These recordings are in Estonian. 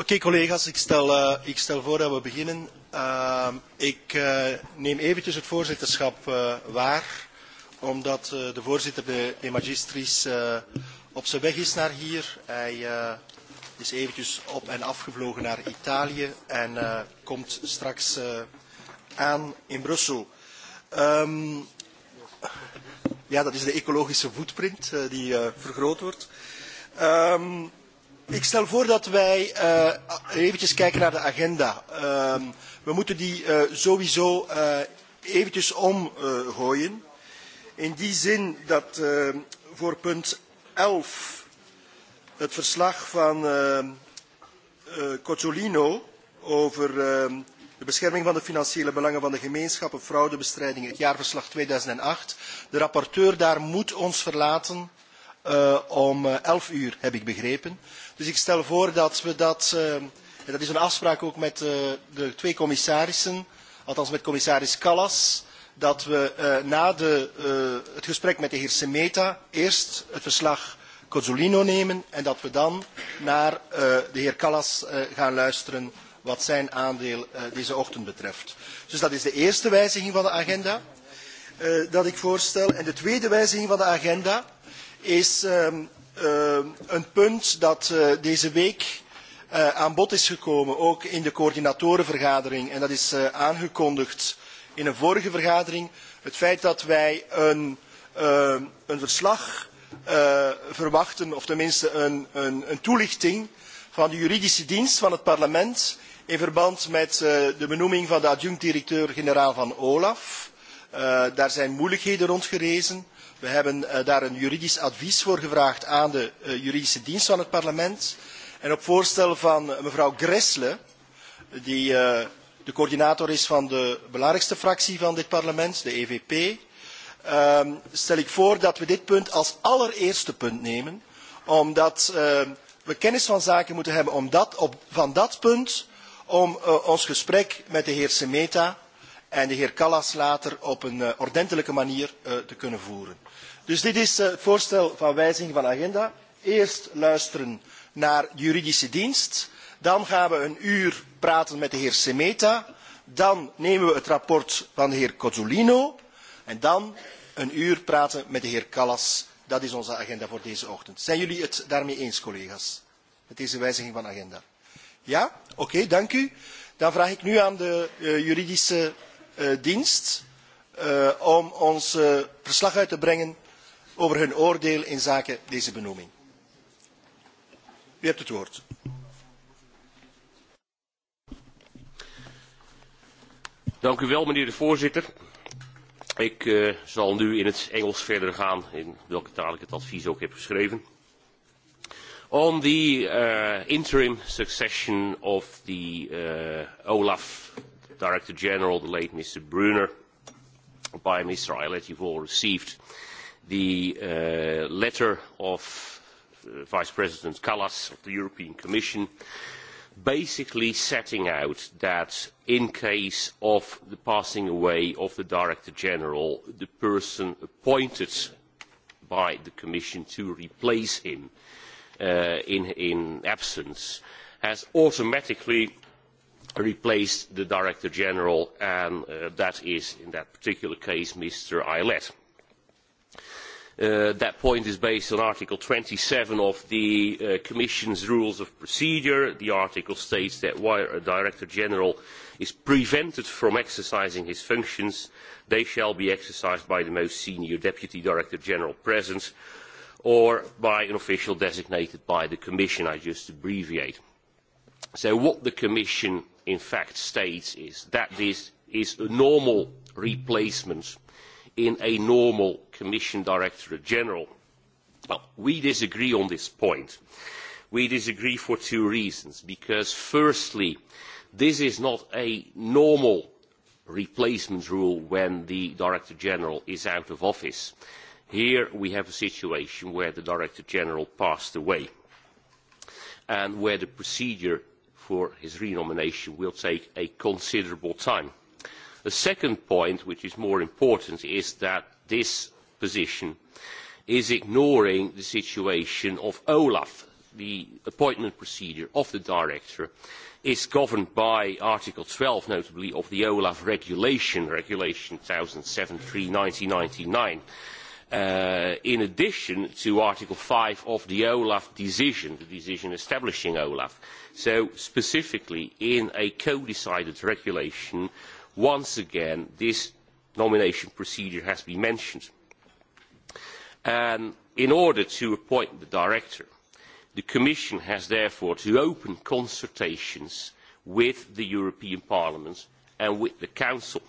Oké okay, collega's, ik stel, uh, ik stel voor dat we beginnen. Uh, ik uh, neem eventjes het voorzitterschap uh, waar, omdat uh, de voorzitter de, de magistris uh, op zijn weg is naar hier. Hij uh, is eventjes op en afgevlogen naar Italië en uh, komt straks uh, aan in Brussel. Um, ja, dat is de ecologische footprint uh, die uh, vergroot wordt. Um, Ik stel voor dat wij uh, eventjes kijken naar de agenda. Uh, we moeten die uh, sowieso uh, eventjes omgooien. Uh, In die zin dat uh, voor punt 11 het verslag van uh, uh, Cozzolino over uh, de bescherming van de financiële belangen van de gemeenschappen, fraudebestrijding, het jaarverslag 2008. De rapporteur daar moet ons verlaten uh, om elf uur, heb ik begrepen. Dus ik stel voor dat we dat, uh, en dat is een afspraak ook met uh, de twee commissarissen, althans met commissaris Callas, dat we uh, na de, uh, het gesprek met de heer Semeta eerst het verslag Cozzolino nemen en dat we dan naar uh, de heer Callas uh, gaan luisteren wat zijn aandeel uh, deze ochtend betreft. Dus dat is de eerste wijziging van de agenda uh, dat ik voorstel. En de tweede wijziging van de agenda is um, uh, een punt dat uh, deze week uh, aan bod is gekomen, ook in de coördinatorenvergadering. En dat is uh, aangekondigd in een vorige vergadering. Het feit dat wij een, uh, een verslag uh, verwachten, of tenminste een, een, een toelichting van de juridische dienst van het parlement in verband met uh, de benoeming van de adjunct-directeur-generaal van OLAF. Uh, daar zijn moeilijkheden rond gerezen. We hebben eh, daar een juridisch advies voor gevraagd aan de eh, juridische dienst van het parlement. En op voorstel van eh, mevrouw Gressle, die de coördinator is van de belangrijkste fractie van dit parlement, de EVP, ehm, stel ik voor dat we dit punt als allereerste punt nemen, omdat we kennis van zaken moeten hebben om dat, op, van dat punt om uh, ons gesprek met de heer Semeta en de heer Callas later op een uh, ordentelijke manier uh, te kunnen voeren. Dus dit is het eh, voorstel van wijziging van agenda. Eerst luisteren naar de juridische dienst. Dan gaan we een uur praten met de heer Semeta. Dan nemen we het rapport van de heer Cozzolino. En dan een uur praten met de heer Callas. Dat is onze agenda voor deze ochtend. Zijn jullie het daarmee eens, collega's? Met deze wijziging van agenda? Ja? Oké, okay, dank u. Dan vraag ik nu aan de uh, juridische uh, dienst uh, om ons uh, verslag uit te brengen over hun oordeel inzake deze benoeming. U hebt het woord. Dank u wel, meneer de voorzitter. Ik uh, zal nu in het Engels verder gaan, in welke taal ik het advies ook heb geschreven. On the uh, interim succession of the uh, Olaf Director General, the late Mr. Brunner, by Mr. Eilert, you've all received uh, the uh, letter of uh, Vice President Callas of the European Commission basically setting out that in case of the passing away of the Director General, the person appointed by the Commission to replace him uh, in, in absence has automatically replaced the Director General, and uh, that is, in that particular case, Mr. Aylett Uh, that point is based on Article 27 of the uh, Commission's Rules of Procedure. The article states that while a Director General is prevented from exercising his functions, they shall be exercised by the most senior Deputy Director General present or by an official designated by the Commission. I just abbreviate. So what the Commission in fact states is that this is a normal replacement uh, in a normal Commission Directorate General. Well, we disagree on this point. We disagree for two reasons. Because firstly, this is not a normal replacement rule when the Director General is out of office. Here we have a situation where the Director General passed away and where the procedure for his renomination will take a considerable time the second point which is more important is that this position is ignoring the situation of olaf the appointment procedure of the director is governed by article twelve notably of the olaf regulation regulation two thousand and seven three ninety ninety nine uh, in addition to article five of the olaf decision the decision establishing olaf so specifically in a co-decided regulation uh, once again this nomination procedure has been mentioned. And in order to appoint the director the commission has therefore to open consultations with the european parliament and with the council.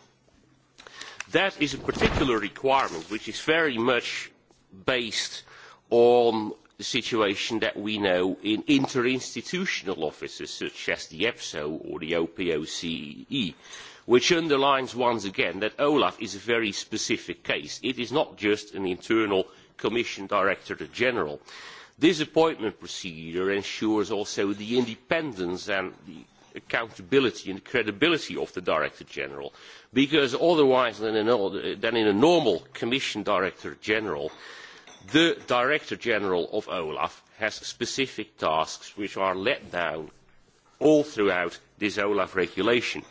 that is a particular requirement which is very much based on the situation that we know in interinstitutional offices such as the epso or the opoce which underlines once again that olaf is a very specific case. it is not just an internal commission directorate general. this appointment procedure ensures also the independence and the accountability and credibility of the director general because otherwise than in, than in a normal commission director general the director general of olaf has specific tasks which are let down all throughout this olaf regulation.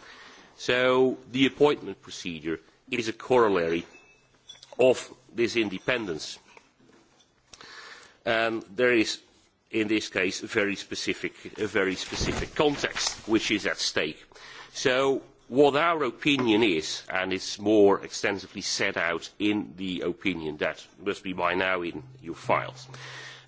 So the appointment procedure is a corollary of this independence. And um, there is, in this case, a very specific, a very specific context which is at stake. So what our opinion is, and it's more extensively set out in the opinion that must be by now in your files,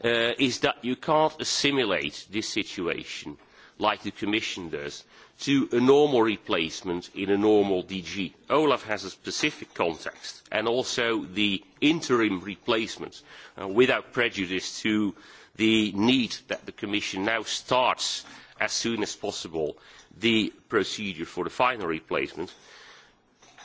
uh, is that you can't assimilate this situation like the Commission does to a normal replacement in a normal DG. Olaf has a specific context and also the interim replacement uh, without prejudice to the need that the Commission now starts as soon as possible the procedure for the final replacement.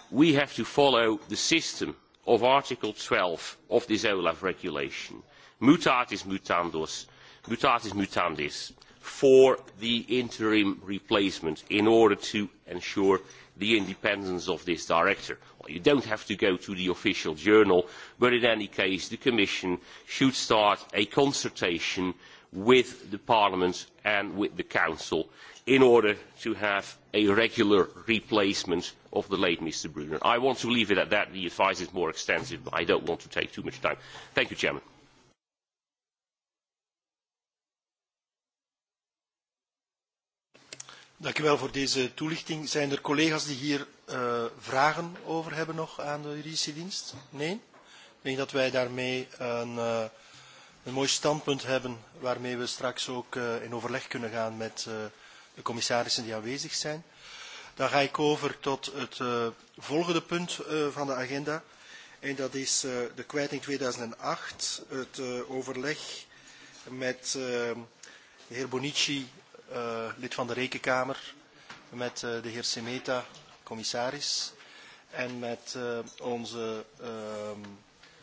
We have to follow the system of Article 12 of this Olaf regulation. Mutatis mutandis, mutatis mutandis for the interim replacement in order to ensure the independence of this director. Well, you don't have to go to the official journal, but in any case, the Commission should start a consultation with the Parliament and with the Council in order to have a regular replacement of the late Mr. Brunner. I want to leave it at that. The advice is more extensive, but I don't want to take too much time. Thank you, Chairman. Dank u wel voor deze toelichting. Zijn er collega's die hier uh, vragen over hebben nog aan de juridische dienst? Nee? Ik denk dat wij daarmee een, uh, een mooi standpunt hebben waarmee we straks ook uh, in overleg kunnen gaan met uh, de commissarissen die aanwezig zijn. Dan ga ik over tot het uh, volgende punt uh, van de agenda. En dat is uh, de kwijting 2008, het uh, overleg met uh, de heer Bonici uh, lid van de Rekenkamer, met uh, de heer Semeta, commissaris, en met uh, onze uh,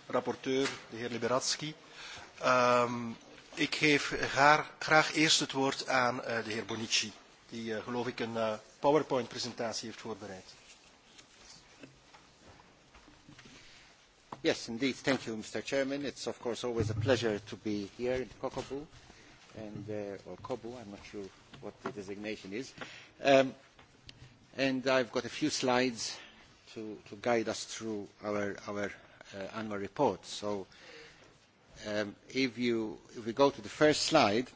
rapporteur, de heer Liberatski. Um, ik geef haar graag eerst het woord aan uh, de heer Bonici, die uh, geloof ik een uh, PowerPoint-presentatie heeft voorbereid. Yes, indeed. Thank you, Mr. Chairman. It's of course always a pleasure to be here in Kokobu and uh, or COBU, I'm not sure what the designation is. Um, and I've got a few slides to, to guide us through our, our uh, annual report. So um, if, you, if we go to the first slide,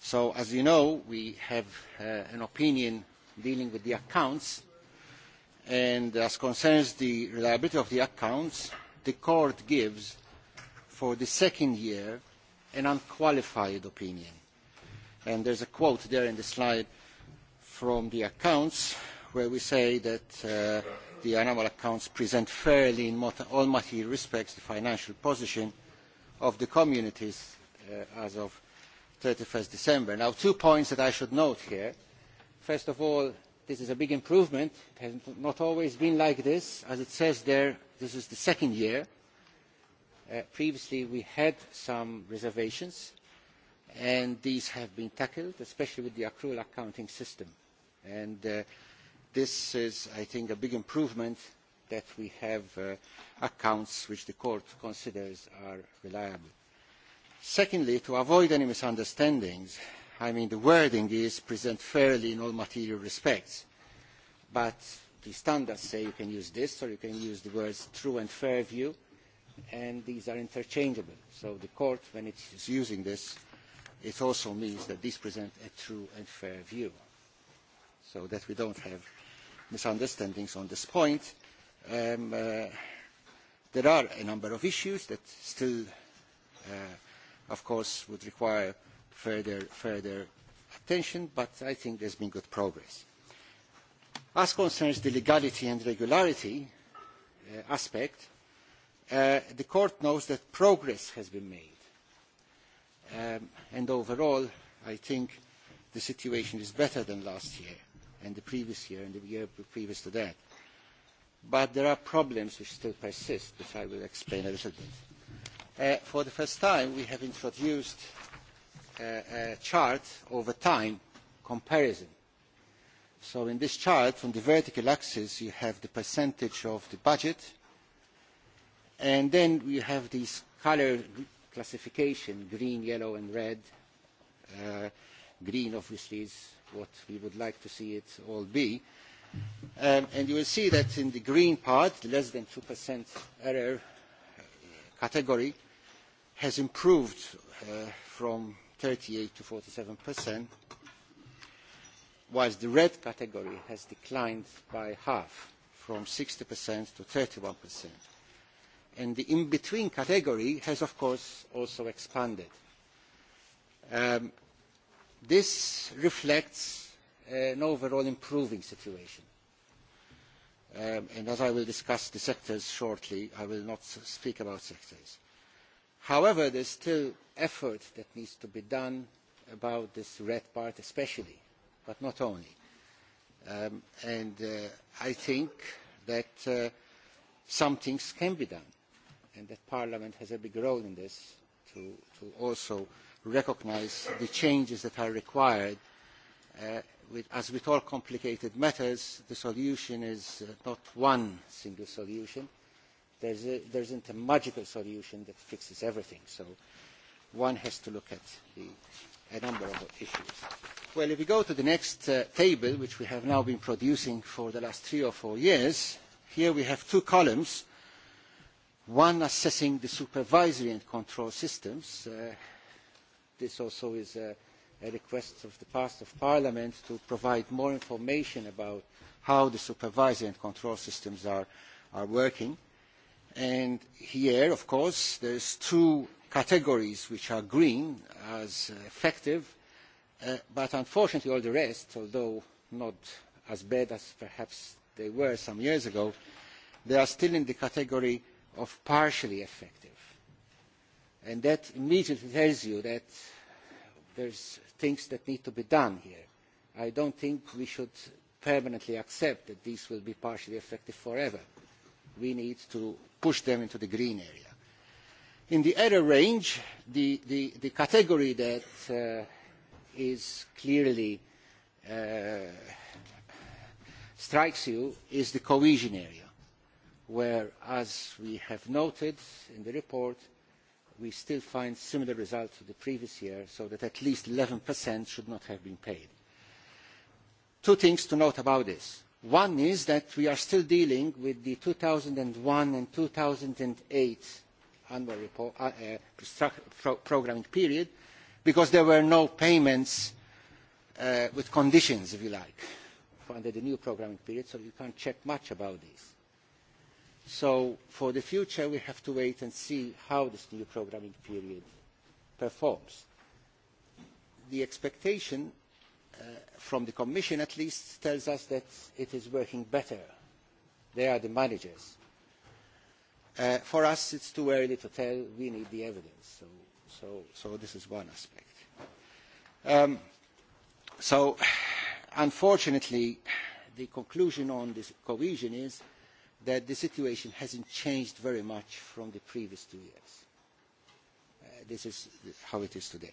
so as you know, we have uh, an opinion dealing with the accounts, and as concerns the reliability of the accounts, the court gives for the second year an unqualified opinion. And there's a quote there in the slide from the accounts where we say that uh, the annual accounts present fairly in all material respects the financial position of the communities uh, as of 31st December. Now, two points that I should note here. First of all, this is a big improvement. It has not always been like this. As it says there, this is the second year Uh, previously we had some reservations and these have been tackled, especially with the accrual accounting system. And uh, this is, I think, a big improvement that we have uh, accounts which the court considers are reliable. Secondly, to avoid any misunderstandings, I mean the wording is present fairly in all material respects, but the standards say you can use this or you can use the words true and fair view and these are interchangeable. So the court, when it is using this, it also means that these present a true and fair view, so that we don't have misunderstandings on this point. Um, uh, there are a number of issues that still, uh, of course, would require further, further attention, but I think there's been good progress. As concerns the legality and regularity uh, aspect, Uh, the court knows that progress has been made. Um, and overall, I think the situation is better than last year and the previous year and the year previous to that. But there are problems which still persist, which I will explain a little bit. Uh, for the first time, we have introduced a, uh, a chart over time comparison. So in this chart, from the vertical axis, you have the percentage of the budget – And then we have these color classification, green, yellow, and red. Uh, green, obviously, is what we would like to see it all be. Um, and you will see that in the green part, the less than 2% error uh, category has improved uh, from 38 to 47%, whilst the red category has declined by half, from 60% to 31% and the in between category has of course also expanded. Um, this reflects uh, an overall improving situation. Um, and as I will discuss the sectors shortly, I will not speak about sectors. However, there's still effort that needs to be done about this red part especially, but not only. Um, and uh, I think that uh, some things can be done and that Parliament has a big role in this to, to also recognize the changes that are required. Uh, with, as with all complicated matters, the solution is uh, not one single solution. There's a, there isn't a magical solution that fixes everything. So one has to look at the, a number of issues. Well, if we go to the next uh, table, which we have now been producing for the last three or four years, here we have two columns uh, one assessing the supervisory and control systems. Uh, this also is a, a request of the past of Parliament to provide more information about how the supervisory and control systems are, are working. And here, of course, there's two categories which are green as effective, uh, but unfortunately all the rest, although not as bad as perhaps they were some years ago, they are still in the category uh, of partially effective. And that immediately tells you that there's things that need to be done here. I don't think we should permanently accept that these will be partially effective forever. We need to push them into the green area. In the error range, the, the, the category that uh, is clearly uh, strikes you is the cohesion area where, as we have noted in the report, we still find similar results to the previous year, so that at least 11% should not have been paid. Two things to note about this. One is that we are still dealing with the 2001 and 2008 annual report, uh, uh, pro programming period, because there were no payments uh, with conditions, if you like, under the new programming period, so you can't check much about this. So for the future, we have to wait and see how this new programming period performs. The expectation uh, from the Commission at least tells us that it is working better. They are the managers. Uh, for us, it's too early to tell. We need the evidence. So, so, so this is one aspect. Um, so unfortunately, the conclusion on this cohesion is uh, that the situation hasn't changed very much from the previous two years. Uh, this is how it is today.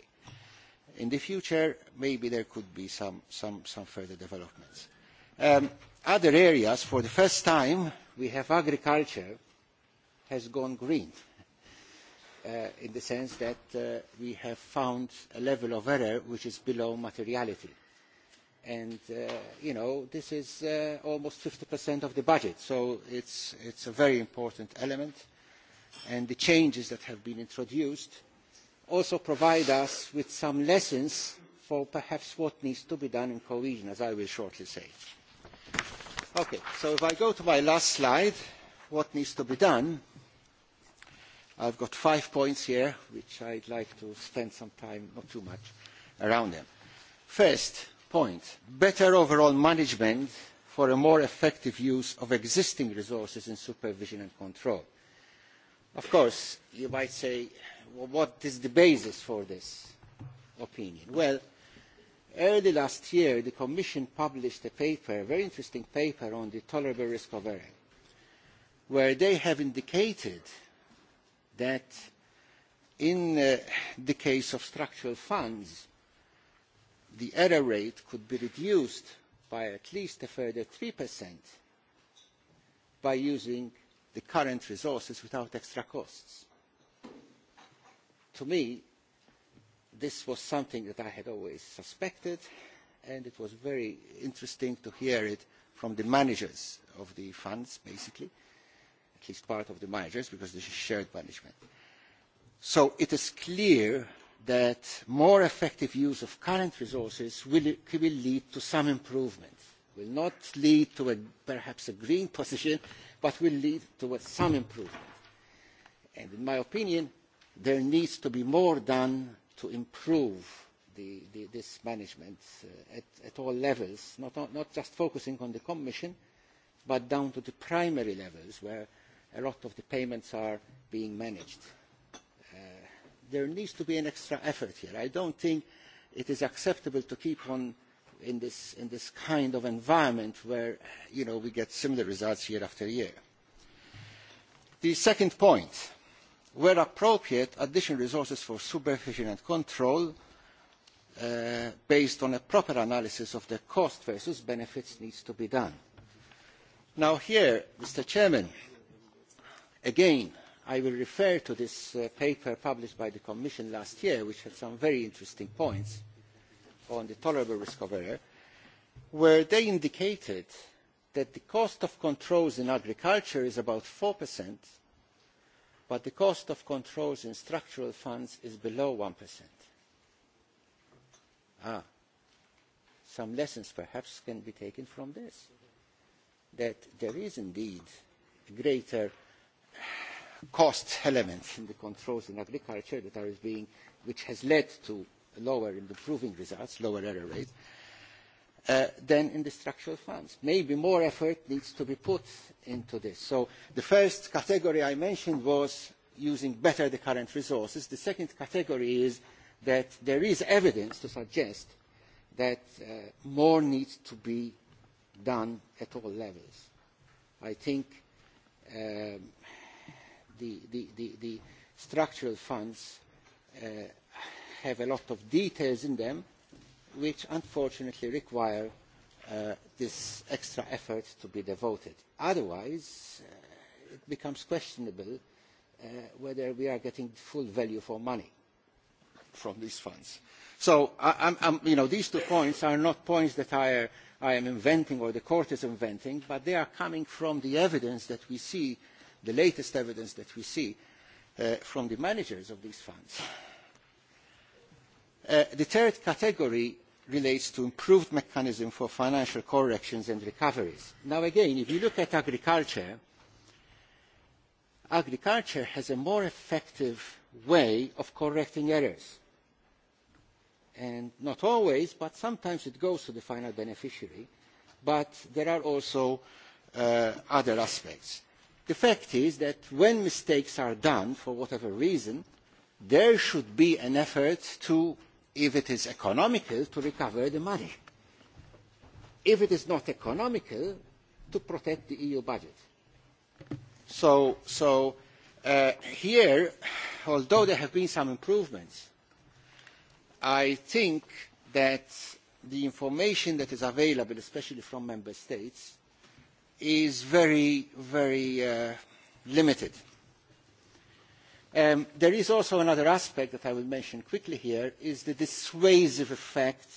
In the future, maybe there could be some, some, some further developments. Um, other areas, for the first time, we have agriculture has gone green uh, in the sense that uh, we have found a level of error which is below materiality. Uh, and uh, you know this is uh, almost 50% of the budget so it's it's a very important element and the changes that have been introduced also provide us with some lessons for perhaps what needs to be done in cohesion as I will shortly say okay so if I go to my last slide what needs to be done I've got five points here which I'd like to spend some time not too much around them first point better overall management for a more effective use of existing resources in supervision and control. Of course, you might say, well, what is the basis for this opinion? Well, early last year, the Commission published a paper, a very interesting paper on the tolerable risk of error, where they have indicated that in uh, the case of structural funds, the error rate could be reduced by at least a further 3% by using the current resources without extra costs. To me, this was something that I had always suspected, and it was very interesting to hear it from the managers of the funds, basically, at least part of the managers, because this is shared management. So it is clear that more effective use of current resources will, will lead to some improvement, will not lead to a, perhaps a green position, but will lead to a, some improvement. And in my opinion, there needs to be more done to improve the, the, this management uh, at, at all levels, not, not just focusing on the Commission, but down to the primary levels where a lot of the payments are being managed. Uh, there needs to be an extra effort here. I don't think it is acceptable to keep on in this, in this kind of environment where you know, we get similar results year after year. The second point, where appropriate, additional resources for supervision and control uh, based on a proper analysis of the cost versus benefits needs to be done. Now here, Mr. Chairman, again, I will refer to this uh, paper published by the Commission last year, which had some very interesting points on the tolerable risk of error, where they indicated that the cost of controls in agriculture is about 4%, but the cost of controls in structural funds is below 1%. Ah, some lessons perhaps can be taken from this, that there is indeed greater cost elements in the controls in agriculture that are being, which has led to lower and improving results, lower error rate, uh, than in the structural funds. Maybe more effort needs to be put into this. So the first category I mentioned was using better the current resources. The second category is that there is evidence to suggest that uh, more needs to be done at all levels. I think um, the, the, the, the structural funds uh, have a lot of details in them which unfortunately require uh, this extra effort to be devoted. Otherwise, uh, it becomes questionable uh, whether we are getting full value for money from these funds. So I, I'm, I'm, you know, these two points are not points that I, are, I am inventing or the court is inventing, but they are coming from the evidence that we see uh, the latest evidence that we see uh, from the managers of these funds. Uh, the third category relates to improved mechanism for financial corrections and recoveries. Now again, if you look at agriculture, agriculture has a more effective way of correcting errors. And not always, but sometimes it goes to the final beneficiary. But there are also uh, other aspects the fact is that when mistakes are done for whatever reason there should be an effort to if it is economical to recover the money if it is not economical to protect the eu budget so so uh, here although there have been some improvements i think that the information that is available especially from member states is very, very uh, limited. Um, there is also another aspect that I will mention quickly here, is the dissuasive effect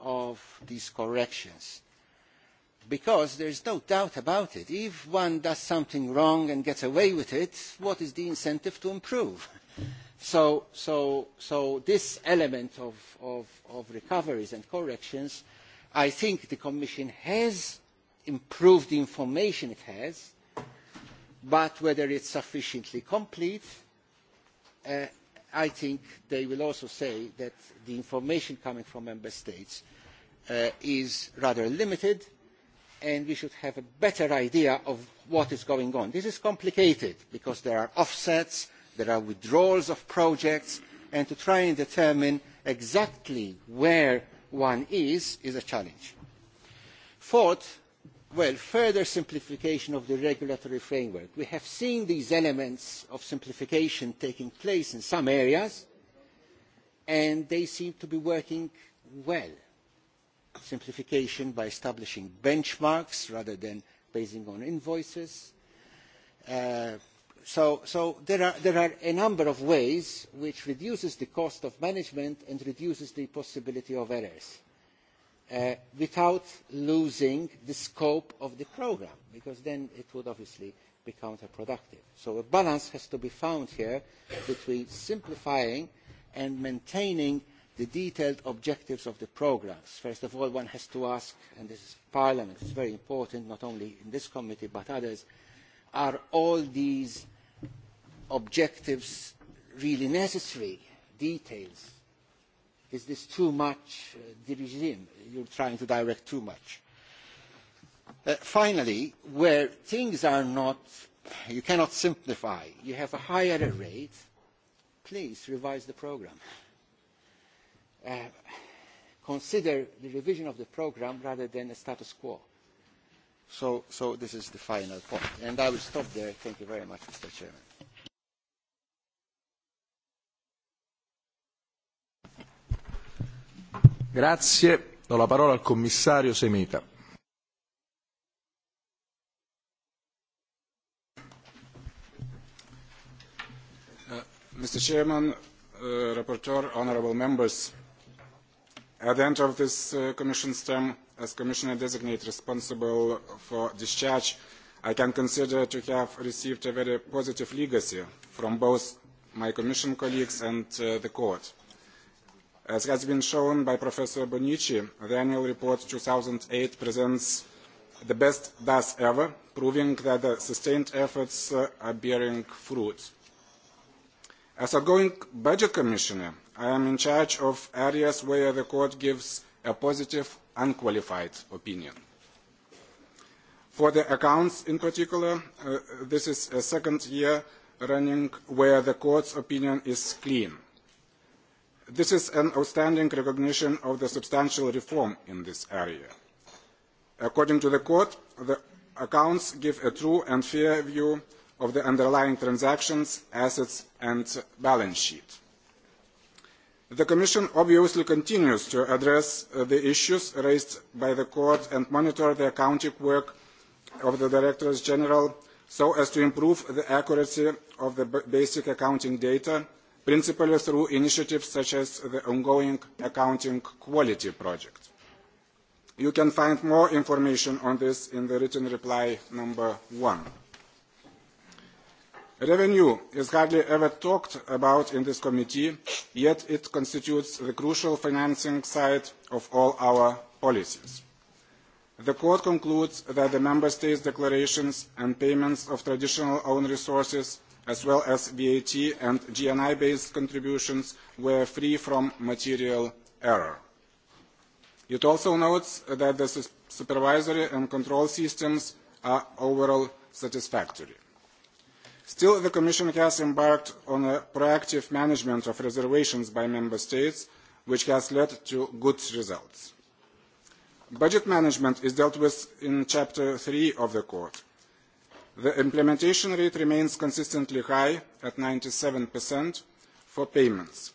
of these corrections. Because there is no doubt about it, if one does something wrong and gets away with it, what is the incentive to improve? So, so, so this element of, of, of recoveries and corrections, I think the Commission has improve the information it has, but whether it's sufficiently complete, uh, I think they will also say that the information coming from member states uh, is rather limited and we should have a better idea of what is going on. This is complicated because there are offsets, there are withdrawals of projects, and to try and determine exactly where one is is a challenge. Fourth, Well, further simplification of the regulatory framework. We have seen these elements of simplification taking place in some areas, and they seem to be working well. Simplification by establishing benchmarks rather than basing on invoices. Uh, so so there, are, there are a number of ways which reduces the cost of management and reduces the possibility of errors uh, without losing the scope of the programme because then it would obviously be counterproductive. so a balance has to be found here between simplifying and maintaining the detailed objectives of the programmes. first of all one has to ask and this is parliament is very important not only in this committee but others are all these objectives really necessary details is this too much the uh, regime you're trying to direct too much? Uh, finally, where things are not, you cannot simplify, you have a higher rate, please revise the programme. Uh, consider the revision of the programme rather than a status quo. So, so this is the final point. And I will stop there. Thank you very much, Mr. Chairman. Grazie. Do la parola al commissario Semeta. Uh, Mr. Chairman, uh, Rapporteur, Honourable Members, at the end of this uh, Commission's term, as Commissioner designate responsible for discharge, I can consider to have received a very positive legacy from both my Commission colleagues and uh, the Court As has been shown by Professor Bonici, the annual report 2008 presents the best thus ever, proving that the sustained efforts uh, are bearing fruit. As outgoing budget commissioner, I am in charge of areas where the court gives a positive, unqualified opinion. For the accounts in particular, uh, this is a second year running where the court's opinion is clean. This is an outstanding recognition of the substantial reform in this area. According to the Court, the accounts give a true and fair view of the underlying transactions, assets and balance sheet. The Commission obviously continues to address uh, the issues raised by the Court and monitor the accounting work of the Directors General so as to improve the accuracy of the basic accounting data principally through initiatives such as the ongoing Accounting Quality Project. You can find more information on this in the written reply number one. Revenue is hardly ever talked about in this committee, yet it constitutes the crucial financing side of all our policies. The Court concludes that the Member States' declarations and payments of traditional own resources as well as VAT and GNI-based contributions were free from material error. It also notes that the supervisory and control systems are overall satisfactory. Still, the Commission has embarked on a proactive management of reservations by Member States, which has led to good results. Budget management is dealt with in Chapter 3 of the Court, The implementation rate remains consistently high at 97% for payments.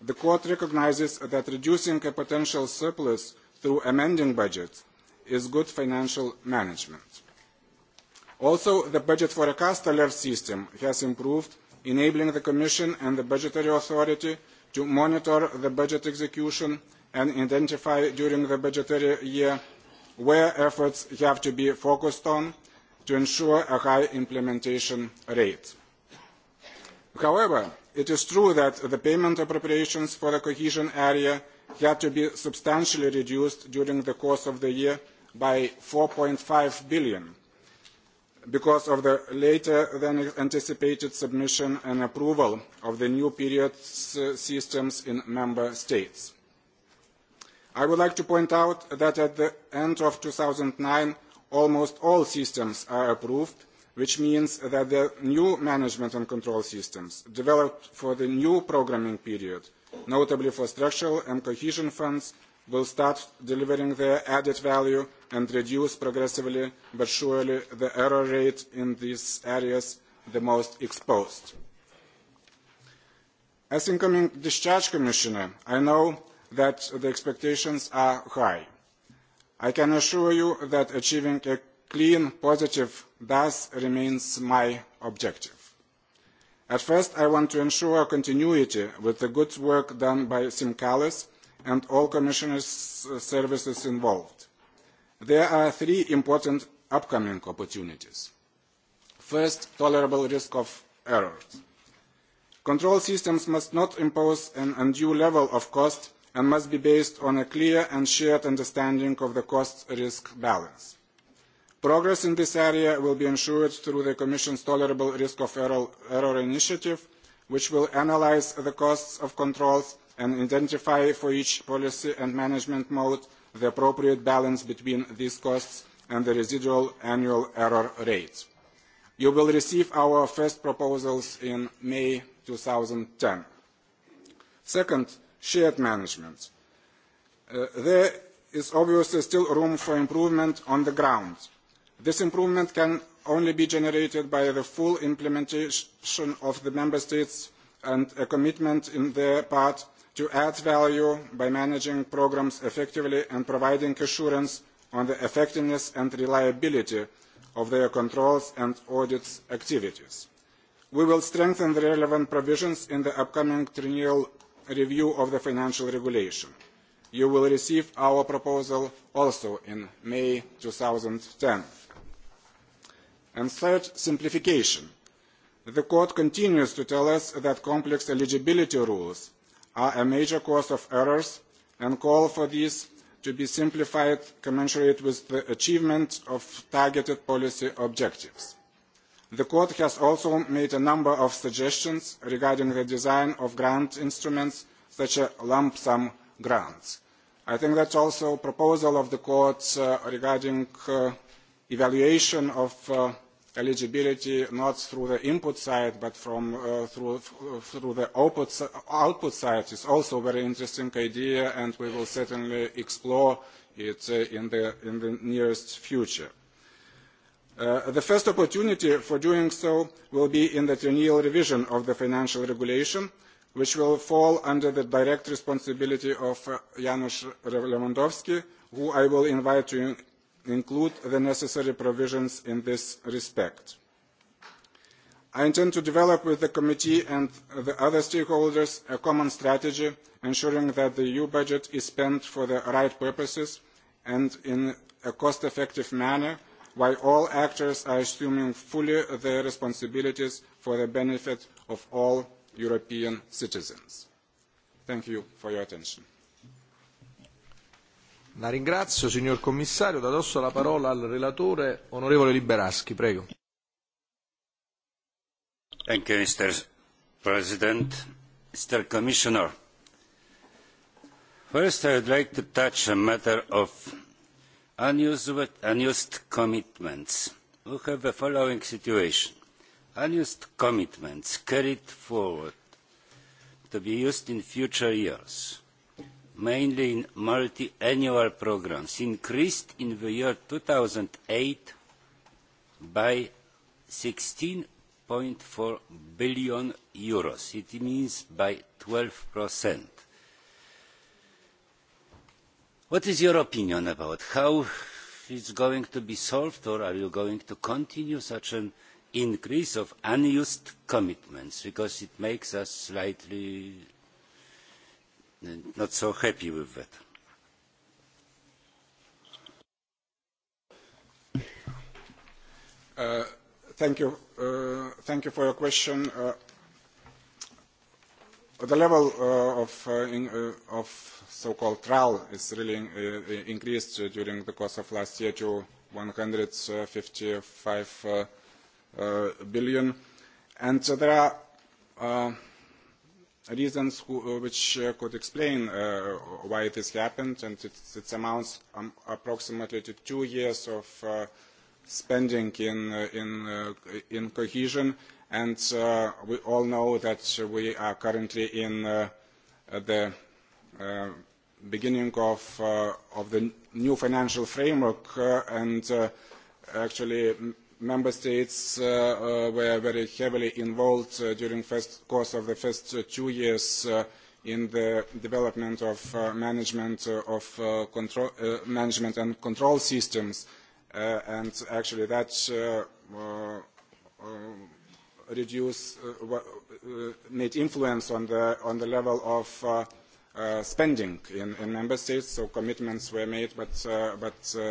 The court recognizes that reducing a potential surplus through amending budgets is good financial management. Also, the budget forecast alert system has improved, enabling the Commission and the budgetary authority to monitor the budget execution and identify during the budgetary year where efforts have to be focused on to ensure a high implementation rate. However, it is true that the payment appropriations for the cohesion area had to be substantially reduced during the course of the year by 4.5 billion because of the later than anticipated submission and approval of the new period systems in member states. I would like to point out that at the end of 2009, almost all systems are approved, which means that the new management and control systems developed for the new programming period, notably for structural and cohesion funds, will start delivering their added value and reduce progressively but surely the error rate in these areas the most exposed. As incoming discharge commissioner, I know that the expectations are high. I can assure you that achieving a clean, positive DAS remains my objective. At first, I want to ensure continuity with the good work done by Simcalis and all Commissioner's services involved. There are three important upcoming opportunities. First, tolerable risk of errors. Control systems must not impose an undue level of cost and must be based on a clear and shared understanding of the cost-risk balance. Progress in this area will be ensured through the Commission's Tolerable Risk of Error, Error initiative, which will analyse the costs of controls and identify for each policy and management mode the appropriate balance between these costs and the residual annual error rate. You will receive our first proposals in May 2010. Second, shared management. Uh, there is obviously still room for improvement on the ground. This improvement can only be generated by the full implementation of the Member States and a commitment in their part to add value by managing programs effectively and providing assurance on the effectiveness and reliability of their controls and audits activities. We will strengthen the relevant provisions in the upcoming triennial review of the financial regulation. You will receive our proposal also in May 2010. And third, simplification. The Court continues to tell us that complex eligibility rules are a major cause of errors and call for these to be simplified commensurate with the achievement of targeted policy objectives The court has also made a number of suggestions regarding the design of grant instruments, such as lump sum grants. I think that's also a proposal of the court uh, regarding uh, evaluation of uh, eligibility not through the input side but from uh, through through the output output side is also a very interesting idea and we will certainly explore it uh, in the in the nearest future Uh, the first opportunity for doing so will be in the triennial revision of the financial regulation, which will fall under the direct responsibility of uh, Janusz Lewandowski, who I will invite to in include the necessary provisions in this respect. I intend to develop with the committee and the other stakeholders a common strategy ensuring that the EU budget is spent for the right purposes and in a cost-effective manner while all actors are assuming fully their responsibilities for the benefit of all European citizens. Thank you for your attention. La ringrazio, signor Commissario. Da adesso la parola al relatore, onorevole Liberaschi. Prego. Thank you, Mr. President. Mr. Commissioner, first I would like to touch a matter of unused, unused commitments. We have the following situation. Unused commitments carried forward to be used in future years, mainly in multi-annual programs, increased in the year 2008 by 16.4 billion euros. It means by 12 percent what is your opinion about how it's going to be solved or are you going to continue such an increase of unused commitments because it makes us slightly eh, not so happy with that. Uh, thank you. Uh, thank you for your question. Uh, the level uh, of, uh, in, uh, of so-called trial is really in, uh, increased during the course of last year to 155 uh, uh, billion. And uh, there are uh, reasons who, uh, which uh, could explain uh, why this happened, and it, it amounts um, approximately to two years of uh, spending in, uh, in, uh, in cohesion and uh, we all know that we are currently in uh, the uh, beginning of, uh, of the new financial framework uh, and uh, actually member states uh, uh, were very heavily involved uh, during first course of the first uh, two years uh, in the development of uh, management uh, of uh, control uh, management and control systems uh, and actually that uh, uh, uh, reduce uh, uh, need influence on the on the level of uh, uh, spending in, in member states. So commitments were made, but uh, but uh,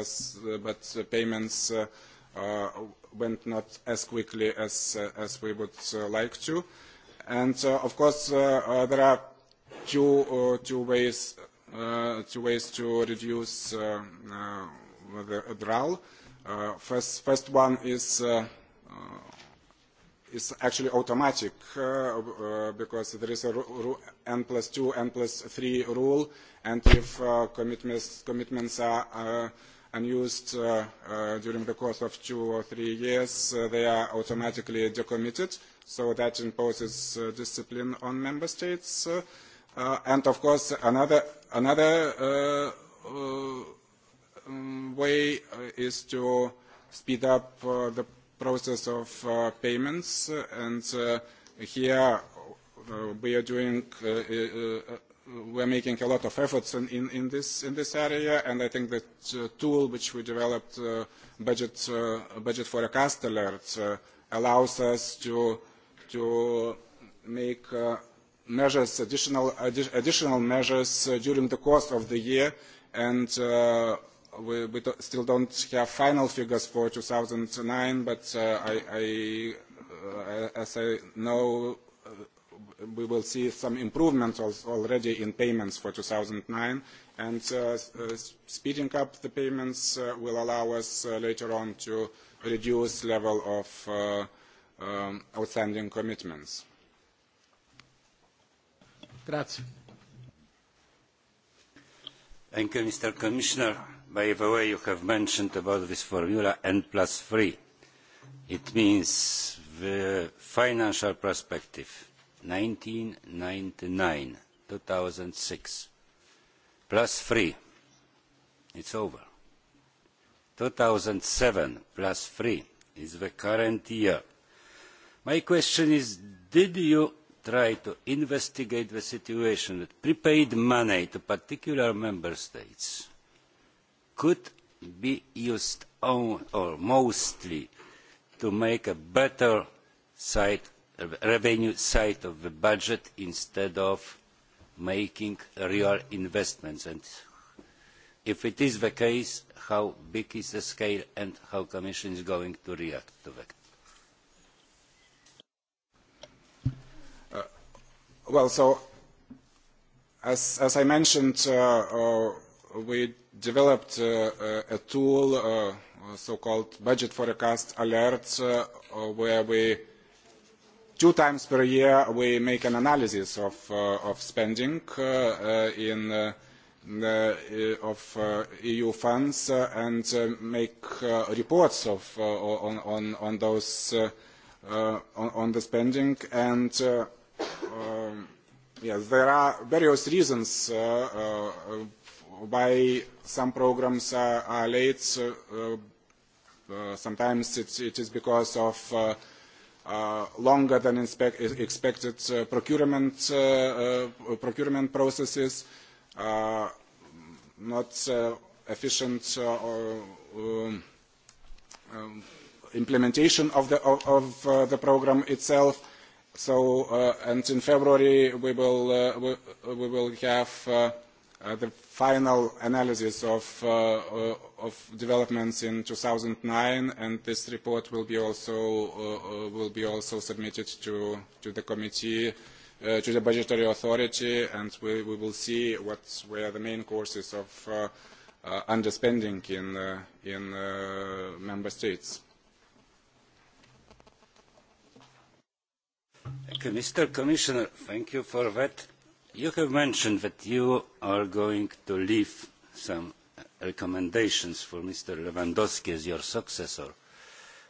uh but uh, payments uh, uh, went not as quickly as uh, as we would uh, like to. And uh, of course, uh, uh, there are two uh, two ways uh, two ways to reduce uh, uh, the drawl. Uh, first, first one is. Uh, uh, is actually automatic uh, uh, because there is a n plus 2, n plus 3 rule, and if uh, commitments, commitments are uh, unused uh, uh, during the course of two or three years, uh, they are automatically decommitted, so that imposes uh, discipline on member states. Uh, uh, and of course, another, another uh, uh, um, way uh, is to speed up uh, the process of uh, payments, uh, and uh, here uh, we are doing, uh, uh, uh, we're making a lot of efforts in, in, in, this, in this area, and I think that uh, tool which we developed, uh, budget, uh, budget forecast alert, uh, allows us to, to make uh, measures, additional, addi additional measures uh, during the course of the year, and uh, we, we do, still don't have final figures for 2009, but uh, I, I, uh, as I know, uh, we will see some improvement al already in payments for 2009, and uh, uh, speeding up the payments uh, will allow us uh, later on to reduce level of uh, um, outstanding commitments. Grazie. Thank you, Mr. Commissioner by the way you have mentioned about this formula n plus three it means the financial perspective one thousand nine hundred and ninety nine two thousand and six plus three it's over two thousand and seven plus three is the current year my question is did you try to investigate the situation with prepaid money to particular member states? could be used on, or mostly to make a better side, revenue side of the budget instead of making real investments. And if it is the case, how big is the scale and how Commission is going to react to that? Uh, well, so as, as I mentioned, uh, uh, we developed uh, uh, a tool, uh, so-called budget forecast alerts, uh, where we two times per year we make an analysis of, uh, of spending uh, uh, in uh, the, uh, of uh, EU funds uh, and uh, make uh, reports of, uh, on, on, on those uh, uh, on, on the spending and uh, um, yes, there are various reasons uh, uh, why some programs are, are late. Uh, uh, sometimes it's, it is because of uh, uh, longer than expect, expected uh, procurement, uh, uh, procurement processes, uh, not uh, efficient uh, uh, um, um, implementation of the, of, of, uh, the program itself. So, uh, and in February we will, uh, we, we will have uh, uh, the final analysis of, uh, of developments in 2009, and this report will be also, uh, uh, will be also submitted to, to the committee, uh, to the budgetary authority, and we, we will see what were the main causes of uh, uh, underspending in, uh, in uh, member states. Mr. Commissioner, thank you for that you have mentioned that you are going to leave some recommendations for mr lewandowski as your successor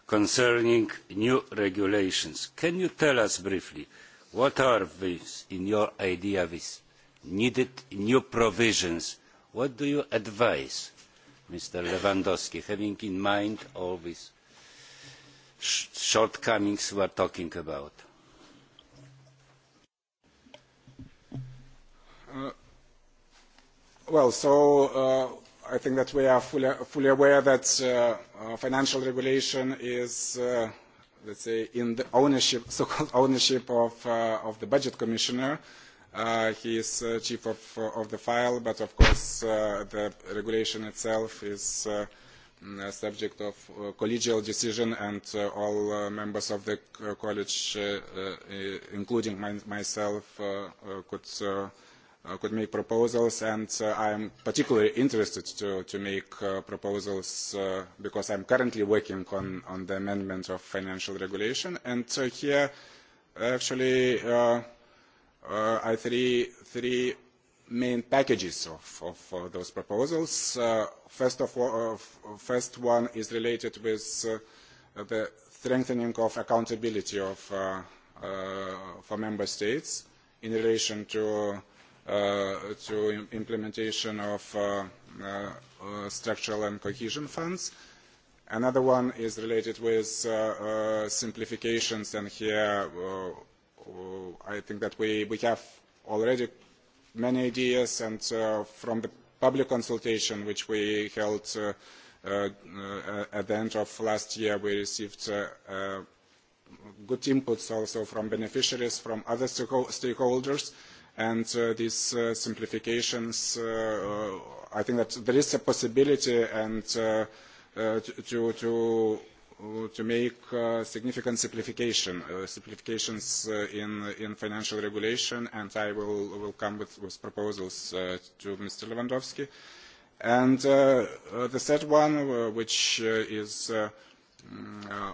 concerning new regulations. can you tell us briefly what are these in your idea these needed new provisions? what do you advise mr lewandowski having in mind all these shortcomings we are talking about? Uh, well, so uh, I think that we are fully, fully aware that uh, uh, financial regulation is, uh, let's say, in the ownership, so-called ownership of, uh, of the budget commissioner. Uh, he is uh, chief of, of the file, but of course uh, the regulation itself is uh, mm, a subject of uh, collegial decision and uh, all uh, members of the uh, college, uh, uh, including my, myself, uh, uh, could uh, uh, could make proposals, and uh, I'm particularly interested to, to make uh, proposals uh, because I'm currently working on, on the amendment of financial regulation, and uh, here actually uh, uh, are three, three main packages of, of uh, those proposals. Uh, first, of all, uh, first one is related with uh, the strengthening of accountability of, uh, uh, for member states in relation to uh, to im implementation of uh, uh, uh, structural and cohesion funds. Another one is related with uh, uh, simplifications, and here uh, uh, I think that we, we have already many ideas, and uh, from the public consultation which we held uh, uh, uh at the end of last year, we received uh, uh, good inputs also from beneficiaries, from other stakeholders, and uh, these uh, simplifications, uh, uh, I think that there is a possibility and uh, uh, to, to, uh, to make uh, significant simplification, uh, simplifications uh, in, in financial regulation, and I will, will come with, with proposals uh, to Mr. Lewandowski. And uh, uh, the third one, uh, which uh, is uh, mm, uh,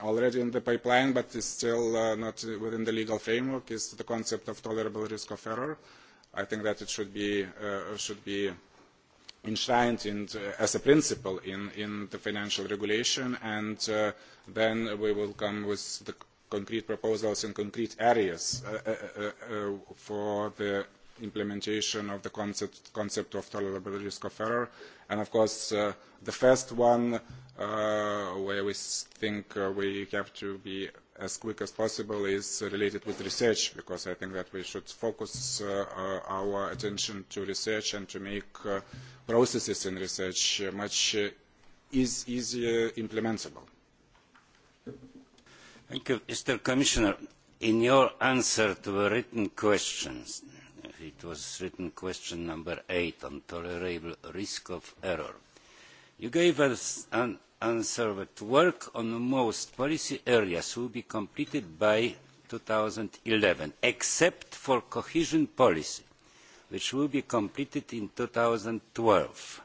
already in the pipeline but is still uh, not within the legal framework is the concept of tolerable risk of error. I think that it should be, uh, should be enshrined in, uh, as a principle in, in the financial regulation and uh, then we will come with the concrete proposals in concrete areas uh, uh, uh, uh, for the implementation of the concept, concept of tolerable risk of error. And of course, uh, the first one uh, where we think uh, we have to be as quick as possible is related with research, because I think that we should focus uh, uh, our attention to research and to make uh, processes in research uh, much uh, is easier implementable. Thank you, Mr. Commissioner. In your answer to the written questions, It was written question number eight on tolerable risk of error. You gave us an answer that work on most policy areas will be completed by 2011, except for cohesion policy, which will be completed in 2012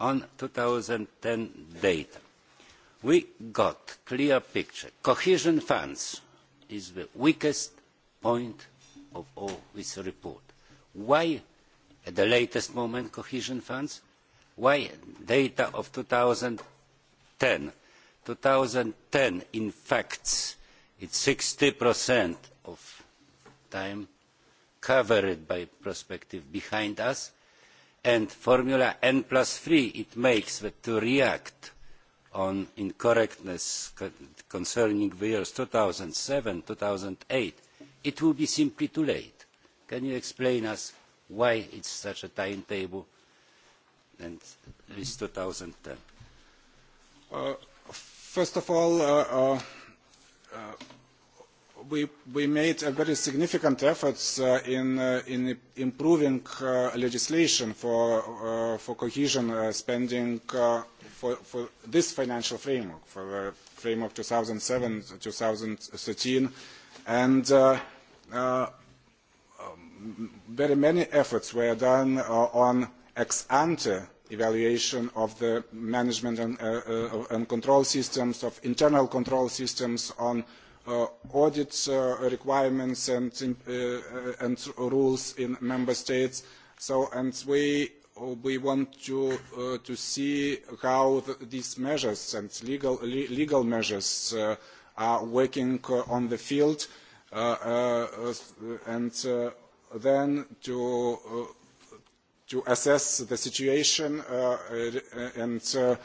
on 2010 data. We got clear picture. Cohesion funds is the weakest point of all this report. Why at the latest moment cohesion funds? Why data of 2010? 2010, in fact, it's 60% of time covered by prospective behind us and formula n plus 3 it makes that to react on incorrectness concerning the years 2007 2008 it will be simply too late Can you explain us why it's such a timetable and it's 2010? Uh, first of all, uh, uh, uh, we, we made a very significant efforts uh, in, uh, in improving uh, legislation for, uh, for cohesion uh, spending uh, for, for this financial framework, for the framework 2007-2013. And uh, uh, very many efforts were done uh, on ex ante evaluation of the management and, uh, uh, and control systems, of internal control systems, on uh, audit uh, requirements and, uh, uh, and rules in member states. So, and we, we want to, uh, to see how the, these measures and legal, le legal measures uh, are working uh, on the field. Uh, uh, uh and uh, then to uh, to assess the situation uh, uh, and uh,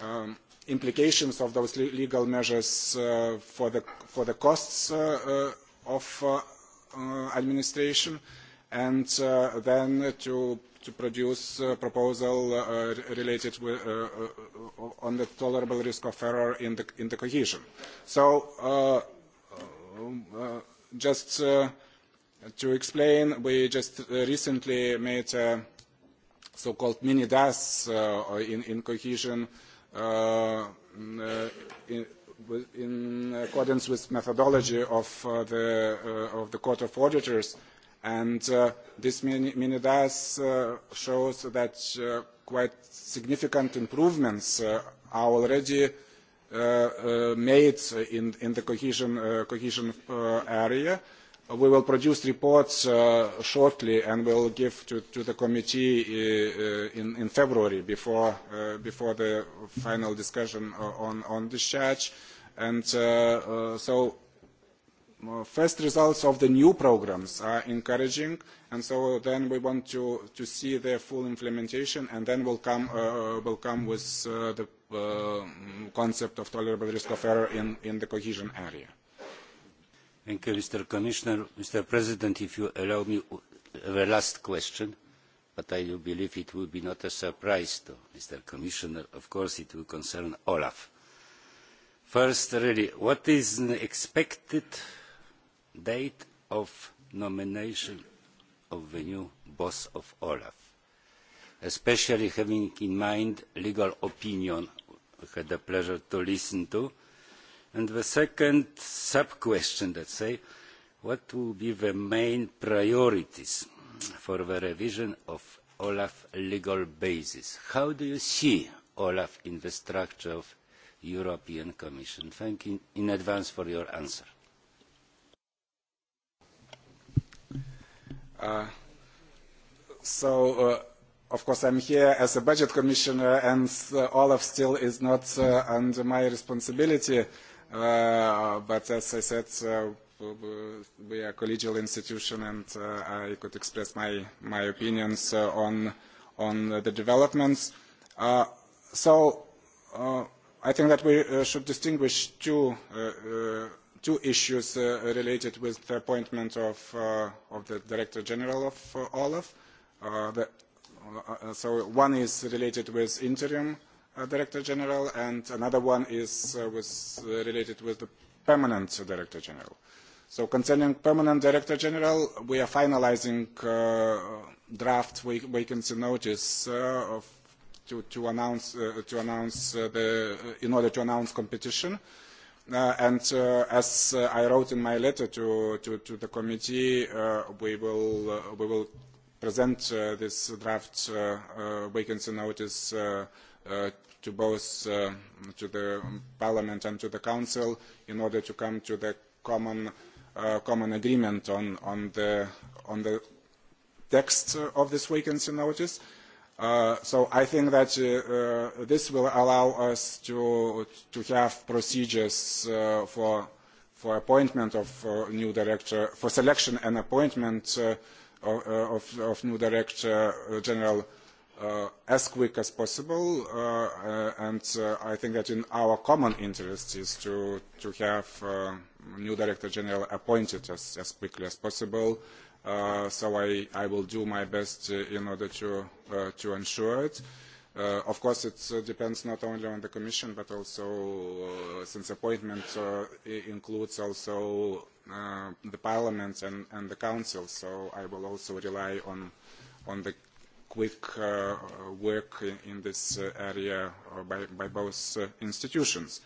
um, implications of those le legal measures uh, for the for the costs uh, uh, of uh, uh, administration, and uh, then to to produce a proposal uh, related with, uh, uh, on the tolerable risk of error in the in the cohesion. So uh, um, uh, just. Uh, to explain, we just uh, recently made a so-called mini DAS uh, in, in cohesion uh, mm, uh in, in accordance with methodology of uh, the uh, of the Court of Auditors, and uh, this mini, mini DAS uh, shows that uh, quite significant improvements uh, are already. Uh, uh, made in, in the cohesion, uh, cohesion uh, area, uh, Uh, we will produce reports uh, shortly and will give to, to the committee uh, uh, in, in February before, uh, before the final discussion uh, on, on discharge. And uh, uh, so uh, first results of the new programs are encouraging and so then we want to, to see their full implementation and then we'll come, uh, we'll come with uh, the uh, concept of tolerable risk of error in, in the cohesion area. Thank you, uh, Mr. Commissioner. Mr. President, if you allow me uh, the last question, but I do believe it will be not a surprise to Mr. Commissioner. Of course, it will concern Olaf. First, really, what is the expected date of nomination of the new boss of Olaf, especially having in mind legal opinion I had the pleasure to listen to, And the second sub-question, let's say, what will be the main priorities for the revision of Olaf legal basis? How do you see Olaf in the structure of European Commission? Thank you in advance for your answer. Uh, so, uh, of course, I'm here as a budget commissioner, and uh, Olaf still is not uh, under my responsibility. Uh, Uh, but as I said, uh, we are a collegial institution, and uh, I could express my my opinions uh, on on the developments. Uh, so uh, I think that we uh, should distinguish two. Uh, uh, two issues uh, related with the appointment of, uh, of the Director General of uh, OLAF. Uh, the, uh, uh so one is related with interim uh, uh, Director General, and another one is uh, was, uh, related with the permanent Director General. So concerning permanent Director General, we are finalizing uh, draft vac vacancy notice uh, of, to, to announce, uh, to announce uh, the, uh, in order to announce competition. Uh, and uh, as uh, I wrote in my letter to, to, to the committee, uh, we, will, uh, we will present uh, this draft uh, uh, vacancy notice uh, uh, to both uh, to the Parliament and to the Council in order to come to the common uh, common agreement on on the on the text of this vacancy notice. Uh, so I think that uh, uh, this will allow us to to have procedures uh, for for appointment of uh, new director for selection and appointment uh, of, uh, of, of new director uh, general uh, uh, as quick as possible, uh, uh, and uh, I think that in our common interest is to, to have uh, new Director General appointed as, as quickly as possible. Uh, so I, I will do my best uh, in order to, uh, to ensure it. Uh, of course, it uh, depends not only on the Commission, but also uh, since appointment uh, includes also uh, the Parliament and, and the Council. So I will also rely on, on the quick uh, work in, in this uh, area uh, by, by both uh, institutions.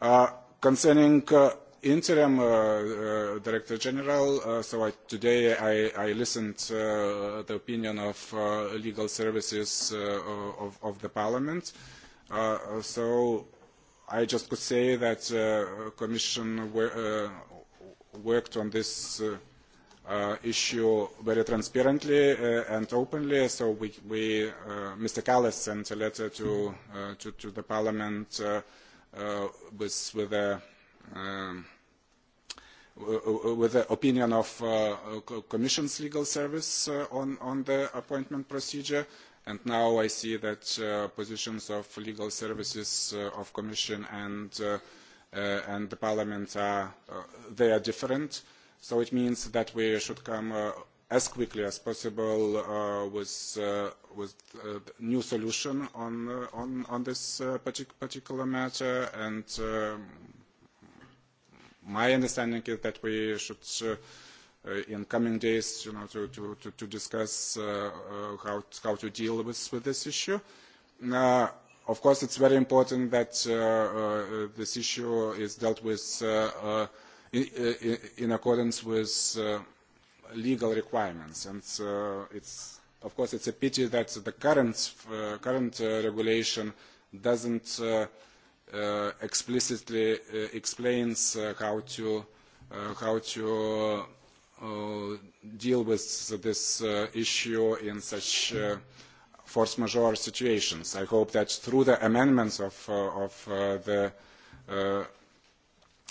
Uh, concerning uh, interim uh, uh, director general, uh, so I, today I, I listened uh, the opinion of uh, legal services uh, of, of the parliament. Uh, so I just could say that uh, commission wor uh, worked on this uh, uh, issue very transparently uh, and openly. So we, we uh, Mr. Kallas sent a letter to, uh, to, to the Parliament uh, uh, with, with a um, with the opinion of uh, Commission's legal service uh, on, on the appointment procedure. And now I see that uh, positions of legal services uh, of Commission and, uh, uh, and the Parliament are, uh, they are different. Uh, So it means that we should come uh, as quickly as possible uh, with, uh, with a uh, new solution on, uh, on, on this uh, partic particular matter. And uh, my understanding is that we should uh, uh, in coming days you know, to, to, to, to discuss uh, uh, how, to, how to deal with, with this issue. Uh, of course, it's very important that uh, uh, this issue is dealt with uh, uh, in, uh, in accordance with uh, legal requirements. And uh, it's, of course, it's a pity that the current, uh, current uh, regulation doesn't uh, uh, explicitly uh, explains uh, how to, uh, how to uh, deal with this uh, issue in such uh, force majeure situations. I hope that through the amendments of, uh, of uh, the uh,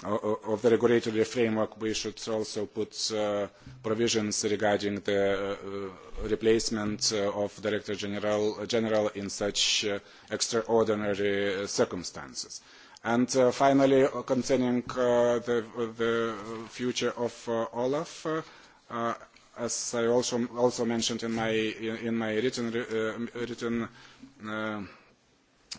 of the regulatory framework, we should also put uh, provisions regarding the uh, uh replacement uh, of Director General, General in such uh, extraordinary uh, circumstances. And uh, finally, uh, concerning uh, the, uh, the future of uh, Olaf, uh, uh, as I also, also mentioned in my, in, in my written, uh, written uh,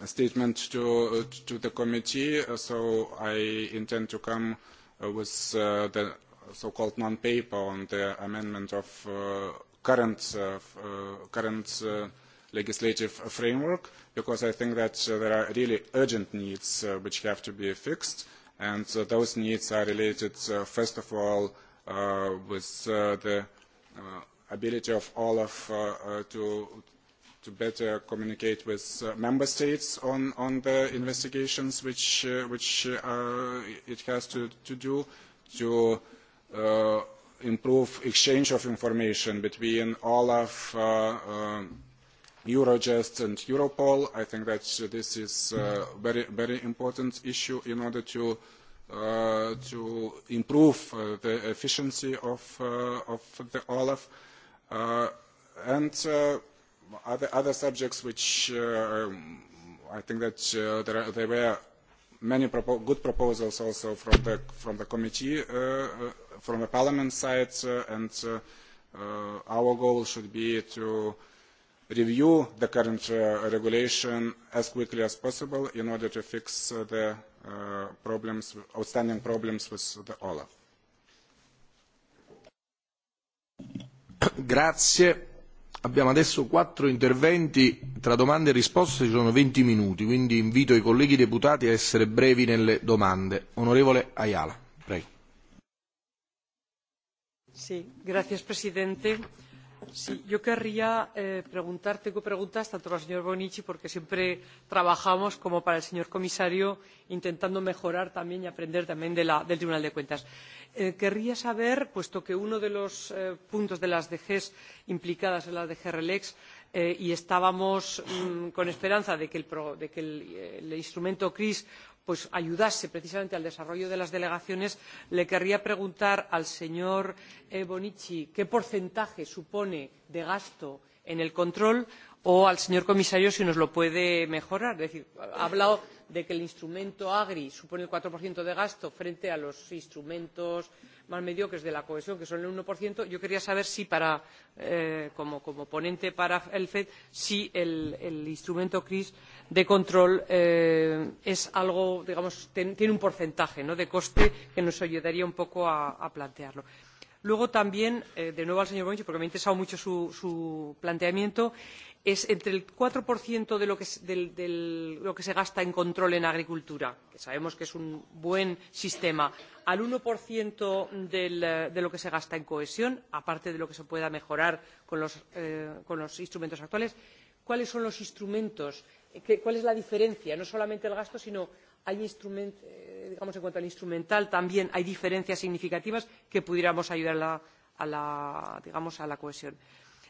statement to, uh, to the committee, uh, so I intend to come uh, with uh, the so-called non-paper on the amendment of uh, current, uh, uh, current uh, legislative framework, because I think that uh, there are really urgent needs uh, which have to be fixed, and uh, those needs are related, uh, first of all, uh, with uh, the uh, ability of Olaf uh, uh, to to better communicate with uh, member states on, on the investigations which, uh, which uh, it has to, to do, to uh, improve exchange of information between Olaf, uh, uh, Eurojust and Europol. I think that this is a very, very important issue in order to uh, Uh, to improve uh, the efficiency of, uh, of the OLAF. Uh, and uh, other, other subjects which uh, I think that uh, there, are, there were many propo good proposals also from the, from the committee, uh, uh, from the parliament side, uh, and uh, uh, our goal should be to review the current uh, regulation as quickly as possible in order to fix uh, the uh, problems, outstanding problems with the OLAF. Grazie Abbiamo adesso quattro interventi tra domande e risposte, ci sono 20 minuti, quindi invito i colleghi deputati a essere brevi nelle domande. Onorevole Ayala, prego. Sí, gracias, presidente Sí, yo querría eh, preguntar tengo preguntas tanto para el señor bonnici porque siempre trabajamos como para el señor comisario intentando mejorar también y aprender también de la, del tribunal de cuentas. Eh, querría saber puesto que uno de los eh, puntos de las dg implicadas es la dg relex eh, y estábamos mm, con esperanza de que el, pro, de que el, eh, el instrumento cris pues, ayudase precisamente al desarrollo de las delegaciones le querría preguntar al señor eh, bonici qué porcentaje supone de gasto en el control o al señor comisario si nos lo puede mejorar. Es decir, ha hablado de que el instrumento agri supone el cuatro de gasto frente a los instrumentos más mediocres de la cohesión que son el. uno yo quería saber si para, eh, como, como ponente para el fed si el, el instrumento cris de control eh, es algo digamos tiene un porcentaje de coste que nos ayudaría un poco a, a plantearlo. luego también eh, de nuevo al señor boni porque me ha interesado mucho su, su planteamiento es entre el cuatro de lo, que, de, de lo que se gasta en control en agricultura que sabemos que es un buen sistema al uno eh, de lo que se gasta en cohesión aparte de lo que se pueda mejorar con los, eh, con los instrumentos actuales cuáles son los instrumentos que Eh, qué, cuál es la diferencia no solamente el gasto sino hay eh, digamos en cuanto al instrumental también hay diferencias significativas que pudiéramos ayudar a la, a la, digamos, a la cohesión.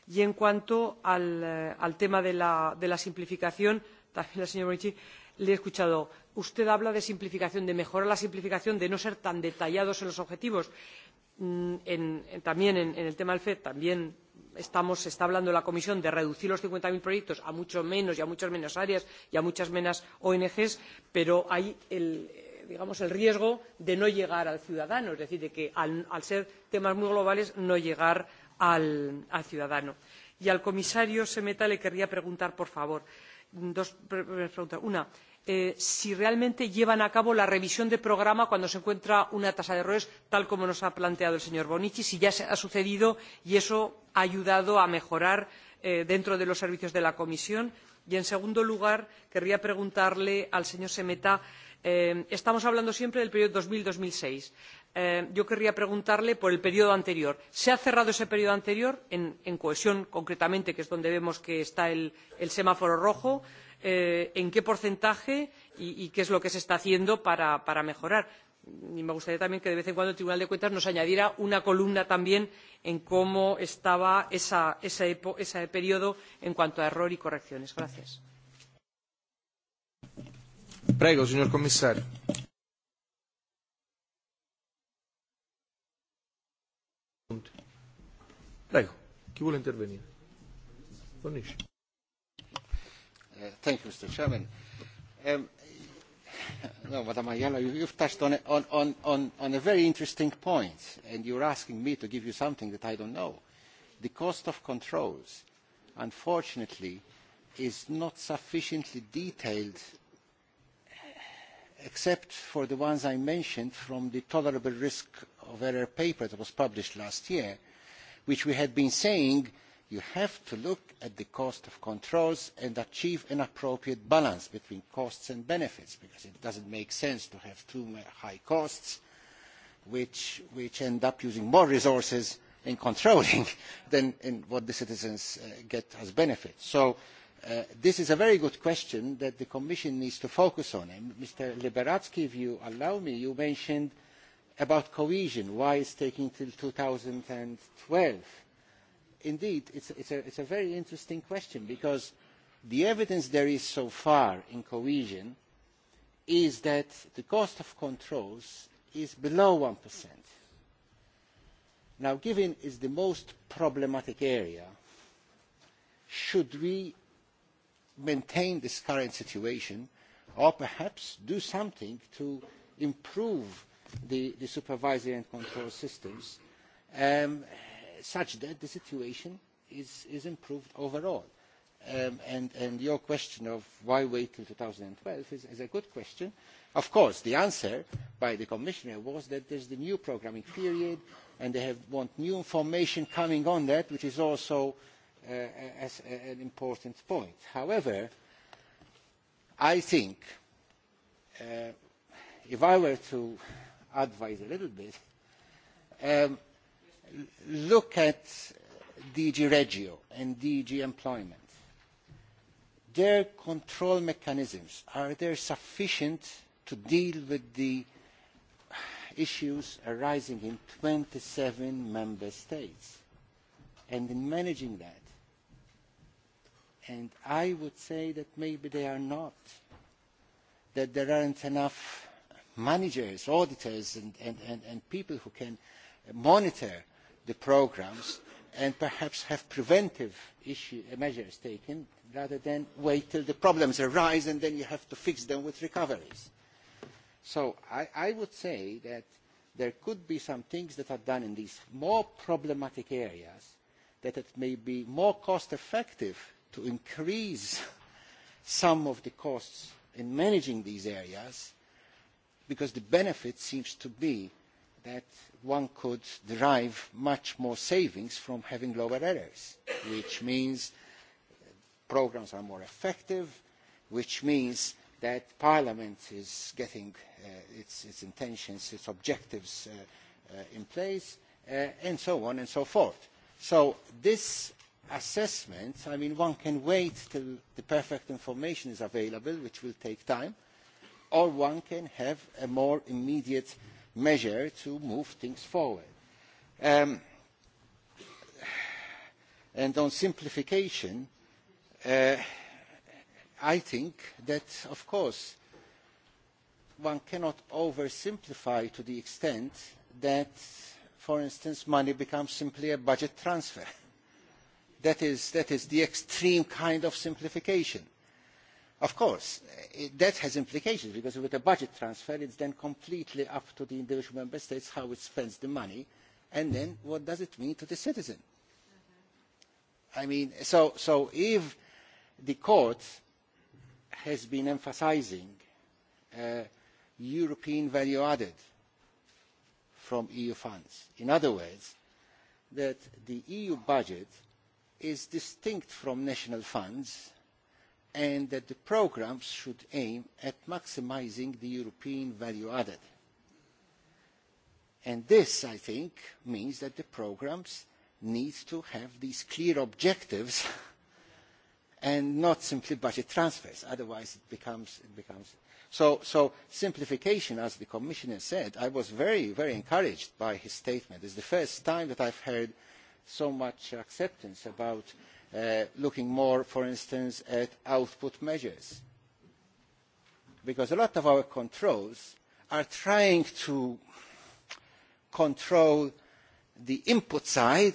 Y en cuanto al, eh, al tema de la, de la simplificación, también la señora Bonici le he escuchado. Usted habla de simplificación, de mejorar la simplificación, de no ser tan detallados en los objetivos. Mm, en, en, también en, en el tema del FED, también estamos, se está hablando en la comisión de reducir los cincuenta cero proyectos a mucho menos y a muchas menos áreas y a muchas menos ong pero hay el, eh, digamos, el riesgo de no llegar al ciudadano es decir de que al, al ser temas muy globales no llegar al, al ciudadano. y al comisario emeta le querría preguntar por favor dos preguntas una eh, si realmente llevan a cabo la revisión del programa cuando se encuentra una tasa de errores tal como nos ha planteado el señor bonnici si ya ha sucedido y eso ha ayudado a mejorar eh, dentro de los servicios de la comisión y en segundo lugar querría preguntarle al señor emeta eh, estamos hablando siempre del periodo dos mil dos mil seis eh, yo querría preguntarle por el periodo anterior se ha cerrado ese periodo anterior en, en cohesión concretamente que es donde vemos que está el, el semáforo rojo y eh, en qué porcentaje y, y qué es lo que se está haciendo para, para mejorar. Y me gustaría también que de vez en cuando el Tribunal de Cuentas nos añadiera una columna también en cómo estaba esa, esa epo, ese periodo en cuanto a error y correcciones. Gracias. Prego, señor comisario. Prego, chi vuole intervenire? Bonisci. Eh, thank you, Mr. Chairman. Um, no, Madam Ayala, you, you've touched on, on, on, on, on a very interesting point, and you're asking me to give you something that I don't know. The cost of controls, unfortunately, is not sufficiently detailed except for the ones I mentioned from the tolerable risk of error paper that was published last year, which we had been saying uh, you have to look at the cost of controls and achieve an appropriate balance between costs and benefits because it does not make sense to have too high costs which, which end up using more resources in controlling than in what the citizens uh, get as benefits. So uh, this is a very good question that the Commission needs to focus on. And Mr. Liberatsky, if you allow me, you mentioned about cohesion, why it's taking till 2012 indeed, it's, it's, a, it's a very interesting question because the evidence there is so far in cohesion is that the cost of controls is below 1%. Now, given is the most problematic area, should we maintain this current situation or perhaps do something to improve the, the supervisory and control systems um, such that the situation is, is improved overall. Um, and, and your question of why wait till 2012 is, is a good question. Of course, the answer by the Commissioner was that there's the new programming period and they have, want new information coming on that, which is also uh, as, uh, an important point. However, I think uh, if I were to advise a little bit, um, look at DG Regio and DG Employment. Their control mechanisms, are they sufficient to deal with the issues arising in 27 member states and in managing that? And I would say that maybe they are not, that there aren't enough managers, auditors, and, and, and, and people who can monitor the programmes and perhaps have preventive issue, uh, measures taken rather than wait until the problems arise and then you have to fix them with recoveries. So I, I would say that there could be some things that are done in these more problematic areas that it may be more cost effective to increase some of the costs in managing these areas because the benefit seems to be that one could derive much more savings from having lower errors, which means programs are more effective, which means that Parliament is getting uh, its, its intentions, its objectives uh, uh, in place, uh, and so on and so forth. So this assessment, I mean, one can wait till the perfect information is available, which will take time, or one can have a more immediate uh, measure to move things forward. Um, and on simplification, uh, I think that, of course, one cannot oversimplify to the extent that, for instance, money becomes simply a budget transfer. that, is, that is the extreme kind of simplification of course eh, it, that has implications because with a budget transfer it is then completely up to the individual member states how it spends the money and then what does it mean to the citizen? Mm -hmm. I mean, so, so if the court has been emphasising uh, European value added from EU funds, in other words, that the EU budget is distinct from national funds and that the programmes should aim at maximising the European value added. And this, I think, means that the programmes need to have these clear objectives and not simply budget transfers. Otherwise, it becomes, it becomes So, so simplification, as the Commissioner said, I was very, very encouraged by his statement. It's the first time that I've heard so much acceptance about uh, looking more for instance at output measures because a lot of our controls are trying to control the input side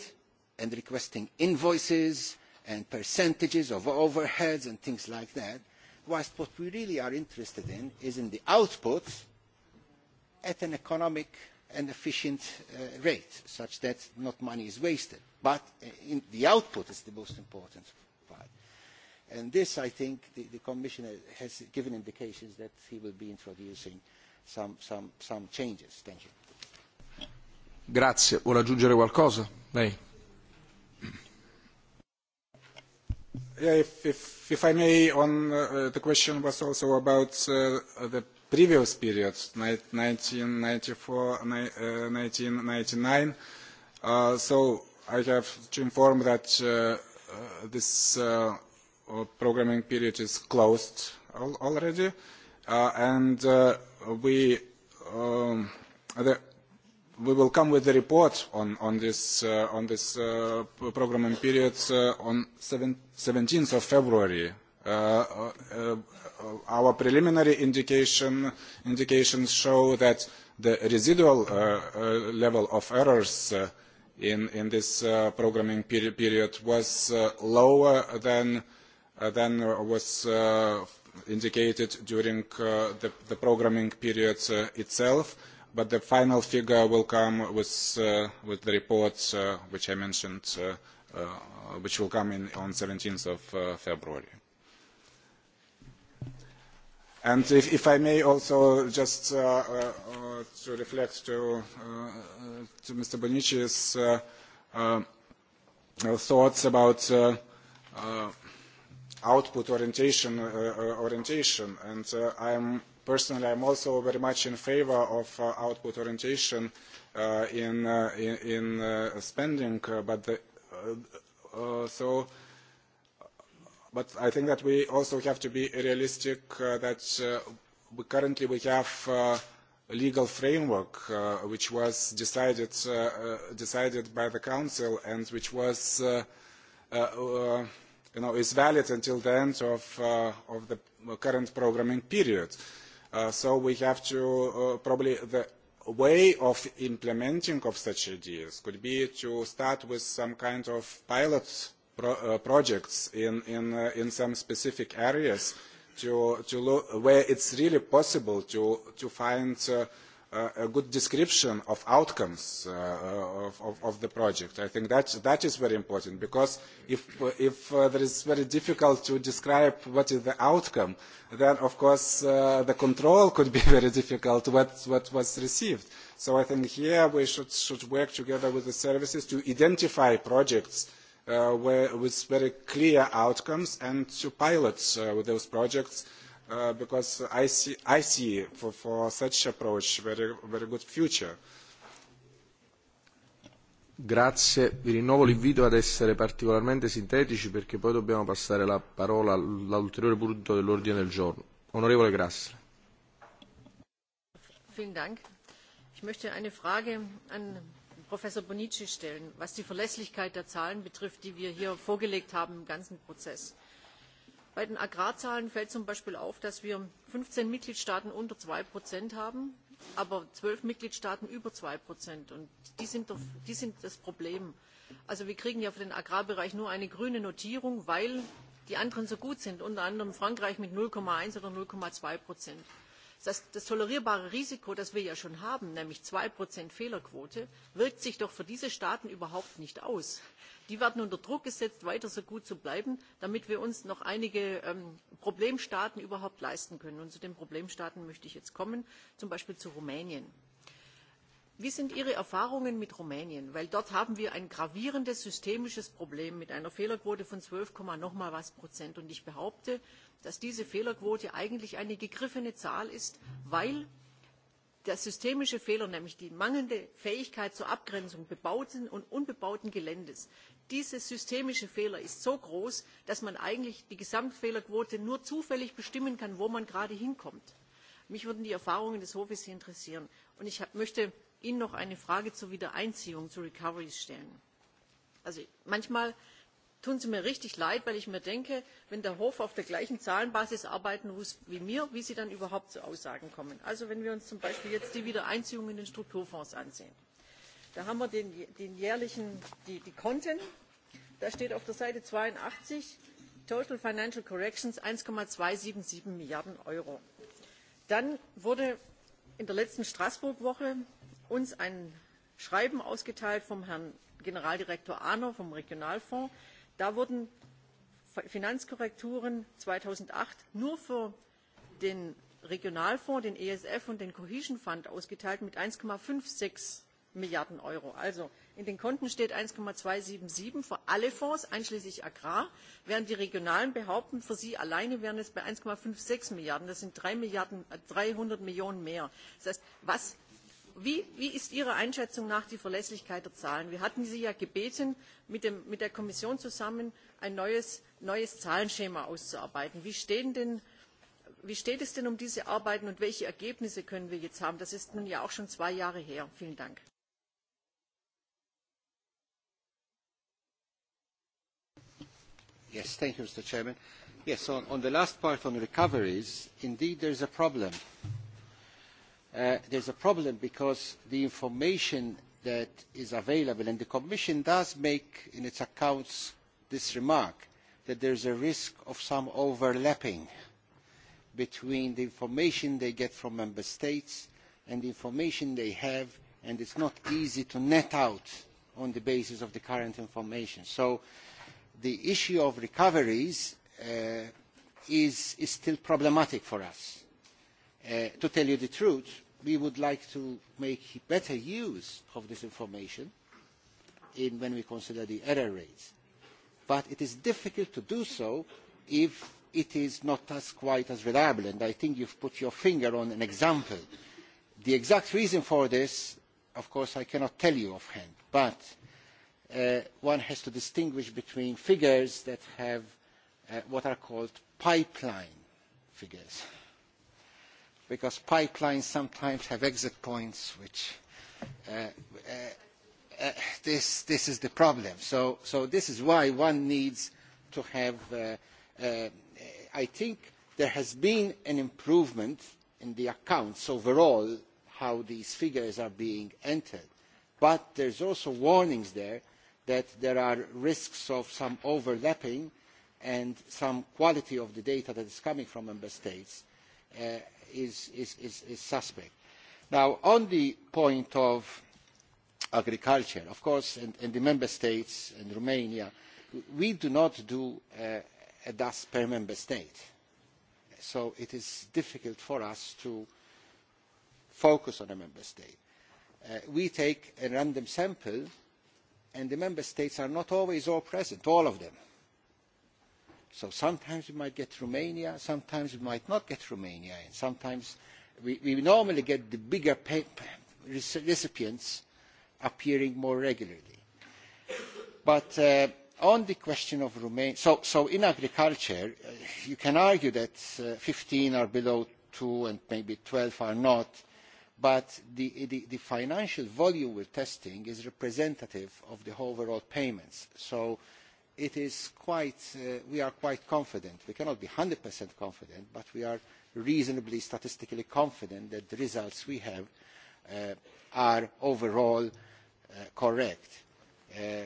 and requesting invoices and percentages of overheads and things like that whilst what we really are interested in is in the output at an economic and efficient uh, rate such that not money is wasted but eh, in the output is the most important part. And this, I think, the, the Commissioner has given indications that he will be introducing some, some, some changes. Thank you. Grazie. Vuole aggiungere qualcosa? Lei. Yeah, if, if, if I may, on uh, the question was also about uh, the previous period, 1994-1999. Uh, uh, so I have to inform that uh, uh this uh, uh, programming period is closed al already, uh, and uh, we um, the, we will come with the report on on this uh, on this uh, programming period uh, on 17th of February. Uh, uh, uh, our preliminary indication indications show that the residual uh, uh, level of errors. Uh, in, in this uh, programming peri period was uh, lower than, uh, than was uh, indicated during uh, the, the programming period uh, itself, but the final figure will come with, uh, with the report uh, which I mentioned, uh, uh, which will come in, on 17th of uh, February. And if, if I may also just uh, uh, uh to reflect to, uh, uh to Mr. Bonici's uh, uh, uh, thoughts about uh, uh, output orientation, uh, orientation. and uh, I'm personally I'm also very much in favor of uh, output orientation uh, in, uh, in, in uh, spending, uh, but the, uh, uh, so but I think that we also have to be realistic uh, that uh, we currently we have uh, a legal framework uh, which was decided, uh, uh, decided by the Council and which was, uh, uh, uh, you know, is valid until the end of, uh, of the current programming period. Uh, so we have to uh, probably the way of implementing of such ideas could be to start with some kind of pilot pro uh, projects in, in, uh, in some specific areas to, to look where it's really possible to, to find uh, uh, a good description of outcomes uh, uh, of, of, of the project. I think that, that is very important because if, uh, if uh, there is very difficult to describe what is the outcome, then of course uh, the control could be very difficult what, what was received. So I think here we should, should work together with the services to identify projects uh, uh, where, with very clear outcomes and to pilot uh, with those projects uh, because I see, I see for, for such approach very, very good future. Grazie, vi rinnovo l'invito ad essere particolarmente sintetici perché poi dobbiamo passare la parola all'ulteriore punto dell'ordine del giorno. Onorevole Grassle. Vielen Dank. Ich möchte eine Frage an professor bonnici stellen was die verlässlichkeit der zahlen betrifft die wir hier vorgelegt haben im ganzen prozess. bei den agrarzahlen fällt zum beispiel auf dass wir fünfzehn mitgliedstaaten unter zwei haben aber zwölf mitgliedstaaten über zwei und die sind, doch, die sind das problem. also wir kriegen ja für den agrarbereich nur eine grüne notierung weil die anderen so gut sind unter anderem frankreich mit null eins oder null zwei prozent das, das tolerierbare risiko das wir ja schon haben nämlich zwei fehlerquote wirkt sich doch für diese staaten überhaupt nicht aus. die werden unter druck gesetzt weiter so gut zu bleiben damit wir uns noch einige ähm, problemstaaten überhaupt leisten können. und zu den problemstaaten möchte ich jetzt kommen zum beispiel zu rumänien Wie sind Ihre Erfahrungen mit Rumänien? Weil dort haben wir ein gravierendes systemisches Problem mit einer Fehlerquote von 12, noch mal was Prozent. Und ich behaupte, dass diese Fehlerquote eigentlich eine gegriffene Zahl ist, weil der systemische Fehler, nämlich die mangelnde Fähigkeit zur Abgrenzung bebauten und unbebauten Geländes, dieser systemische Fehler ist so groß, dass man eigentlich die Gesamtfehlerquote nur zufällig bestimmen kann, wo man gerade hinkommt. Mich würden die Erfahrungen des Hofes interessieren. Und ich hab, möchte Ihnen noch eine Frage zur Wiedereinziehung, zu Recoveries stellen. Also manchmal tun Sie mir richtig leid, weil ich mir denke, wenn der Hof auf der gleichen Zahlenbasis arbeiten muss wie mir, wie Sie dann überhaupt zu Aussagen kommen. Also wenn wir uns zum Beispiel jetzt die Wiedereinziehung in den Strukturfonds ansehen. Da haben wir den, den jährlichen, die, die Konten. Da steht auf der Seite 82 Total Financial Corrections 1,277 Milliarden Euro. Dann wurde in der letzten Straßburg-Woche uns ein Schreiben ausgeteilt vom Herrn Generaldirektor Ahner vom Regionalfonds. Da wurden Finanzkorrekturen 2008 nur für den Regionalfonds, den ESF und den Cohesion Fund ausgeteilt mit 1,56 Milliarden Euro. Also in den Konten steht 1,277 für alle Fonds, einschließlich Agrar, während die Regionalen behaupten, für sie alleine wären es bei 1,56 Milliarden. Das sind 3 Milliarden, 300 äh, Millionen mehr. Das heißt, was wie, wie ist Ihrer Einschätzung nach die Verlässlichkeit der Zahlen? Wir hatten Sie ja gebeten, mit, dem, mit der Kommission zusammen ein neues, neues Zahlenschema auszuarbeiten. Wie, stehen denn, wie steht es denn um diese Arbeiten und welche Ergebnisse können wir jetzt haben? Das ist nun ja auch schon zwei Jahre her. Vielen Dank. Yes, thank you, Mr. Chairman. Yes, on, on the last part on recoveries, indeed there is a problem uh, there's a problem because the information that is available, and the Commission does make in its accounts this remark, that there's a risk of some overlapping between the information they get from member states and the information they have, and it's not easy to net out on the basis of the current information. So the issue of recoveries uh, is, is still problematic for us Uh, to tell you the truth, we would like to make better use of this information in, when we consider the error rates. But it is difficult to do so if it is not as quite as reliable. And I think you've put your finger on an example. The exact reason for this, of course, I cannot tell you offhand. But uh, one has to distinguish between figures that have uh, what are called pipeline figures because pipelines sometimes have exit points which uh, uh, uh, this, this is the problem. So, so this is why one needs to have, uh, uh, I think there has been an improvement in the accounts overall, how these figures are being entered. But there's also warnings there that there are risks of some overlapping and some quality of the data that is coming from member states. Uh, is, is, is, is suspect. Now, on the point of agriculture, of course, and, and the member states and Romania, we do not do uh, a dust per member state. So it is difficult for us to focus on a member state. Uh, we take a random sample and the member states are not always all present, all of them So sometimes we might get Romania, sometimes we might not get Romania, and sometimes we, we normally get the bigger pay, recipients appearing more regularly. But uh, on the question of Romania, so, so in agriculture, uh, you can argue that uh, 15 are below 2 and maybe 12 are not, but the, the, the financial volume we're testing is representative of the overall payments. So uh, it is quite, uh, we are quite confident. We cannot be 100% confident, but we are reasonably statistically confident that the results we have uh, are overall uh, correct. Uh,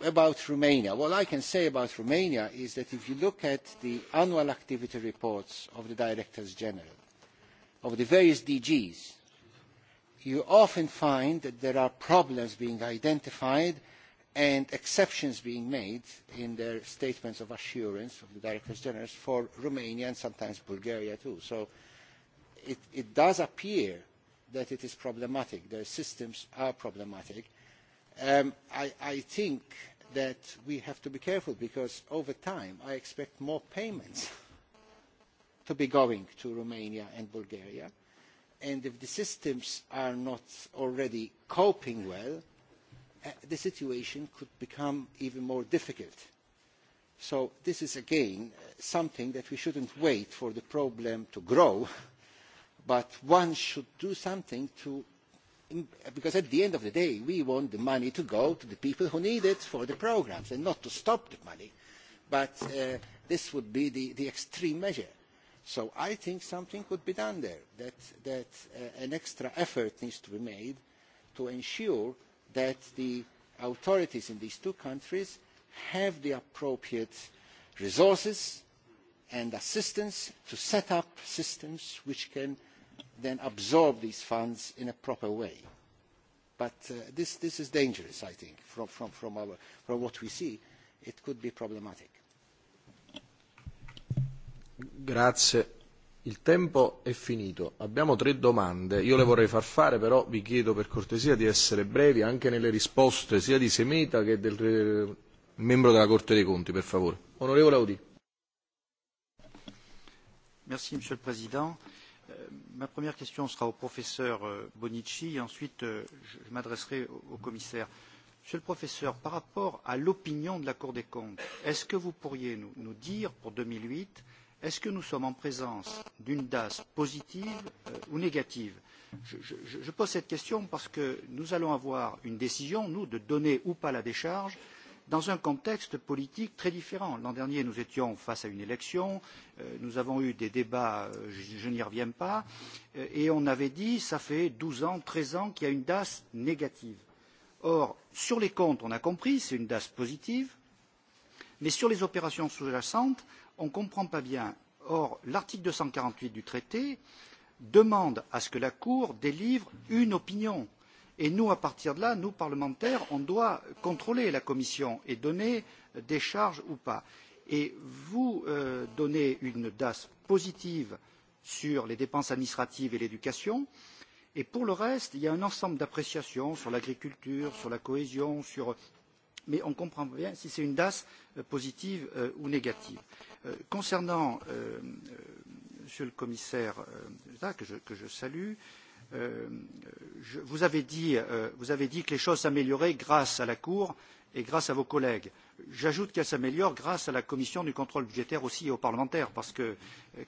about Romania, what I can say about Romania is that if you look at the annual activity reports of the Directors General, of the various DGs, you often find that there are problems being identified – and exceptions being made in their statements of assurance of the directors general for Romania and sometimes Bulgaria too. So it, it does appear that it is problematic. Their systems are problematic. Um, I, I think that we have to be careful because over time I expect more payments to be going to Romania and Bulgaria. And if the systems are not already coping well, Uh, the situation could become even more difficult. So this is again uh, something that we shouldn't wait for the problem to grow, but one should do something to, uh, because at the end of the day we want the money to go to the people who need it for the programs and not to stop the money, but uh, this would be the, the extreme measure. So I think something could be done there, that, that uh, an extra effort needs to be made to ensure that the authorities in these two countries have the appropriate resources and assistance to set up systems which can then absorb these funds in a proper way. But uh, this, this is dangerous, I think, from, from, from, our, from what we see. It could be problematic. Grazie. Il tempo è finito, abbiamo tre domande, io le vorrei far fare, però vi chiedo per cortesia di essere brevi anche nelle risposte sia di Semeta che del eh, membro della Corte dei Conti, per favore. Onorevole Audi. Merci Monsieur le Président. Euh, ma première question sera au professeur euh, Bonici et ensuite euh, je, je m'adresserai au, au commissaire. Monsieur le professeur, par rapport à l'opinion de la Cour des comptes, est-ce que vous pourriez nous, nous dire pour 2008 Est-ce que nous sommes en présence d'une DAS positive euh, ou négative je, je, je pose cette question parce que nous allons avoir une décision, nous, de donner ou pas la décharge dans un contexte politique très différent. L'an dernier, nous étions face à une élection, euh, nous avons eu des débats, euh, je, je n'y reviens pas, euh, et on avait dit, ça fait 12 ans, 13 ans qu'il y a une DAS négative. Or, sur les comptes, on a compris, c'est une DAS positive, mais sur les opérations sous-jacentes, on ne comprend pas bien. Or, l'article 248 du traité demande à ce que la Cour délivre une opinion. Et nous, à partir de là, nous, parlementaires, on doit contrôler la Commission et donner des charges ou pas. Et vous euh, donnez une DAS positive sur les dépenses administratives et l'éducation. Et pour le reste, il y a un ensemble d'appréciations sur l'agriculture, sur la cohésion, sur... mais on comprend bien si c'est une DAS euh, positive euh, ou négative. Euh, Euh, concernant, euh, euh, Monsieur le Commissaire, euh, que, je, que je salue, euh, je, vous, avez dit, euh, vous avez dit que les choses s'amélioraient grâce à la Cour et grâce à vos collègues. J'ajoute qu'elle s'améliore grâce à la commission du contrôle budgétaire aussi et aux parlementaires, parce que euh,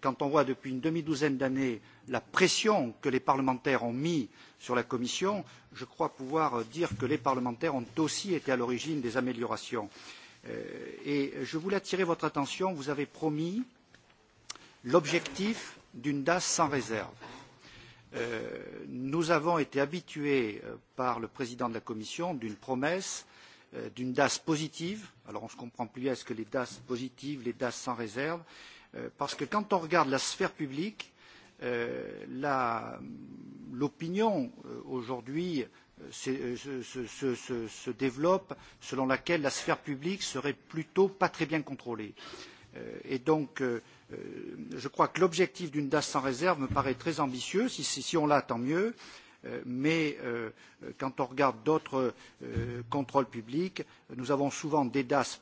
quand on voit depuis une demi-douzaine d'années la pression que les parlementaires ont mis sur la commission, je crois pouvoir dire que les parlementaires ont aussi été à l'origine des améliorations. Euh, Euh, et je voulais attirer votre attention, vous avez promis l'objectif d'une DAS sans réserve. Euh, nous avons été habitués euh, par le président de la Commission d'une promesse euh, d'une DAS positive. Alors on ne se comprend plus, est-ce que les DAS positives, les DAS sans réserve euh, Parce que quand on regarde la sphère publique, euh, l'opinion euh, aujourd'hui se, se, se, se développe, selon laquelle la sphère publique serait plutôt pas très bien contrôlée. Euh, et donc, euh, euh, je crois que l'objectif d'une DAS sans réserve me paraît très ambitieux. Si, si, si on l'a, tant mieux. Euh, mais euh, quand on regarde d'autres euh, contrôles publics, nous avons souvent des DAS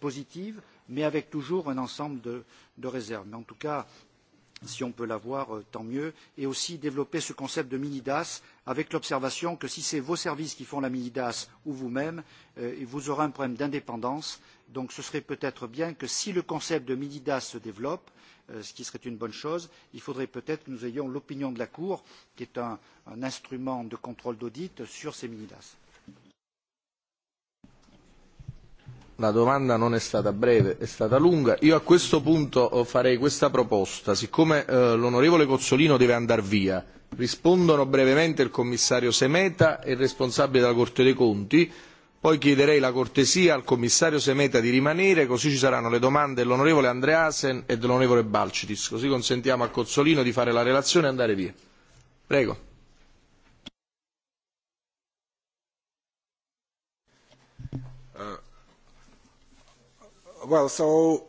positives, mais avec toujours un ensemble de, de réserves. Mais en tout cas, si on peut l'avoir, euh, tant mieux, et aussi développer ce concept de mini-DAS avec l'observation que si c'est vos services qui font la mini-DAS ou vous-même, euh, vous aurez un problème d'indépendance. Donc ce serait peut-être bien que si le concept de mini-DAS se développe, euh, ce qui serait une bonne chose, il faudrait peut-être que nous ayons l'opinion de la Cour, qui est un, un instrument de contrôle d'audit sur ces mini-DAS. la domanda non è stata breve, è stata lunga. Io a questo punto eh, farei questa proposta. Siccome eh, l'onorevole Cozzolino deve andare via, rispondono brevemente il commissario Semeta e il responsabile della Corte dei Conti, poi chiederei la cortesia al commissario Semeta di rimanere, così ci saranno le domande dell'onorevole Andreasen e dell'onorevole Balcitis, così consentiamo a Cozzolino di fare la relazione e andare via. Prego. well, so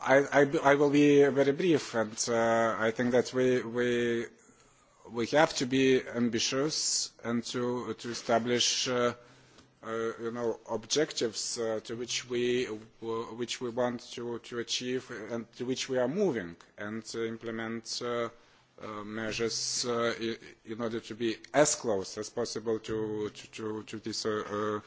I, I, I will be very brief, and uh, I think that we, we, we have to be ambitious and to, to establish uh, uh, you know, objectives uh, to which we, which we want to, to achieve and to which we are moving and uh, implement uh, uh, measures uh, in order to be as close as possible to, to, to, to this uh, uh,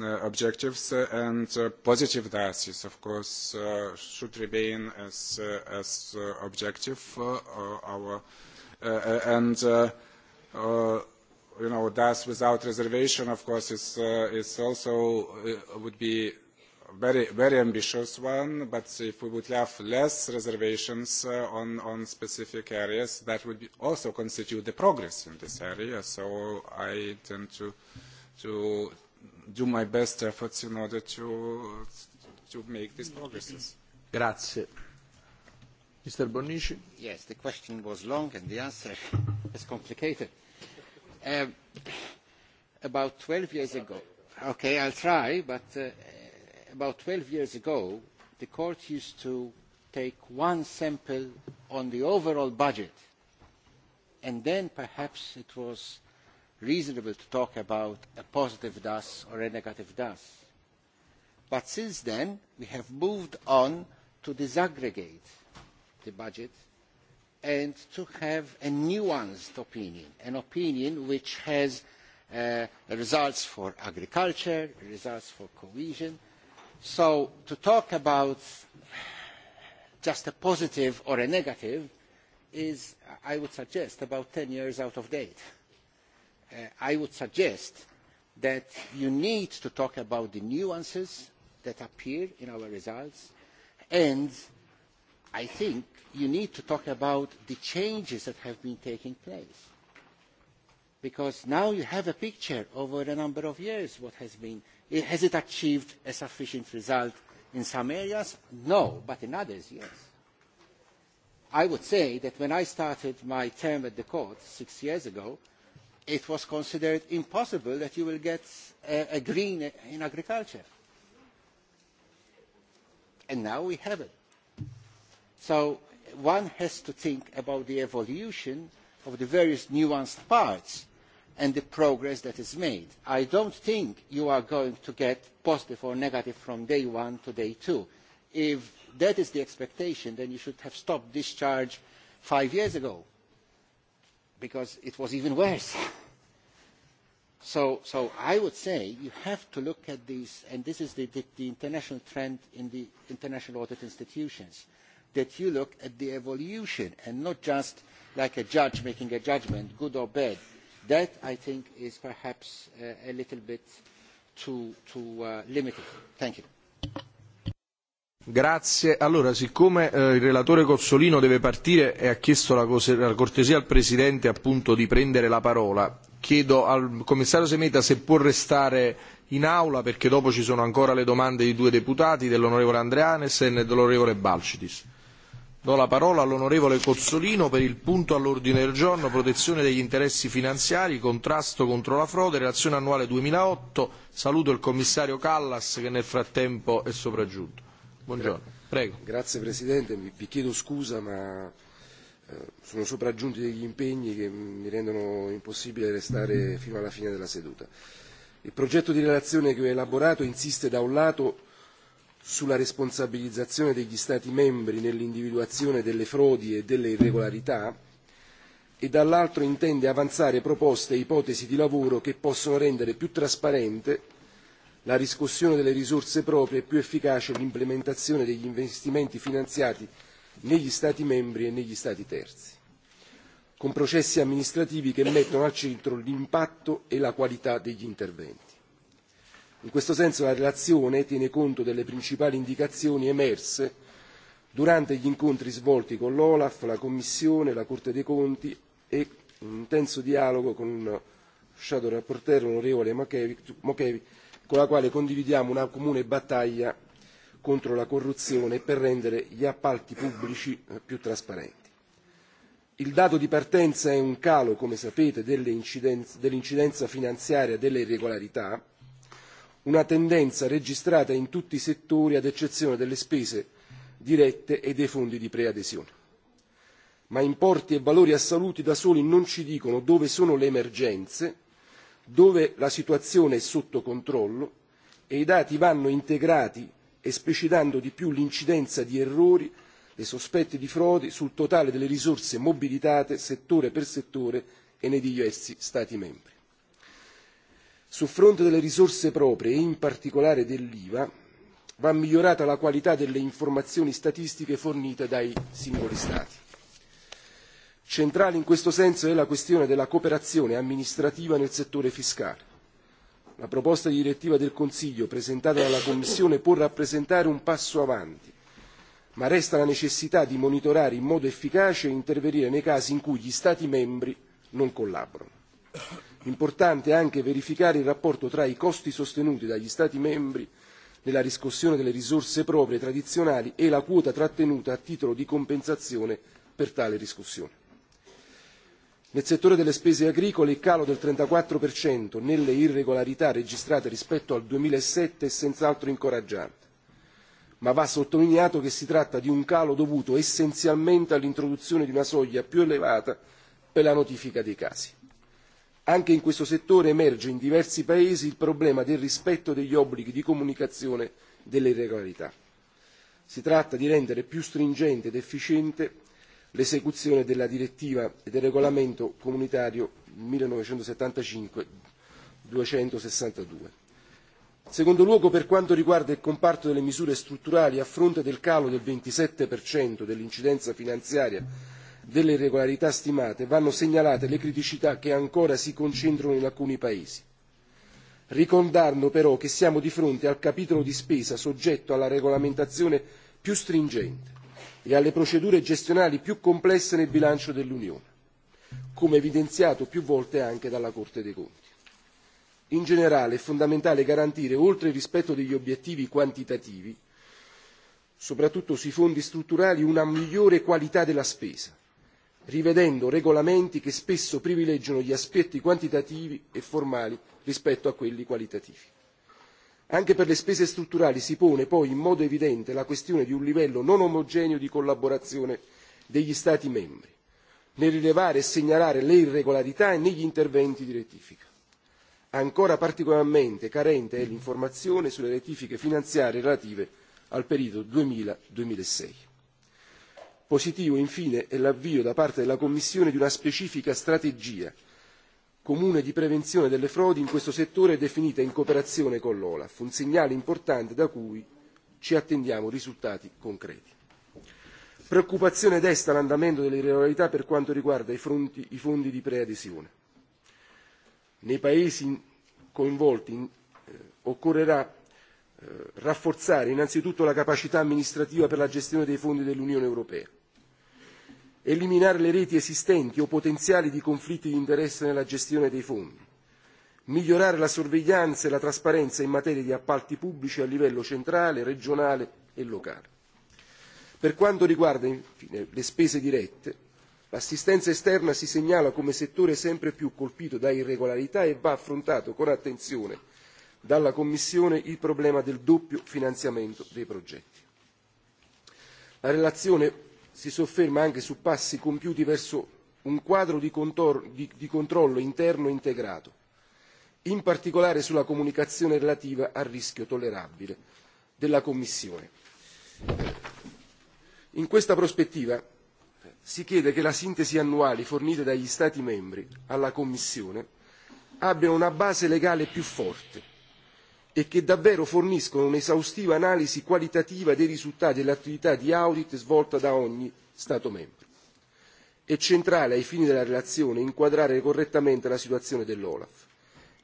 uh, objectives uh, and uh, positive diocese, of course, uh, should remain as, uh, as uh, objective uh, uh our, uh, uh, and uh, uh, you know, thus without reservation, of course, is, uh, is also uh, would be very, very ambitious one, but if we would have less reservations uh, on, on specific areas, that would be also constitute the progress in this area. So I tend to, to, do my best efforts in order to, to make these progresses. Grazie. Mr. Bonnici? Yes, the question was long and the answer is complicated. Um, about 12 years ago, okay, I'll try, but uh, about 12 years ago, the court used to take one sample on the overall budget, and then perhaps it was reasonable to talk about a positive DAS or a negative DAS. But since then, we have moved on to disaggregate the budget and to have a nuanced opinion, an opinion which has uh, results for agriculture, results for cohesion. So to talk about just a positive or a negative is, I would suggest, about 10 years out of date uh, I would suggest that you need to talk about the nuances that appear in our results and I think you need to talk about the changes that have been taking place. Because now you have a picture over a number of years what has been. It, has it achieved a sufficient result in some areas? No, but in others, yes. I would say that when I started my term at the court six years ago, it was considered impossible that you will get a, a green in agriculture. And now we have it. So one has to think about the evolution of the various nuanced parts and the progress that is made. I don't think you are going to get positive or negative from day one to day two. If that is the expectation, then you should have stopped discharge five years ago because it was even worse. So, so I would say you have to look at these, and this is the, the, the international trend in the international audit institutions, that you look at the evolution and not just like a judge making a judgment, good or bad. That, I think, is perhaps uh, a little bit too, too uh, limited. Thank you. Grazie. Allora, siccome eh, il relatore Cozzolino deve partire e ha chiesto la, cose, la cortesia al Presidente appunto di prendere la parola, chiedo al Commissario Semeta se può restare in aula perché dopo ci sono ancora le domande di due deputati, dell'onorevole Andreanesen e dell'onorevole Balcitis. Do la parola all'onorevole Cozzolino per il punto all'ordine del giorno protezione degli interessi finanziari, contrasto contro la frode, relazione annuale 2008. Saluto il commissario Callas che nel frattempo è sopraggiunto. Buongiorno. Prego. Grazie Presidente, vi, vi chiedo scusa ma eh, sono sopraggiunti degli impegni che mi rendono impossibile restare fino alla fine della seduta. Il progetto di relazione che ho elaborato insiste da un lato sulla responsabilizzazione degli Stati membri nell'individuazione delle frodi e delle irregolarità e dall'altro intende avanzare proposte e ipotesi di lavoro che possono rendere più trasparente la riscossione delle risorse proprie e più efficace l'implementazione degli investimenti finanziati negli Stati membri e negli Stati terzi, con processi amministrativi che mettono al centro l'impatto e la qualità degli interventi. In questo senso la relazione tiene conto delle principali indicazioni emerse durante gli incontri svolti con l'Olaf, la Commissione, la Corte dei Conti e un intenso dialogo con il Shadow Rapporteur, l'onorevole Mokevi, con la quale condividiamo una comune battaglia contro la corruzione e per rendere gli appalti pubblici eh, più trasparenti. Il dato di partenza è un calo, come sapete, dell'incidenza, dell'incidenza finanziaria delle irregolarità, una tendenza registrata in tutti i settori ad eccezione delle spese dirette e dei fondi di preadesione. Ma importi e valori assoluti da soli non ci dicono dove sono le emergenze dove la situazione è sotto controllo e i dati vanno integrati esplicitando di più l'incidenza di errori e sospetti di frodi sul totale delle risorse mobilitate settore per settore e nei diversi stati membri. sul fronte delle risorse proprie e in particolare dell'iva va migliorata la qualità delle informazioni statistiche fornite dai singoli stati. Centrale in questo senso è la questione della cooperazione amministrativa nel settore fiscale. La proposta di direttiva del Consiglio presentata dalla Commissione può rappresentare un passo avanti, ma resta la necessità di monitorare in modo efficace e intervenire nei casi in cui gli Stati membri non collaborano. Importante è anche verificare il rapporto tra i costi sostenuti dagli Stati membri nella riscossione delle risorse proprie tradizionali e la quota trattenuta a titolo di compensazione per tale riscossione nel settore delle spese agricole il calo del trentaquattro nelle irregolarità registrate rispetto al duemilasette è senz'altro incoraggiante ma va sottolineato che si tratta di un calo dovuto essenzialmente all'introduzione di una soglia più elevata per la notifica dei casi. anche in questo settore emerge in diversi paesi il problema del rispetto degli obblighi di comunicazione delle irregolarità. si tratta di rendere più stringente ed efficiente l'esecuzione della direttiva e del regolamento comunitario 1975 262. In secondo luogo, per quanto riguarda il comparto delle misure strutturali, a fronte del calo del 27% dell'incidenza finanziaria delle irregolarità stimate, vanno segnalate le criticità che ancora si concentrano in alcuni Paesi, ricordando però che siamo di fronte al capitolo di spesa soggetto alla regolamentazione più stringente e alle procedure gestionali più complesse nel bilancio dell'unione come evidenziato più volte anche dalla corte dei conti. in generale è fondamentale garantire oltre il rispetto degli obiettivi quantitativi soprattutto sui fondi strutturali una migliore qualità della spesa rivedendo regolamenti che spesso privilegiano gli aspetti quantitativi e formali rispetto a quelli qualitativi anche per le spese strutturali si pone poi in modo evidente la questione di un livello non omogeneo di collaborazione degli stati membri nel rilevare e segnalare le irregolarità e negli interventi di rettifica. ancora particolarmente carente è l'informazione sulle rettifiche finanziarie relative al periodo. duemila duemilasei positivo infine è l'avvio da parte della commissione di una specifica strategia comune di prevenzione delle frodi in questo settore è definita in cooperazione con l'olaf un segnale importante da cui ci attendiamo risultati concreti. preoccupazione desta l'andamento delle irregolarità per quanto riguarda i, fronti, i fondi di preadesione. nei paesi coinvolti eh, occorrerà eh, rafforzare innanzitutto la capacità amministrativa per la gestione dei fondi dell'unione europea eliminare le reti esistenti o potenziali di conflitti di interesse nella gestione dei fondi, migliorare la sorveglianza e la trasparenza in materia di appalti pubblici a livello centrale, regionale e locale. Per quanto riguarda infine le spese dirette, l'assistenza esterna si segnala come settore sempre più colpito da irregolarità e va affrontato con attenzione dalla Commissione il problema del doppio finanziamento dei progetti. La relazione si sofferma anche su passi compiuti verso un quadro di, contor- di, di controllo interno integrato, in particolare sulla comunicazione relativa al rischio tollerabile della Commissione. In questa prospettiva si chiede che la sintesi annuali fornite dagli Stati membri alla Commissione abbiano una base legale più forte e che davvero forniscono un'esaustiva analisi qualitativa dei risultati dell'attività di audit svolta da ogni Stato membro. È centrale ai fini della relazione inquadrare correttamente la situazione dell'Olaf,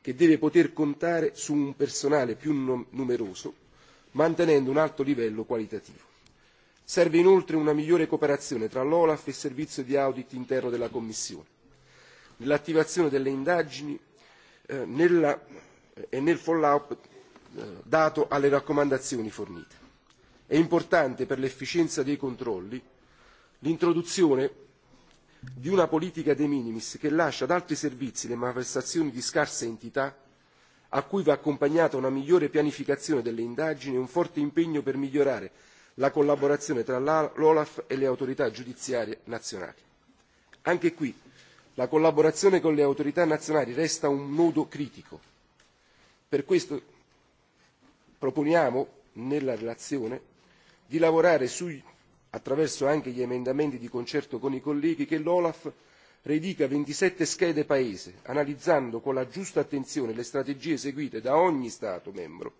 che deve poter contare su un personale più numeroso, mantenendo un alto livello qualitativo. Serve inoltre una migliore cooperazione tra l'Olaf e il servizio di audit interno della Commissione, nell'attivazione delle indagini eh, nella, eh, e nel follow-up dato alle raccomandazioni fornite. È importante per l'efficienza dei controlli l'introduzione di una politica de minimis che lascia ad altri servizi le malversazioni di scarsa entità a cui va accompagnata una migliore pianificazione delle indagini e un forte impegno per migliorare la collaborazione tra l'olaf e le autorità giudiziarie nazionali. anche qui la collaborazione con le autorità nazionali resta un nodo critico per questo proponiamo nella relazione di lavorare sui, attraverso anche gli emendamenti di concerto con i colleghi che l'olaf rediga ventisette schede paese analizzando con la giusta attenzione le strategie seguite da ogni stato membro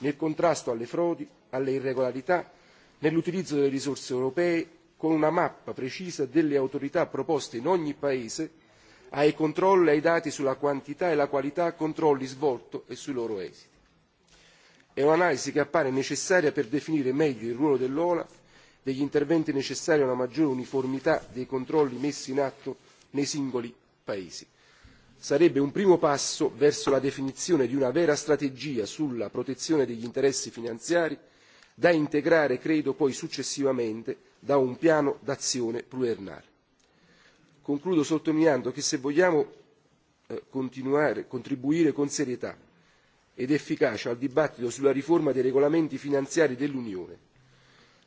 nel contrasto alle frodi alle irregolarità nell'utilizzo delle risorse europee con una mappa precisa delle autorità proposte in ogni paese ai controlli e ai dati sulla quantità e la qualità controlli svolti e sui loro esiti. È e un'analisi che appare necessaria per definire meglio il ruolo dell'Olaf, degli interventi necessari a una maggiore uniformità dei controlli messi in atto nei singoli Paesi. Sarebbe un primo passo verso la definizione di una vera strategia sulla protezione degli interessi finanziari da integrare, credo, poi successivamente da un piano d'azione pluriennale. Concludo sottolineando che se vogliamo eh, continuare, contribuire con serietà ed efficacia al dibattito sulla riforma dei regolamenti finanziari dell'Unione.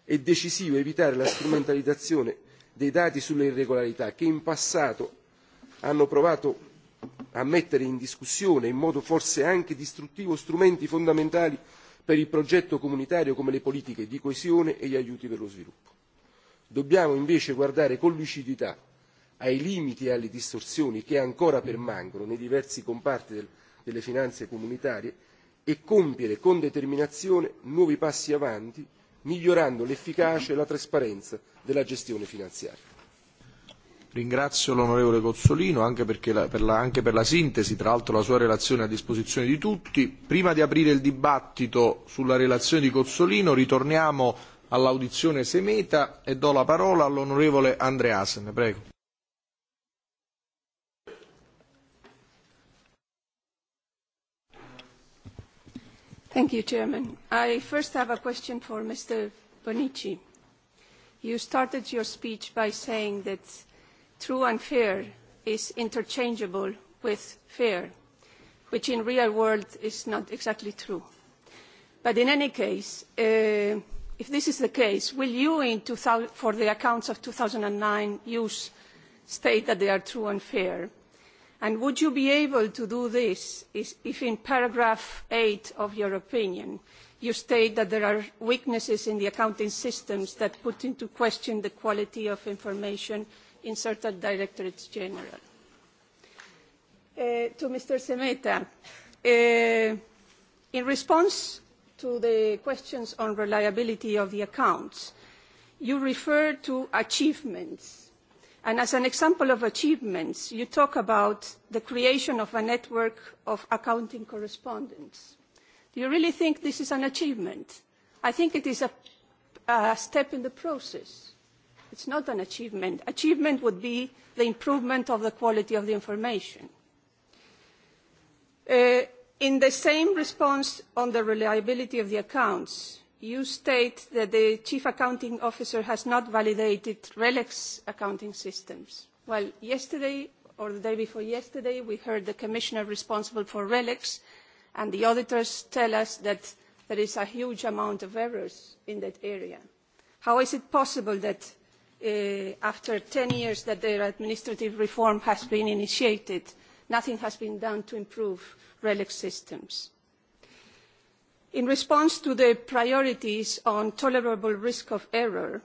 È decisivo evitare la strumentalizzazione dei dati sulle irregolarità che in passato hanno provato a mettere in discussione in modo forse anche distruttivo strumenti fondamentali per il progetto comunitario come le politiche di coesione e gli aiuti per lo sviluppo. Dobbiamo invece guardare con lucidità ai limiti e alle distorsioni che ancora permangono nei diversi comparti del delle finanze comunitarie e compiere con determinazione nuovi passi avanti migliorando l'efficacia e la trasparenza della gestione finanziaria. Ringrazio l'onorevole Cozzolino anche, perché la, per la, anche per la sintesi, tra l'altro la sua relazione è a disposizione di tutti. Prima di aprire il dibattito sulla relazione di Cozzolino ritorniamo all'audizione Semeta e do la parola all'onorevole Andreasen. Prego. Thank you, Chairman. I first have a question for Mr. Bonici. You started your speech by saying that true and fair is interchangeable with fair, which in real world is not exactly true. But in any case, uh, if this is the case, will you, in 2000, for the accounts of 2009, use state that they are true and fair? And would you be able to do this if in paragraph 8 of your opinion you state that there are weaknesses in the accounting systems that put into question the quality of information in certain directorates general? Uh, to Mr. Semeta, uh, in response to the questions on reliability of the accounts, you refer to achievements And as an example of achievements, you talk about the creation of a network of accounting correspondents. Do you really think this is an achievement? I think it is a, a step in the process. It's not an achievement. Achievement would be the improvement of the quality of the information. Uh, in the same response on the reliability of the accounts, you state that the chief accounting officer has not validated RELEX accounting systems. Well, yesterday or the day before yesterday, we heard the commissioner responsible for RELEX and the auditors tell us that there is a huge amount of errors in that area. How is it possible that uh, after 10 years that their administrative reform has been initiated, nothing has been done to improve RELEX systems? in response to the priorities on tolerable risk of error,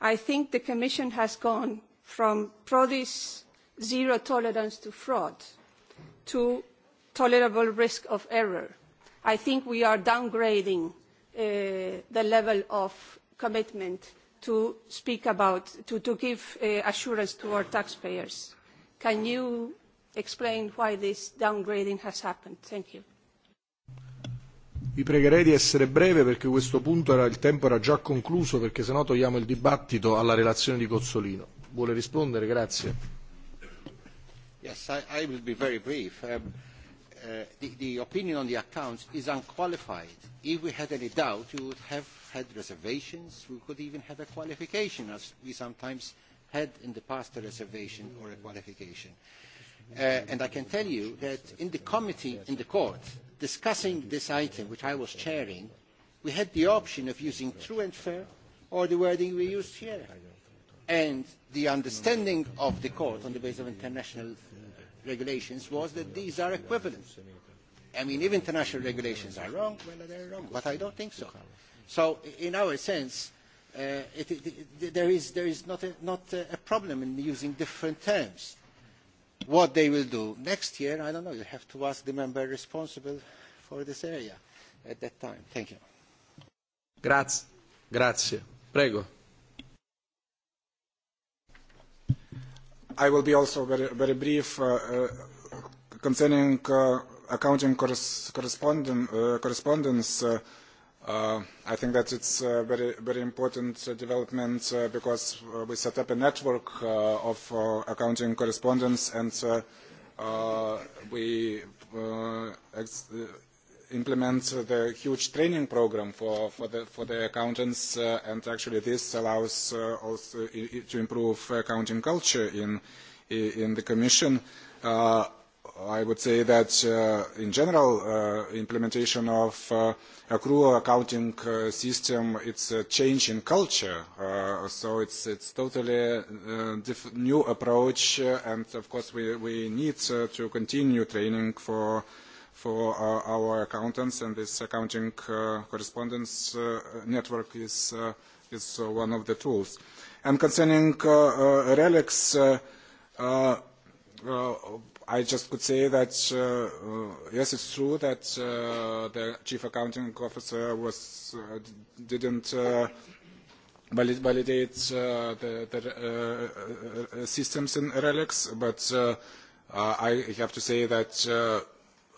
I think the Commission has gone from PRODIS zero tolerance to fraud to tolerable risk of error. I think we are downgrading uh, the level of commitment to speak about, to, to give uh, assurance to our taxpayers. Can you explain why this downgrading has happened? Thank you. Vi pregherei di essere breve perché questo punto era, il tempo era già concluso perché sennò togliamo il dibattito alla relazione di Cozzolino. Vuole rispondere? Grazie. Yes, I, I will be very brief. Um, uh, the, the opinion on the accounts is unqualified. If we had any doubt, we would have had reservations. We could even have a qualification, as we sometimes had in the past a reservation or a qualification. Uh, Uh, and I can tell you that in the committee in the court, discussing this item, which I was chairing, we had the option of using true and fair or the wording we used here. And the understanding of the court on the basis of international regulations was that these are equivalent. I mean, if international regulations are wrong, well, they're wrong, but I don't think so. So in our sense, uh, it, it, it, there is, there is not, a, not a problem in using different terms what they will do next year, I don't know. You have to ask the member responsible for this area at that time. Thank you. Grazie. Grazie. Prego. I will be also very, very brief uh, uh, concerning uh, accounting corres correspondence. Uh, correspondence uh, Uh, I think that it's a uh, very, very important uh, development uh, because uh, we set up a network uh, of uh, accounting correspondence and uh, uh, we uh, ex uh, implement the huge training program for, for, the, for the accountants uh, and actually this allows uh, also to improve accounting culture in, in the Commission. Uh, I would say that uh, in general, uh, implementation of uh, accrual accounting uh, system, it's a change in culture. Uh, so it's it's totally uh, diff new approach, uh, and of course we we need uh, to continue training for for uh, our accountants, and this accounting uh, correspondence uh, network is uh, is uh, one of the tools. And concerning uh, uh, relics. Uh, uh, uh, I just could say that, uh, uh, yes, it's true that uh, the chief accounting officer was, uh, didn't uh, valid validate uh, the, the uh, uh, uh systems in RELX, but uh, uh, I have to say that uh,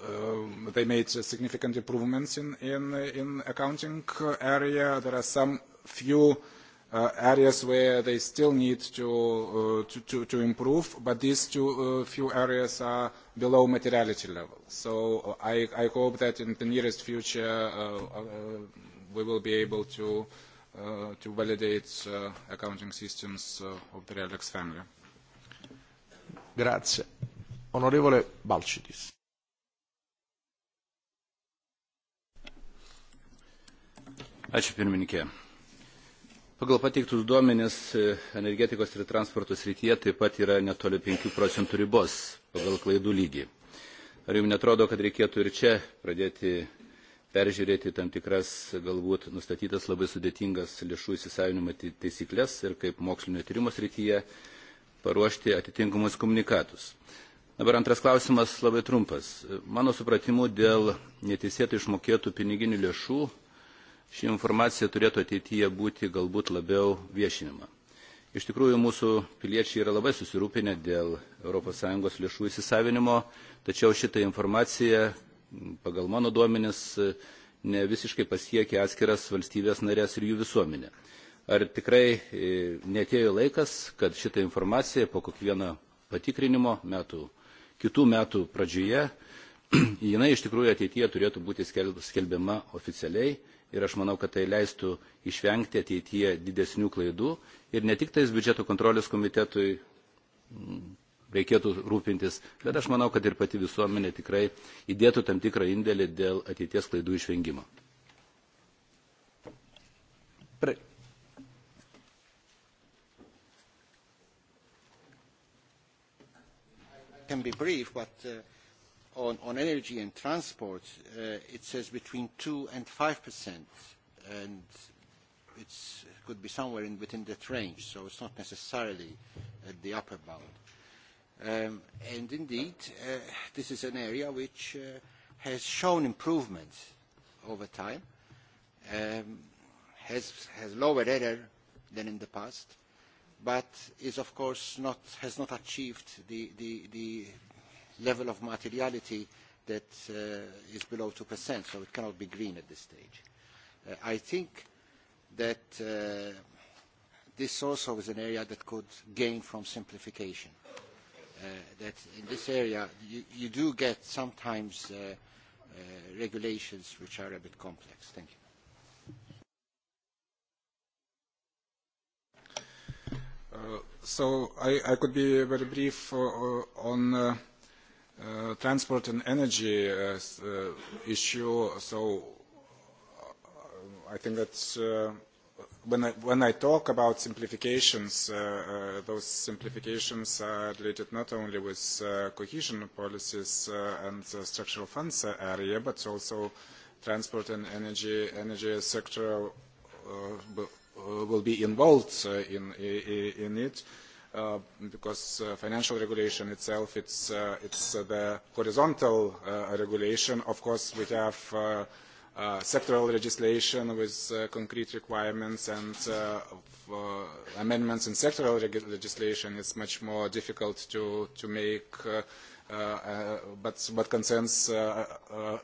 uh, they made significant improvements in, in, in accounting area. There are some few uh, uh, areas where they still need to, uh, to, to, to improve, but these two uh, few areas are below materiality level. So uh, I, I hope that in the nearest future uh, uh, we will be able to, uh, to validate uh, accounting systems uh, of the RELX family. Grazie. Onorevole Balcitis. Ačiū pirmininkė. Pagal pateiktus duomenis e, energetikos ir transporto srityje taip pat yra netoli 5 procentų ribos pagal klaidų lygį. Ar jums netrodo, kad reikėtų ir čia pradėti peržiūrėti tam tikras galbūt nustatytas labai sudėtingas lėšų įsisavinimo taisyklės ir kaip mokslinio tyrimo srityje paruošti atitinkamus komunikatus. Dabar antras klausimas labai trumpas. Mano supratimu, dėl neteisėtai išmokėtų piniginių lėšų ši informacija turėtų ateityje būti galbūt labiau viešinima. Iš tikrųjų, mūsų piliečiai yra labai susirūpinę dėl ES lėšų įsisavinimo, tačiau šitą informaciją, pagal mano duomenis, ne visiškai pasiekia atskiras valstybės narės ir jų visuomenė. Ar tikrai e, netėjo laikas, kad šitą informaciją po kiekvieno patikrinimo metų, kitų metų pradžioje, jinai iš tikrųjų ateityje turėtų būti skelbiama oficialiai ir aš manau, kad tai leistų išvengti ateityje didesnių klaidų ir ne tik tais biudžeto kontrolės komitetui mm, reikėtų rūpintis, bet aš manau, kad ir pati visuomenė tikrai įdėtų tam tikrą indėlį dėl ateities klaidų išvengimo. Pre... Can be brief, but uh, on, on energy and transport, uh, it says between 2 and 5 percent, and it could be somewhere in, within that range, so it's not necessarily at the upper bound. Um, and indeed, uh, this is an area which uh, has shown improvements over time, um, has, has lower error than in the past, but is of course not, has not achieved the, the, the level of materiality that uh, is below 2%, so it cannot be green at this stage. Uh, I think that uh, this also is an area that could gain from simplification. Uh, that in this area you, you do get sometimes uh, uh, regulations which are a bit complex. Thank you. Uh, so I, I could be very brief uh, uh on uh, uh, transport and energy uh, uh, issue. So uh, I think that's uh, when I, when I talk about simplifications, uh, uh, those simplifications are related not only with uh, cohesion policies uh, and uh, structural funds area, but also transport and energy, energy sector uh, uh will be involved uh, in, in it. Uh, uh, because uh, financial regulation itself, it's, uh, it's uh, the horizontal uh, regulation. Of course, we have uh, uh, sectoral legislation with uh, concrete requirements and uh, of, uh, amendments in sectoral reg legislation. It's much more difficult to, to make, uh, uh, uh, but what concerns uh, uh,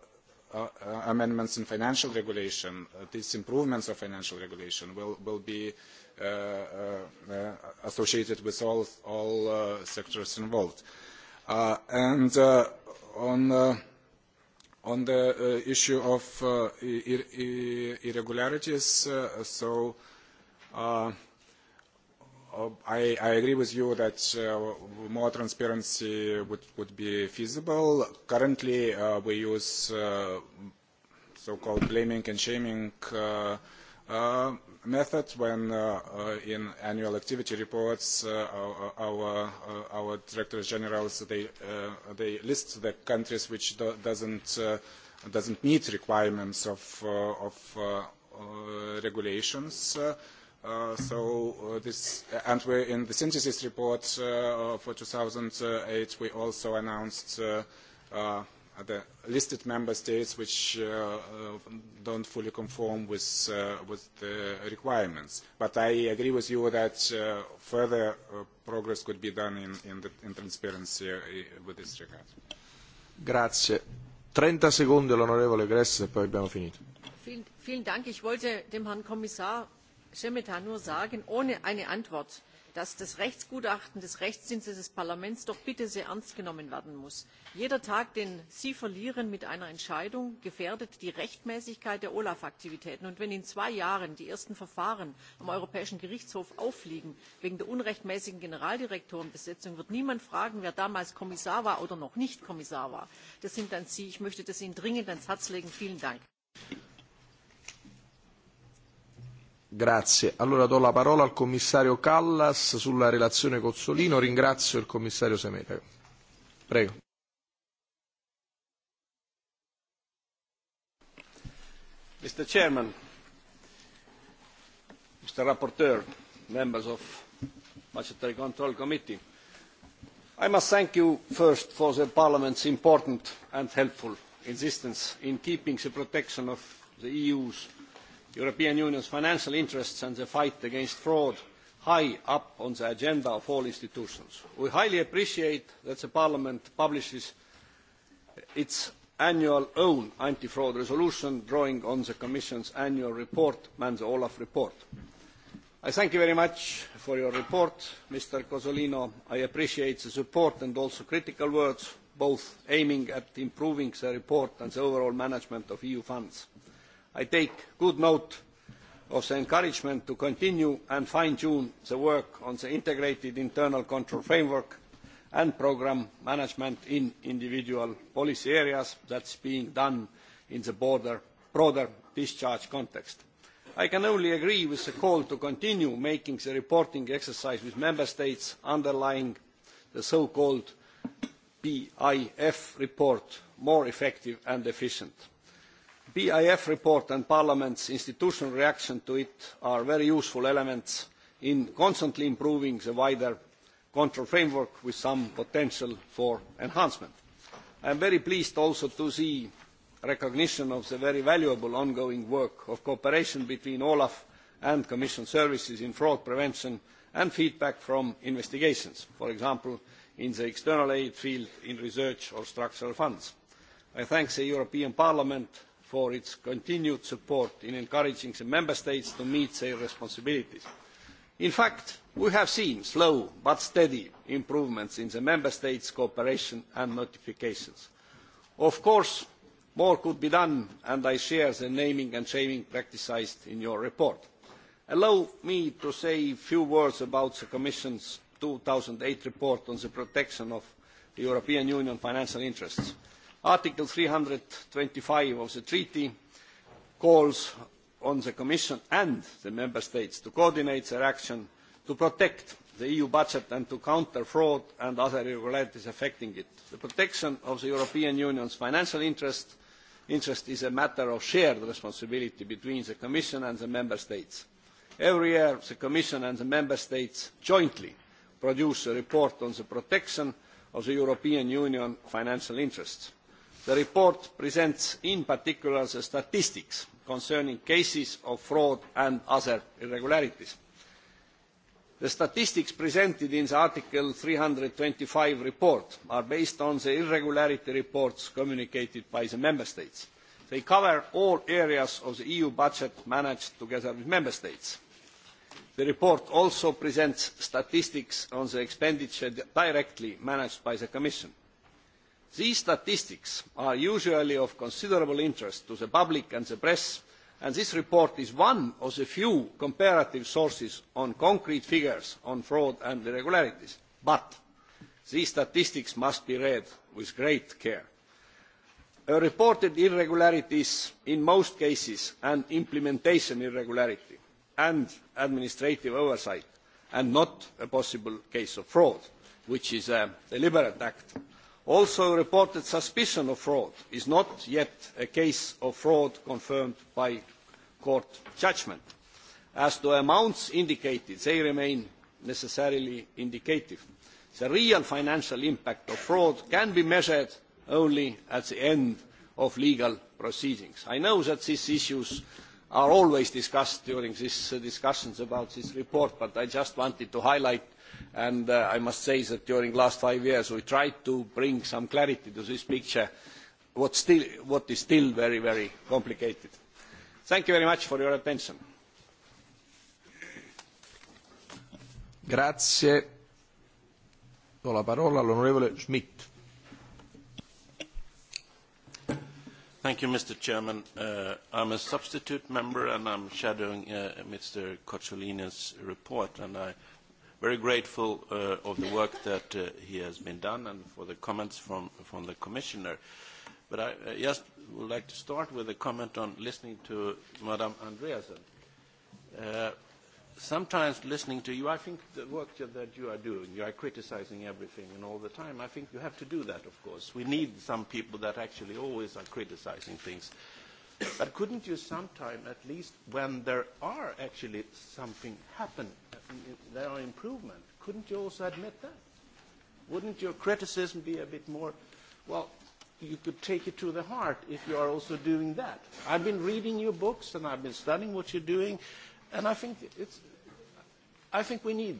uh, amendments in financial regulation, uh, these improvements of financial regulation will, will be uh, Uh, uh, uh, associated with all, all uh, sectors involved. Uh, and uh, on, uh, on the uh, issue of uh, ir ir irregularities, uh, so uh, I, I agree with you that uh, more transparency would, would be feasible. Currently, uh, we use uh, so-called blaming and shaming uh, uh, method when uh, uh, in annual activity reports uh, our, uh, our, uh, our directors generals they, uh, they list the countries which do doesn't, uh, doesn't meet requirements of, uh, of uh, uh, regulations. Uh, Uh, so uh, this, and we, in the synthesis report uh, for 2008, we also announced uh, uh, the listed member states which uh, uh, don't fully conform with, uh, with the requirements. But I agree with you that uh, further uh, progress could be done in, in, the, in transparency uh, with this regard. Grazie. 30 secondi l'onorevole Gress e poi abbiamo finito. Vielen, vielen Dank. Ich wollte dem Herrn Kommissar Schemeta nur sagen, ohne eine Antwort dass das rechtsgutachten des rechtsdienstes des parlaments doch bitte sehr ernst genommen werden muss. jeder tag den sie verlieren mit einer entscheidung gefährdet die rechtmäßigkeit der olaf aktivitäten. und wenn in zwei jahren die ersten verfahren am europäischen gerichtshof auffliegen wegen der unrechtmäßigen generaldirektorenbesetzung wird niemand fragen wer damals kommissar war oder noch nicht kommissar war. das sind dann sie. ich möchte das ihnen dringend ans herz legen. vielen dank! Grazie. Allora do la parola al commissario Callas sulla relazione Cozzolino. Ringrazio il commissario Semeta. Prego. Mr. Chairman, Mr. Rapporteur, members of Budgetary Control Committee, I must thank you first for the Parliament's important and helpful insistence in keeping the protection of the EU's European Union's financial interests and the fight against fraud high up on the agenda of all institutions. We highly appreciate that the Parliament publishes its annual own anti-fraud resolution drawing on the Commission's annual report and the Olaf report. I thank you very much for your report, Mr. Cozzolino. I appreciate the support and also critical words, both aiming at improving the report and the overall management of EU funds i take good note of the encouragement to continue and fine tune the work on the integrated internal control framework and programme management in individual policy areas that is being done in the broader, broader discharge context. i can only agree with the call to continue making the reporting exercise with member states underlying the so called pif report more effective and efficient pif report and parliament's institutional reaction to it are very useful elements in constantly improving the wider control framework with some potential for enhancement. i am very pleased also to see recognition of the very valuable ongoing work of cooperation between olaf and commission services in fraud prevention and feedback from investigations for example in the external aid field in research or structural funds. i thank the european parliament for its continued support in encouraging the member states to meet their responsibilities. in fact we have seen slow but steady improvements in the member states' cooperation and notifications. of course more could be done and i share the naming and shaming practised in your report. allow me to say a few words about the commission's two thousand and eight report on the protection of european union financial interests. Article 325 of the treaty calls on the Commission and the Member States to coordinate their action to protect the EU budget and to counter fraud and other irregularities affecting it. The protection of the European Union's financial interest, interest is a matter of shared responsibility between the Commission and the Member States. Every year, the Commission and the Member States jointly produce a report on the protection of the European Union financial interests the report presents in particular the statistics concerning cases of fraud and other irregularities. The statistics presented in the Article 325 report are based on the irregularity reports communicated by the Member States. They cover all areas of the EU budget managed together with Member States. The report also presents statistics on the expenditure directly managed by the Commission these statistics are usually of considerable interest to the public and the press and this report is one of the few comparative sources on concrete figures on fraud and irregularities but these statistics must be read with great care. reported irregularities in most cases and implementation irregularity and administrative oversight and not a possible case of fraud which is a deliberate act also reported suspicion of fraud is not yet a case of fraud confirmed by court judgment. as the amounts indicated they remain necessarily indicative. the real financial impact of fraud can be measured only at the end of legal proceedings. i know that these issues are always discussed during these discussions about this report but i just wanted to highlight and uh, I must say that during last five years we tried to bring some clarity to this picture, what, still, what is still very, very complicated. Thank you very much for your attention. Grazie. Do la parola all'onorevole Schmidt. Thank you, Mr. Chairman. Uh, I'm a substitute member and I'm shadowing uh, Mr. Kociolin's report and I very grateful uh, of the work that uh, he has been done and for the comments from, from the Commissioner. But I uh, just would like to start with a comment on listening to Madame Andreasen. Uh, sometimes listening to you, I think the work that you are doing, you are criticizing everything and all the time. I think you have to do that, of course. We need some people that actually always are criticizing things. But couldn't you sometime, at least when there are actually something happening, there are improvement. Couldn't you also admit that? Wouldn't your criticism be a bit more, well, you could take it to the heart if you are also doing that. I've been reading your books and I've been studying what you're doing, and I think it's, I think we need,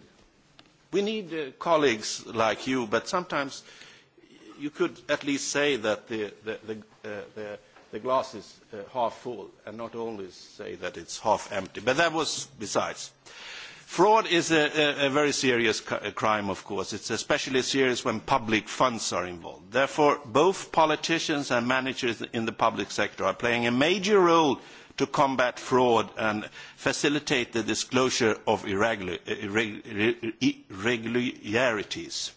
we need uh, colleagues like you. But sometimes you could at least say that the the the, uh, the, the glass is uh, half full, and not always say that it's half empty. But that was besides. Uh, Fraud is a, a, a very serious crime, of course. It's especially serious when public funds are involved. Therefore, both politicians and managers in the public sector are playing a major role to combat fraud and facilitate the disclosure of irregular, irregularities.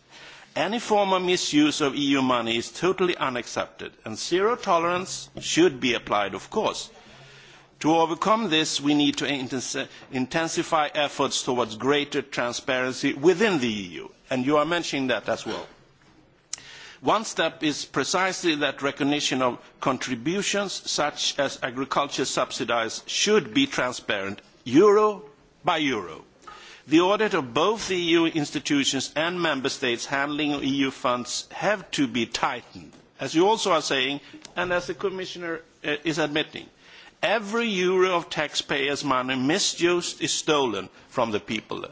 Any form of misuse of EU money is totally unaccepted, and zero tolerance should be applied, of course To overcome this, we need to intensify efforts towards greater transparency within the EU, and you are mentioning that as well. One step is precisely that recognition of contributions such as agriculture subsidies should be transparent, euro by euro. The audit of both the EU institutions and member states handling EU funds have to be tightened, as you also are saying, and as the Commissioner uh, is admitting. Every euro of taxpayers' money misused is stolen from the people.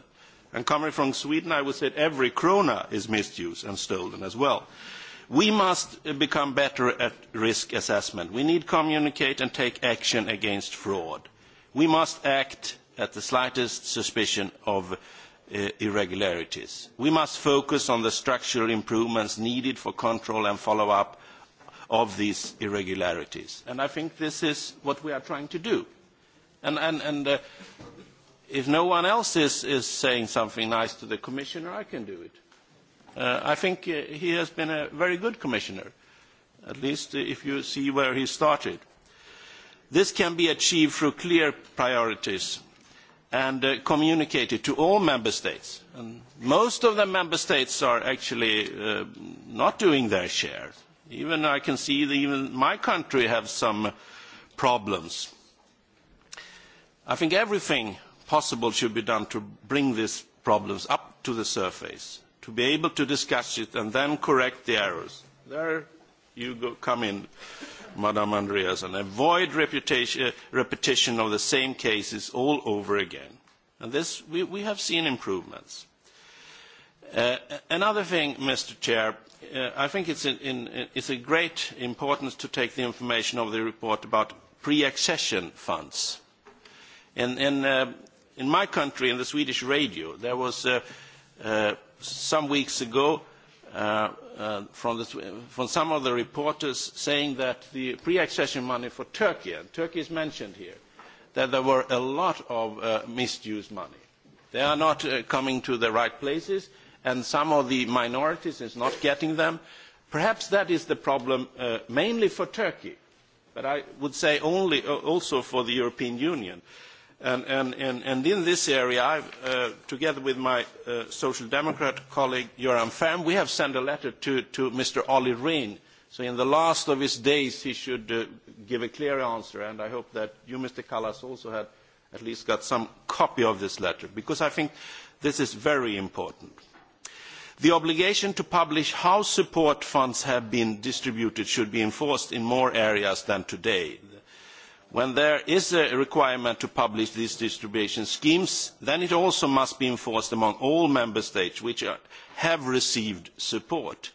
And coming from Sweden, I would say every krona is misused and stolen as well. We must uh, become better at risk assessment. We need to communicate and take action against fraud. We must act at the slightest suspicion of uh, irregularities. We must focus on the structural improvements needed for control and follow-up of these irregularities. And I think this is what we are trying to do. And, and, and uh, if no one else is, is saying something nice to the commissioner, I can do it. Uh, I think uh, he has been a very good commissioner, at least uh, if you see where he started. This can be achieved through clear priorities and uh, communicated to all member states. And most of the member states are actually uh, not doing their share. Uh, Even I can see that even my country have some problems. I think everything possible should be done to bring these problems up to the surface, to be able to discuss it and then correct the errors. There you go, come in, Madam Andreas, and avoid reputation, uh, repetition of the same cases all over again. And this, we, we have seen improvements. Uh, another thing, Mr. Chair, uh, I think it's, in, in, it's a great importance to take the information of the report about pre-accession funds. And, and, uh, in my country, in the Swedish radio, there was uh, uh, some weeks ago uh, uh, from, the, from some of the reporters saying that the pre-accession money for Turkey, and Turkey is mentioned here, that there were a lot of uh, misused money. They are not uh, coming to the right places and some of the minorities is not getting them. Perhaps that is the problem uh, mainly for Turkey, but I would say only, uh, also for the European Union. And, and, and, and in this area, I've, uh, together with my uh, Social Democrat colleague Göran Färm, we have sent a letter to, to Mr. Olli Rehn. So in the last of his days, he should uh, give a clear answer, and I hope that you, Mr. Callas, also had at least got some copy of this letter, because I think this is very important. Uh, the obligation to publish how support funds have been distributed should be enforced in more areas than today. when there is a requirement to publish these distribution schemes then it also must be enforced among all member states which are, have received support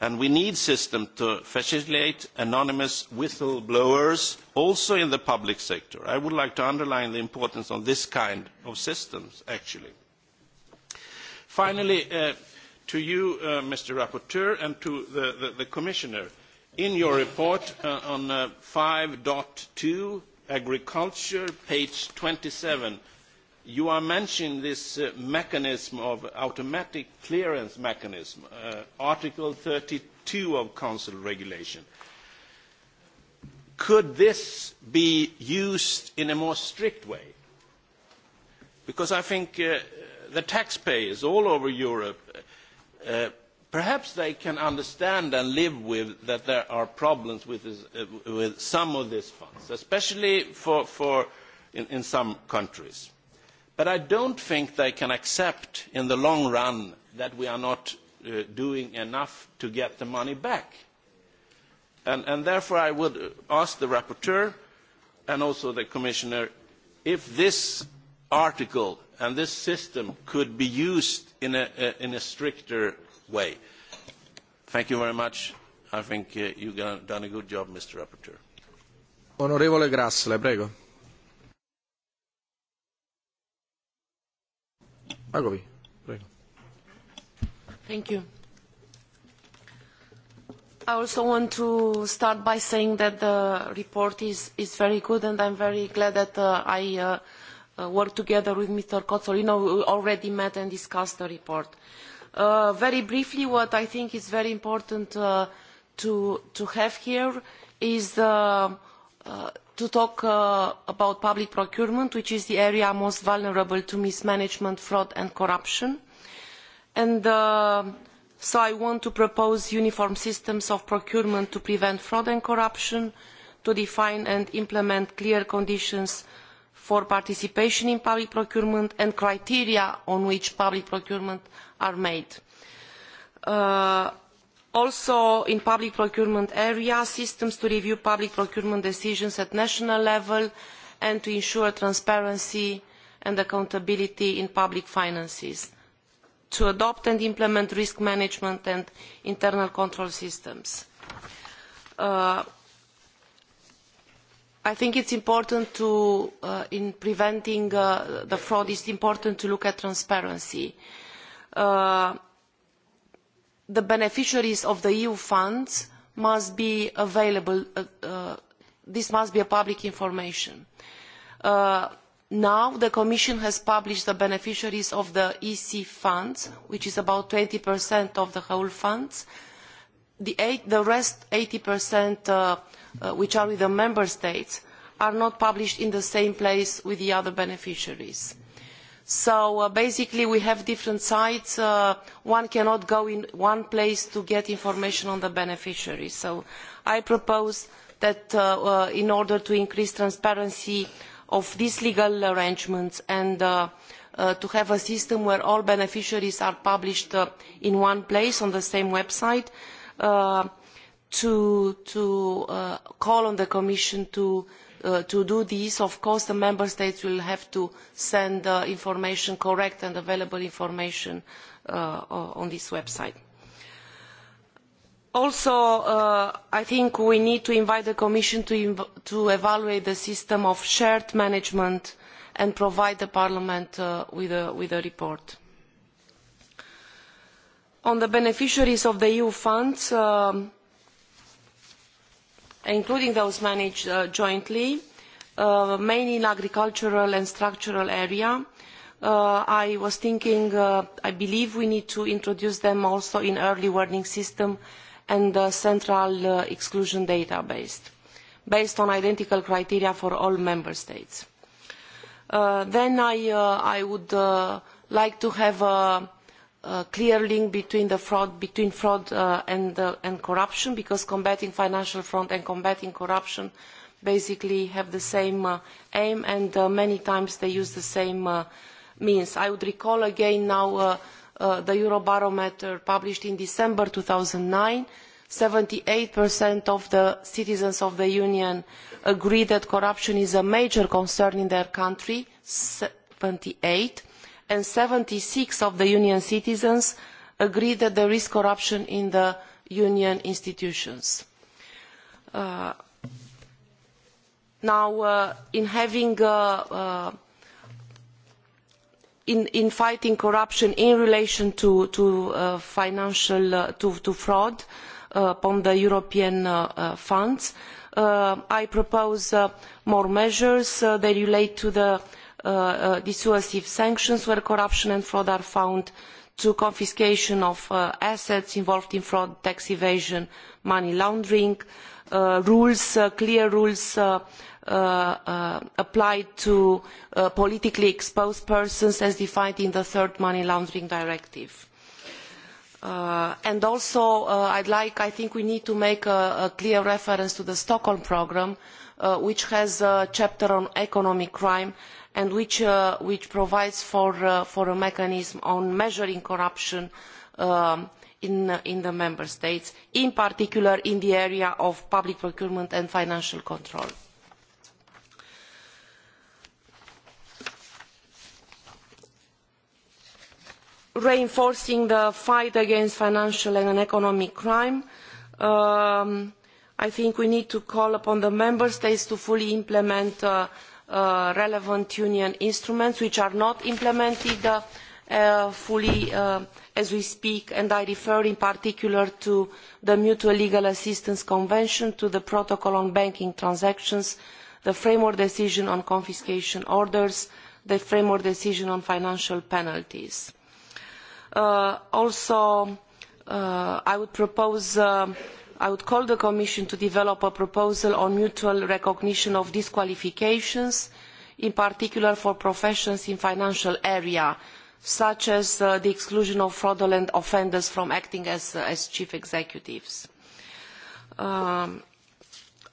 and we need systems to facilitate anonymous whistle blowers also in the public sector. i would like to underline the importance of this kind of systems actually. finally uh, to you, uh, Mr. Rapporteur, and to the, the, the Commissioner. In your report uh, on uh, 5.2, agriculture, page 27, you are mentioning this uh, mechanism of automatic clearance mechanism, uh, Article 32 of Council regulation. Could this be used in a more strict way? Because I think uh, the taxpayers all over Europe Uh, perhaps they can understand and live with that there are problems with, this, uh, with some of these funds, especially for, for in, in some countries. But I don't think they can accept in the long run that we are not uh, doing enough to get the money back. And, and therefore I would uh, ask the rapporteur and also the commissioner if this article and this system could be used in a, a, in a stricter way. Thank you very much. I think uh, you've done a good job, Mr. Rapporteur. Onorevole Grassle, prego. Agovi, prego. Thank you. I also want to start by saying that the report is, is very good and I'm very glad that uh, I uh, uh, worked together with Mr. Cozzolino. We already met and discussed the report. Uh, very briefly, what I think is very important uh, to, to have here is uh, uh, to talk uh, about public procurement, which is the area most vulnerable to mismanagement, fraud and corruption. And uh, so I want to propose uniform systems of procurement to prevent fraud and corruption, to define and implement clear conditions uh, for participation in public procurement and criteria on which public procurement are made. Uh, also in public procurement area, systems to review public procurement decisions at national level and to ensure transparency and accountability in public finances, to adopt and implement risk management and internal control systems. Uh, I think it's important to, uh, in preventing uh, the fraud, it's important to look at transparency. Uh, the beneficiaries of the EU funds must be available. Uh, uh, this must be a public information. Uh, now the Commission has published the beneficiaries of the EC funds, which is about 20% of the whole funds. The, eight, the rest, 80% uh, uh, which are with the member states are not published in the same place with the other beneficiaries. So uh, basically we have different sites. Uh, one cannot go in one place to get information on the beneficiary. So I propose that uh, uh, in order to increase transparency of these legal arrangements and uh, uh, to have a system where all beneficiaries are published uh, in one place on the same website, uh, to, to uh, call on the Commission to, uh, to do this. Of course, the Member States will have to send uh, information, correct and available information uh, on this website. Also, uh, I think we need to invite the Commission to, inv to evaluate the system of shared management and provide the Parliament uh, with, a, with a report. On the beneficiaries of the EU funds, um, including those managed uh, jointly, uh, mainly in agricultural and structural area. Uh, I was thinking, uh, I believe we need to introduce them also in early warning system and the central uh, exclusion database, based on identical criteria for all member states. Uh, then I, uh, I would uh, like to have a uh, clear link between the fraud between fraud uh, and uh, and corruption because combating financial fraud and combating corruption basically have the same uh, aim and uh, many times they use the same uh, means i would recall again now uh, uh, the eurobarometer published in december 2009 78% of the citizens of the union agree that corruption is a major concern in their country 78 and seventy six of the union citizens agree that there is corruption in the union institutions. Uh, now, uh, in having uh, uh, in, in fighting corruption in relation to, to uh, financial uh, to, to fraud uh, upon the European uh, uh, funds, uh, I propose uh, more measures. Uh, they relate to the uh, uh, uh, dissuasive sanctions where corruption and fraud are found, to confiscation of uh, assets involved in fraud, tax evasion, money laundering, uh, rules, uh, clear rules uh, uh, uh, applied to uh, politically exposed persons as defined in the third money laundering directive. Uh, and also, uh, I'd like, I think we need to make a, a clear reference to the Stockholm programme, uh, uh, which has a chapter on economic crime and which, uh, which provides for, uh, for a mechanism on measuring corruption um, in, uh, in the member states, in particular in the area of public procurement and financial control. Reinforcing the fight against financial and economic crime, um, I think we need to call upon the member states to fully implement uh, uh, relevant union instruments which are not implemented uh, uh, fully uh, as we speak and I refer in particular to the Mutual Legal Assistance Convention, to the Protocol on Banking Transactions, the Framework Decision on Confiscation Orders, the Framework Decision on Financial Penalties. Uh, also, uh, I would propose uh, i would call on the commission to develop a proposal on mutual recognition of disqualifications in particular for professions in the financial area such as uh, the exclusion of fraudulent offenders from acting as, uh, as chief executives. Um,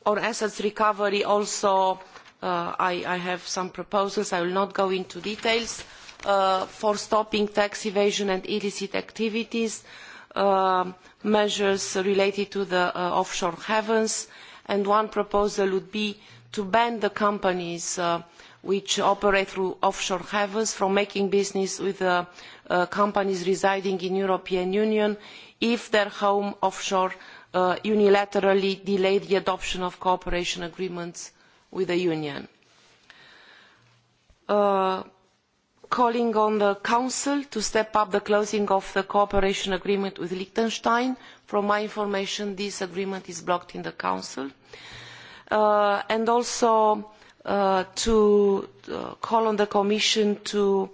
on assets recovery also uh, I, I have some proposals. I will not go into details. Uh, for stopping tax evasion and illicit activities, uh, uh, measures related to the uh, offshore havens, and one proposal would be to ban the companies uh, which operate through offshore havens from making business with uh, uh, companies residing in European Union if their home offshore uh, unilaterally delayed the adoption of cooperation agreements with the Union. Uh, calling on the council to step up the closing of the cooperation agreement with liechtenstein. from my information this agreement is blocked in the council uh, and also uh, to uh, call on the commission to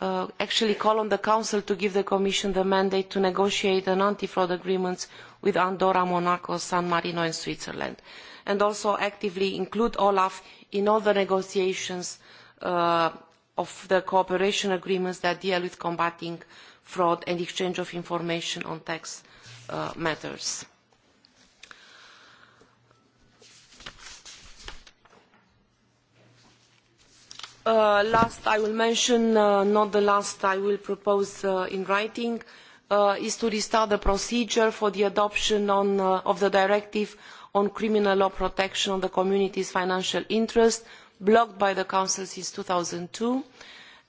uh, actually call on the council to give the commission the mandate to negotiate an anti-fraud agreement with andorra, monaco, san marino and switzerland and also actively include olaf in all the negotiations uh, of the cooperation agreements that deal with combating fraud and exchange of information on tax uh, matters. Uh, last, I will mention, uh, not the last, I will propose uh, in writing, uh, is to restart the procedure for the adoption on, uh, of the directive on criminal law protection on the community's financial interest uh, blocked by the Council since 2002,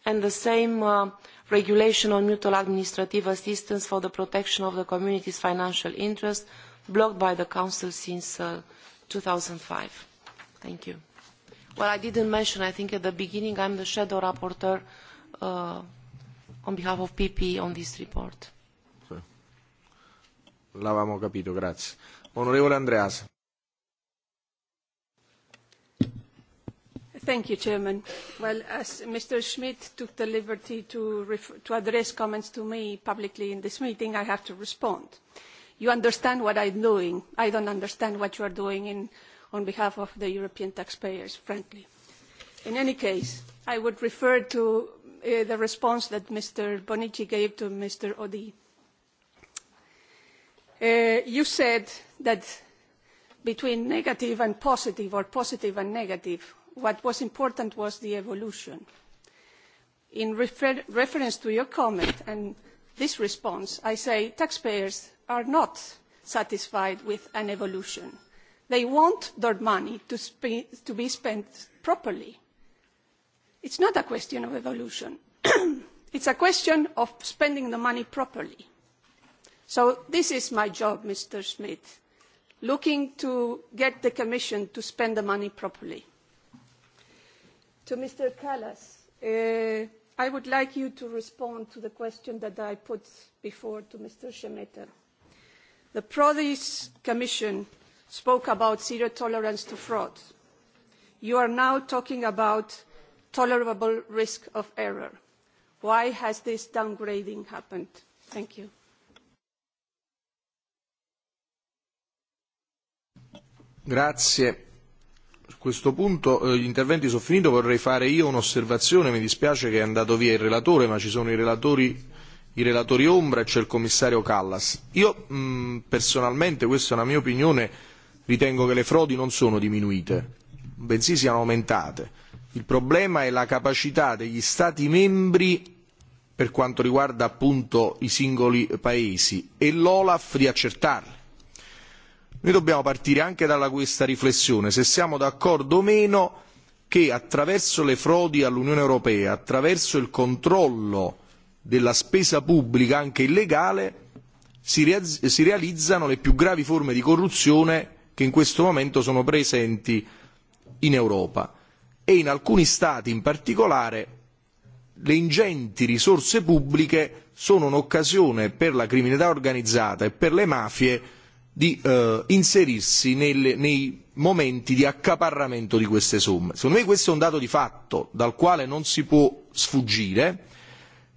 and the same uh, regulation on mutual administrative assistance for the protection of the community's financial interests, blocked by the Council since uh, 2005. Thank you. Well, I didn't mention, I think at the beginning, I'm the shadow rapporteur uh, on behalf of PP on this report. L'avevamo capito, grazie. Onorevole Andreas. Thank you, Chairman. Well, as Mr. Schmidt took the liberty to, refer, to address comments to me publicly in this meeting, I have to respond. You understand what I'm doing. I don't understand what you are doing in, on behalf of the European taxpayers, frankly. In any case, I would refer to uh, the response that Mr. Bonici gave to Mr. Odi. Uh, you said that between negative and positive, or positive and negative, what was important was the evolution. In refer reference to your comment and this response, I say taxpayers are not satisfied with an evolution. They want their money to, sp to be spent properly. It's not a question of evolution. it's a question of spending the money properly. So this is my job, Mr. Schmidt, looking to get the Commission to spend the money properly. To Mr. Kallas, uh, I would like you to respond to the question that I put before to Mr. Shemeta. The Prodis Commission spoke about zero tolerance to fraud. You are now talking about tolerable risk of error. Why has this downgrading happened? Thank you. Grazie questo punto eh, gli interventi sono finito, vorrei fare io un'osservazione, mi dispiace che è andato via il relatore, ma ci sono i relatori, i relatori ombra e c'è il commissario Callas. Io mh, personalmente, questa è una mia opinione, ritengo che le frodi non sono diminuite, bensì siano aumentate. Il problema è la capacità degli Stati membri per quanto riguarda appunto i singoli paesi e l'Olaf di accertarli noi dobbiamo partire anche da questa riflessione se siamo d'accordo o meno che attraverso le frodi all'unione europea attraverso il controllo della spesa pubblica anche illegale si realizzano le più gravi forme di corruzione che in questo momento sono presenti in europa e in alcuni stati in particolare le ingenti risorse pubbliche sono un'occasione per la criminalità organizzata e per le mafie di eh, inserirsi nelle, nei momenti di accaparramento di queste somme. Secondo me questo è un dato di fatto dal quale non si può sfuggire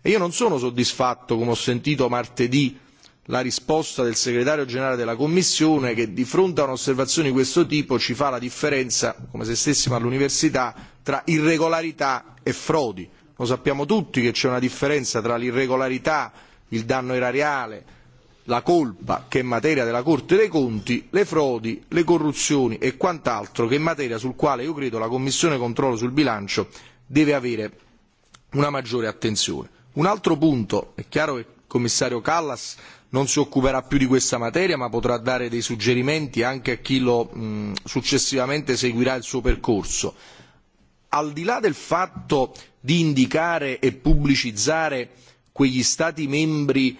e io non sono soddisfatto, come ho sentito martedì, la risposta del segretario generale della Commissione che di fronte a un'osservazione di questo tipo ci fa la differenza, come se stessimo all'università, tra irregolarità e frodi. Lo sappiamo tutti che c'è una differenza tra l'irregolarità, il danno erariale, la colpa che è materia della Corte dei Conti, le frodi, le corruzioni e quant'altro che è materia sul quale io credo la Commissione controllo sul bilancio deve avere una maggiore attenzione. Un altro punto, è chiaro che il commissario Callas non si occuperà più di questa materia ma potrà dare dei suggerimenti anche a chi lo, mh, successivamente seguirà il suo percorso. Al di là del fatto di indicare e pubblicizzare quegli Stati membri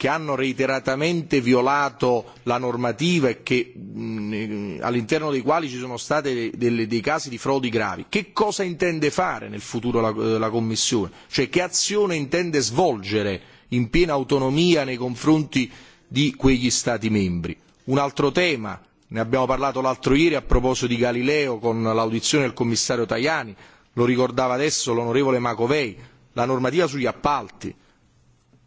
che hanno reiteratamente violato la normativa e che, mh, all'interno dei quali ci sono stati dei, dei casi di frodi gravi. Che cosa intende fare nel futuro la, la Commissione? Cioè che azione intende svolgere in piena autonomia nei confronti di quegli Stati membri? Un altro tema, ne abbiamo parlato l'altro ieri a proposito di Galileo con l'audizione del commissario Tajani, lo ricordava adesso l'onorevole Macovei, la normativa sugli appalti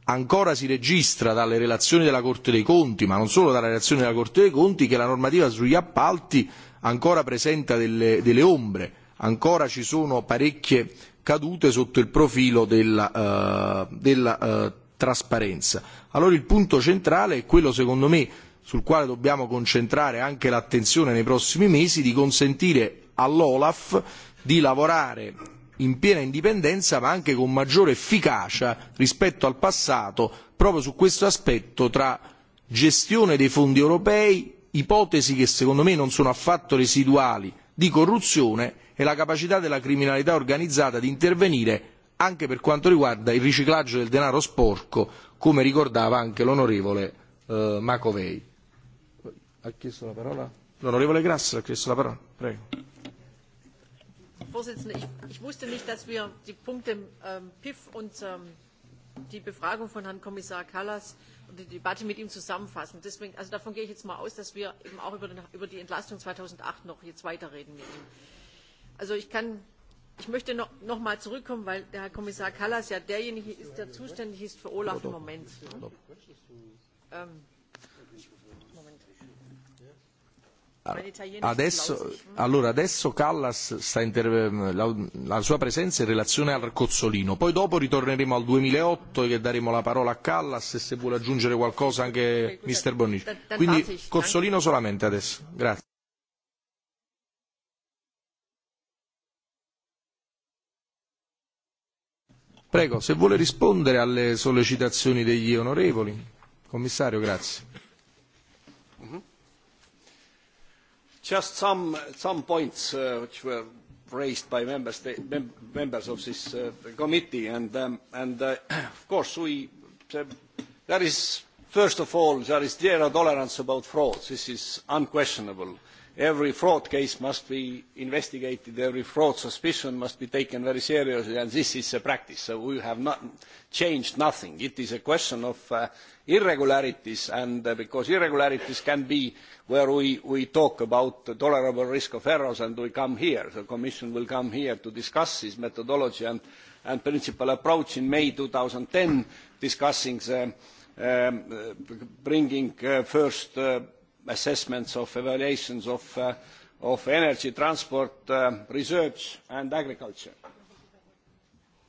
ancora si registra dalle relazioni della Corte dei Conti, ma non solo dalle relazioni della Corte dei Conti, che la normativa sugli appalti ancora presenta delle, delle ombre, ancora ci sono parecchie cadute sotto il profilo della, eh, della eh, trasparenza. Allora il punto centrale è quello, secondo me, sul quale dobbiamo concentrare anche l'attenzione nei prossimi mesi, di consentire all'Olaf di lavorare in piena indipendenza ma anche con maggiore efficacia rispetto al passato proprio su questo aspetto tra gestione dei fondi europei ipotesi che secondo me non sono affatto residuali di corruzione e la capacità della criminalità organizzata di intervenire anche per quanto riguarda il riciclaggio del denaro sporco come ricordava anche l'onorevole eh, macovei. Ha chiesto la parola? L'onorevole Grasso ha chiesto la parola. Prego. Vorsitzende. Ich, ich wusste nicht, dass wir die Punkte ähm, PIF und ähm, die Befragung von Herrn Kommissar Kallas und die Debatte mit ihm zusammenfassen. Deswegen, also davon gehe ich jetzt mal aus, dass wir eben auch über, den, über die Entlastung 2008 noch jetzt weiterreden mit ihm. Also ich kann Ich möchte noch, noch mal zurückkommen, weil der Herr Kommissar Kallas ja derjenige ist, der zuständig ist für Olaf im Moment. Ähm, Ah, adesso, allora, adesso Callas sta inter... la, la sua presenza in relazione al Cozzolino, poi dopo ritorneremo al 2008 e daremo la parola a Callas e se vuole aggiungere qualcosa anche Mr. Bonnici. Quindi Cozzolino solamente adesso. Grazie. Prego, se vuole rispondere alle sollecitazioni degli onorevoli. Commissario, grazie. Just some, some points uh, which were raised by members, mem members of this uh, committee. And, um, and uh, of course, we, uh, there is, first of all, there is zero tolerance about fraud. This is unquestionable every fraud case must be investigated every fraud suspicion must be taken very seriously and this is the practice so we have not changed nothing it is a question of uh, irregularities and uh, because irregularities can be where we, we talk about the tolerable risk of errors and we come here the commission will come here to discuss its methodology and, and principal approach in may 2010 discussing the, um, uh, bringing uh, first uh, assessments of evaluations of, uh, of energy, transport, uh, research and agriculture.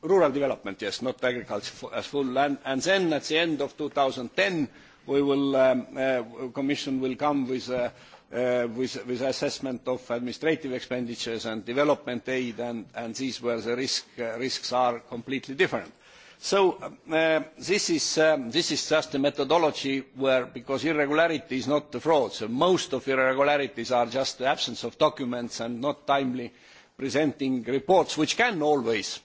Rural development, yes, not agriculture as full. And, and then at the end of 2010, we will, um, uh, Commission will come with, uh, uh, with, with assessment of administrative expenditures and development aid, and, and these where the risk, uh, risks are completely different So uh, this, is, um, this is just a methodology where, because irregularity is not the fraud, so most of irregularities are just the absence of documents and not timely presenting reports, which can always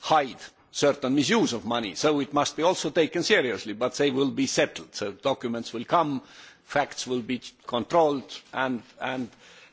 hide certain misuse of money. So it must be also taken seriously, but they will be settled. So documents will come, facts will be controlled, and, and,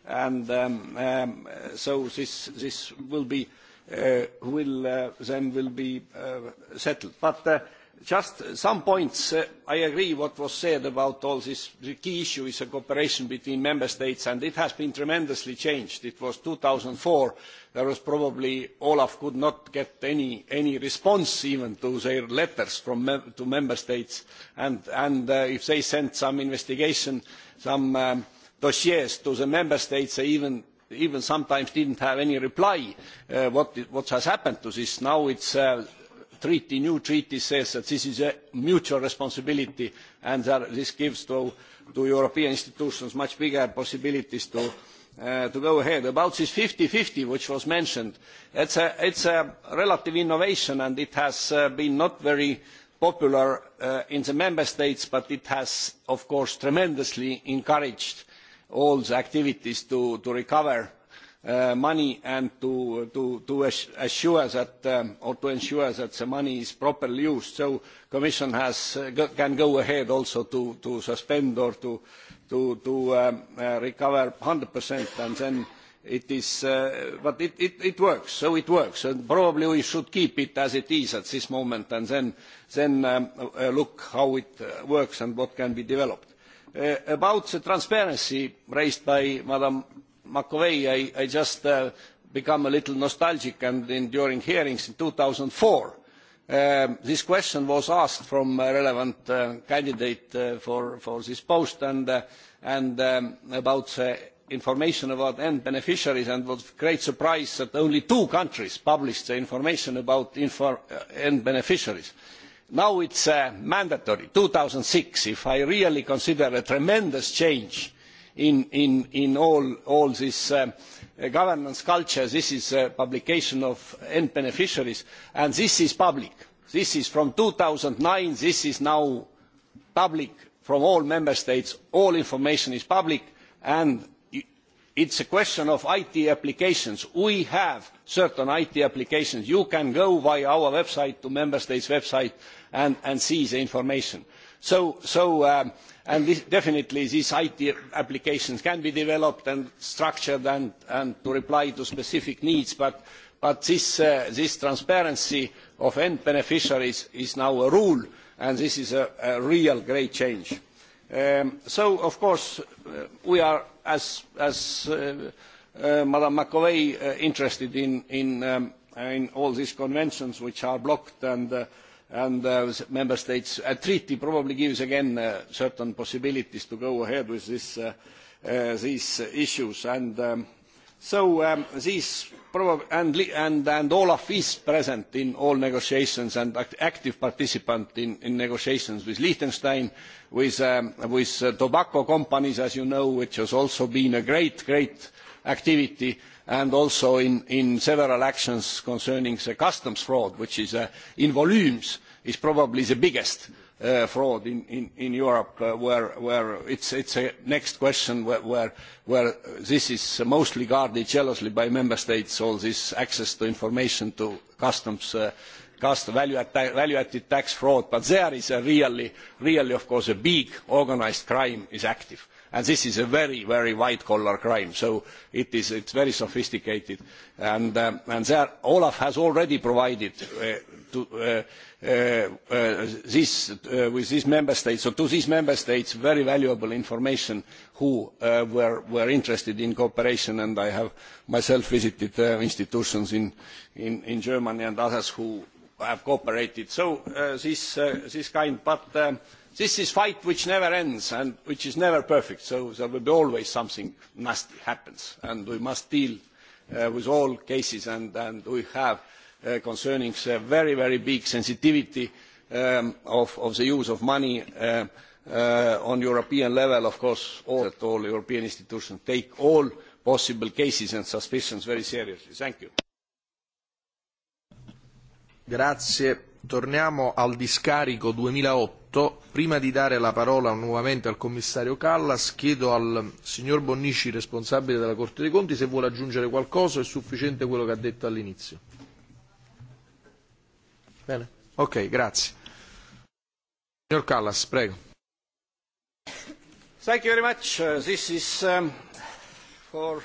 and um, um, so this, this will be uh, uh, will uh, then will be uh, settled. But uh, just some points. Uh, I agree what was said about all this. The key issue is a cooperation between member states, and it has been tremendously changed. It was 2004. There was probably Olaf could not get any any response even to their letters from me to member states, and and uh, if they sent some investigation, some. Um, dossiers to the member states they even even sometimes didn't have any reply uh, what, what has happened to this. Now it's uh, treaty, new treaty says that this is a mutual responsibility and that this gives to, to European institutions much bigger possibilities to, uh, to go ahead. About this 50-50 which was mentioned, it's a, it's a relative innovation and it has uh, been not very popular uh, in the member states but it has of course tremendously encouraged all the activities to, to recover uh, money and to, to, to assure that um, or to ensure that the money is properly used. So Commission has, uh, go, can go ahead also to, to suspend or to, to, to um, uh, recover 100% and then it is, uh, but it, it, it works, so it works, and probably we should keep it as it is at this moment and then, then um, uh, look how it uh, works and what can be developed Uh, about the transparency raised by Madam McAvey, I, I just uh, become a little nostalgic and in, during hearings in 2004, um, this question was asked from a relevant uh, candidate uh, for, for this post and, uh, and um, about uh, information about end beneficiaries and was a great surprise that only two countries published the information about infor uh, end beneficiaries. Uh, now it is uh, mandatory two thousand and six if i really consider a tremendous change in, in, in all, all this uh, uh governance culture this is a publication of end beneficiaries and this is public this is from two thousand and nine this is now public from all member states all information is public and it is a question of it applications. we have certain it applications. you can go via our website to member states' websites and, and see the information. so, so um, and this, definitely these it applications can be developed and structured and, and to reply to specific needs but, but this, uh, this transparency of end beneficiaries is now a rule and this is a, a real great change. Um, so of course uh, we are as, as uh, uh, Madam McAvey uh, interested in, in, um, in all these conventions which are blocked and, uh, and uh, member states, a treaty probably gives again uh, certain possibilities to go ahead with this, uh, uh, these issues and um, so um, these and, and, and olaf is present in all negotiations and an active participant in, in negotiations with liechtenstein with, um, with uh, tobacco companies as you know which has also been a great great activity and also in, in several actions concerning customs fraud which is uh, in volumes is probably the biggest uh, uh, fraud in, in, in Europe, uh, where, where it's, it's a next question where, where, where this is mostly guarded jealously by member states, all this access to information to customs, uh, cost value-added ta value tax fraud, but there is a really, really, of course, a big organized crime is active and this is a very very white collar crime so it is it's very sophisticated and um, and there olaf has already provided uh, to uh, uh, uh, this uh, with these member states so to these member states very valuable information who uh, were were interested in cooperation and i have myself visited uh, institutions in, in in germany and others who have cooperated so uh, this uh, this kind but um, uh, This is fight which never ends and which is never perfect, so there will be always something nasty happens, and we must deal uh, with all cases, and, and we have uh, concerning the very, very big sensitivity um, of, of the use of money uh, uh, on European level, of course, all, that all European institutions take all possible cases and suspicions very seriously. Thank you. Grazie. Torniamo al discarico 2008 punto. Prima di dare la parola nuovamente al commissario Callas, chiedo al signor Bonnici, responsabile della Corte dei Conti, se vuole aggiungere qualcosa, è sufficiente quello che ha detto all'inizio. Bene, ok, grazie. Signor Callas, prego. Thank you very much. Uh, this is um, for,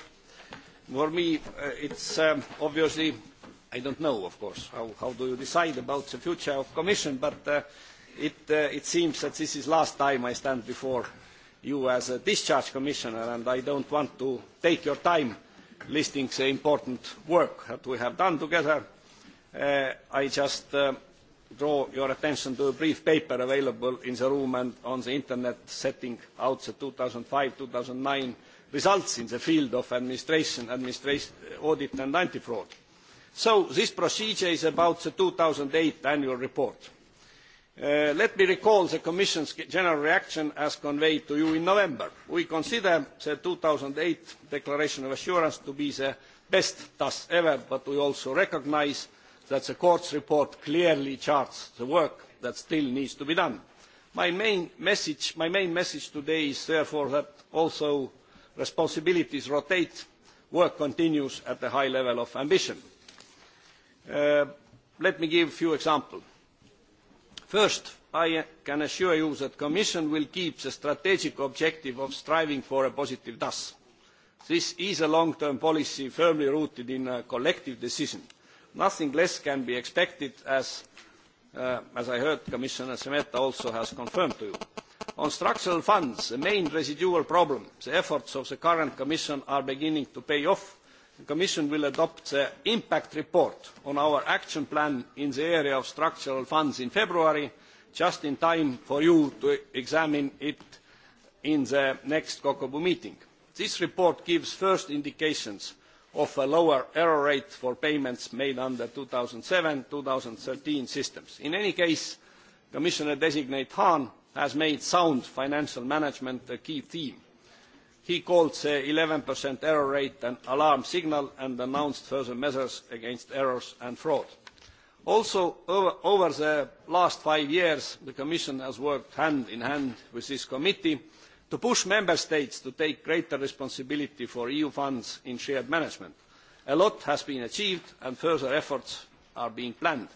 for me, uh, it's um, obviously I don't know, of course, how, how do you decide about the future of Commission, but uh, it, uh, it seems that this is last time I stand before you as a discharge commissioner and I don't want to take your time listing the important work that we have done together. Uh, I just uh, draw your attention to a brief paper available in the room and on the internet setting out the 2005-2009 results in the field of administration, administration uh, audit and anti-fraud. So this procedure is about the 2008 annual report Uh, let me recall the commission's general reaction as conveyed to you in november. we consider the two thousand and eight declaration of assurance to be the best thus ever but we also recognise that the court's report clearly charts the work that still needs to be done. my main message, my main message today is therefore that although responsibilities rotate work continues at a high level of ambition. Uh, let me give a few examples first i can assure you that the commission will keep the strategic objective of striving for a positive das. this is a long term policy firmly rooted in a collective decision. nothing less can be expected as, uh, as i heard commissioner emeta also has confirmed to you. on structural funds the main residual problem the efforts of the current commission are beginning to pay off the commission will adopt the impact report on our action plan in the area of structural funds in february just in time for you to examine it in the next kokobu meeting. this report gives first indications of a lower error rate for payments made under two thousand and seven two thousand and thirteen systems. in any case commissioner designate hahn has made sound financial management a key theme He called the 11% error rate an alarm signal and announced further measures against errors and fraud. Also, over, over the last five years, the Commission has worked hand in hand with this committee to push Member States to take greater responsibility for EU funds in shared management. A lot has been achieved and further efforts are being planned.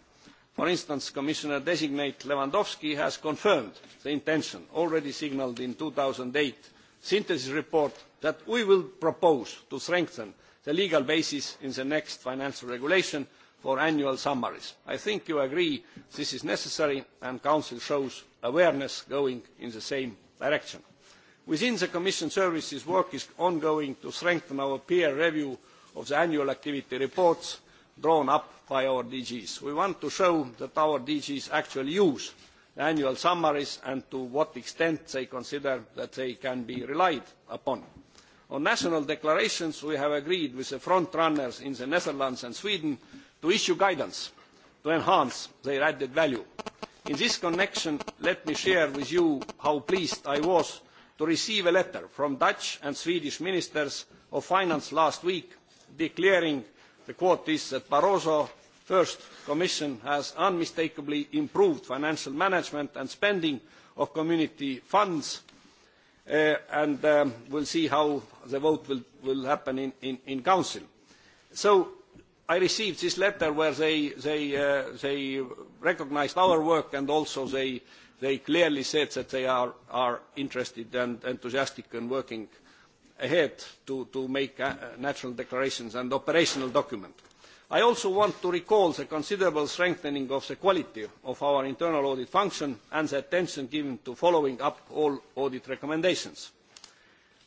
For instance, Commissioner-designate Lewandowski has confirmed the intention already signalled in 2008 synthesis report that we will propose to strengthen the legal basis in the next financial regulation for annual summaries. I think you agree this is necessary and Council shows awareness going in the same direction. Within the Commission services, work is ongoing to strengthen our peer review of the annual activity reports drawn up by our DGs. We want to show that our DGs actually use annual summaries and to what extent they consider that they can be relied upon. On national declarations, we have agreed with the front runners in the Netherlands and Sweden to issue guidance to enhance their added value. In this connection, let me share with you how pleased I was to receive a letter from Dutch and Swedish ministers of finance last week declaring the quote is that Barroso First, Commission has unmistakably improved financial management and spending of community funds, uh, and um, we'll see how the vote will, will happen in, in, in Council. So I received this letter where they, they, uh, they recognized our work and also they, they clearly said that they are, are interested and enthusiastic in working ahead to, to make uh, national declarations and operational documents. I also want to recall the considerable strengthening of the quality of our internal audit function and the attention given to following up all audit recommendations.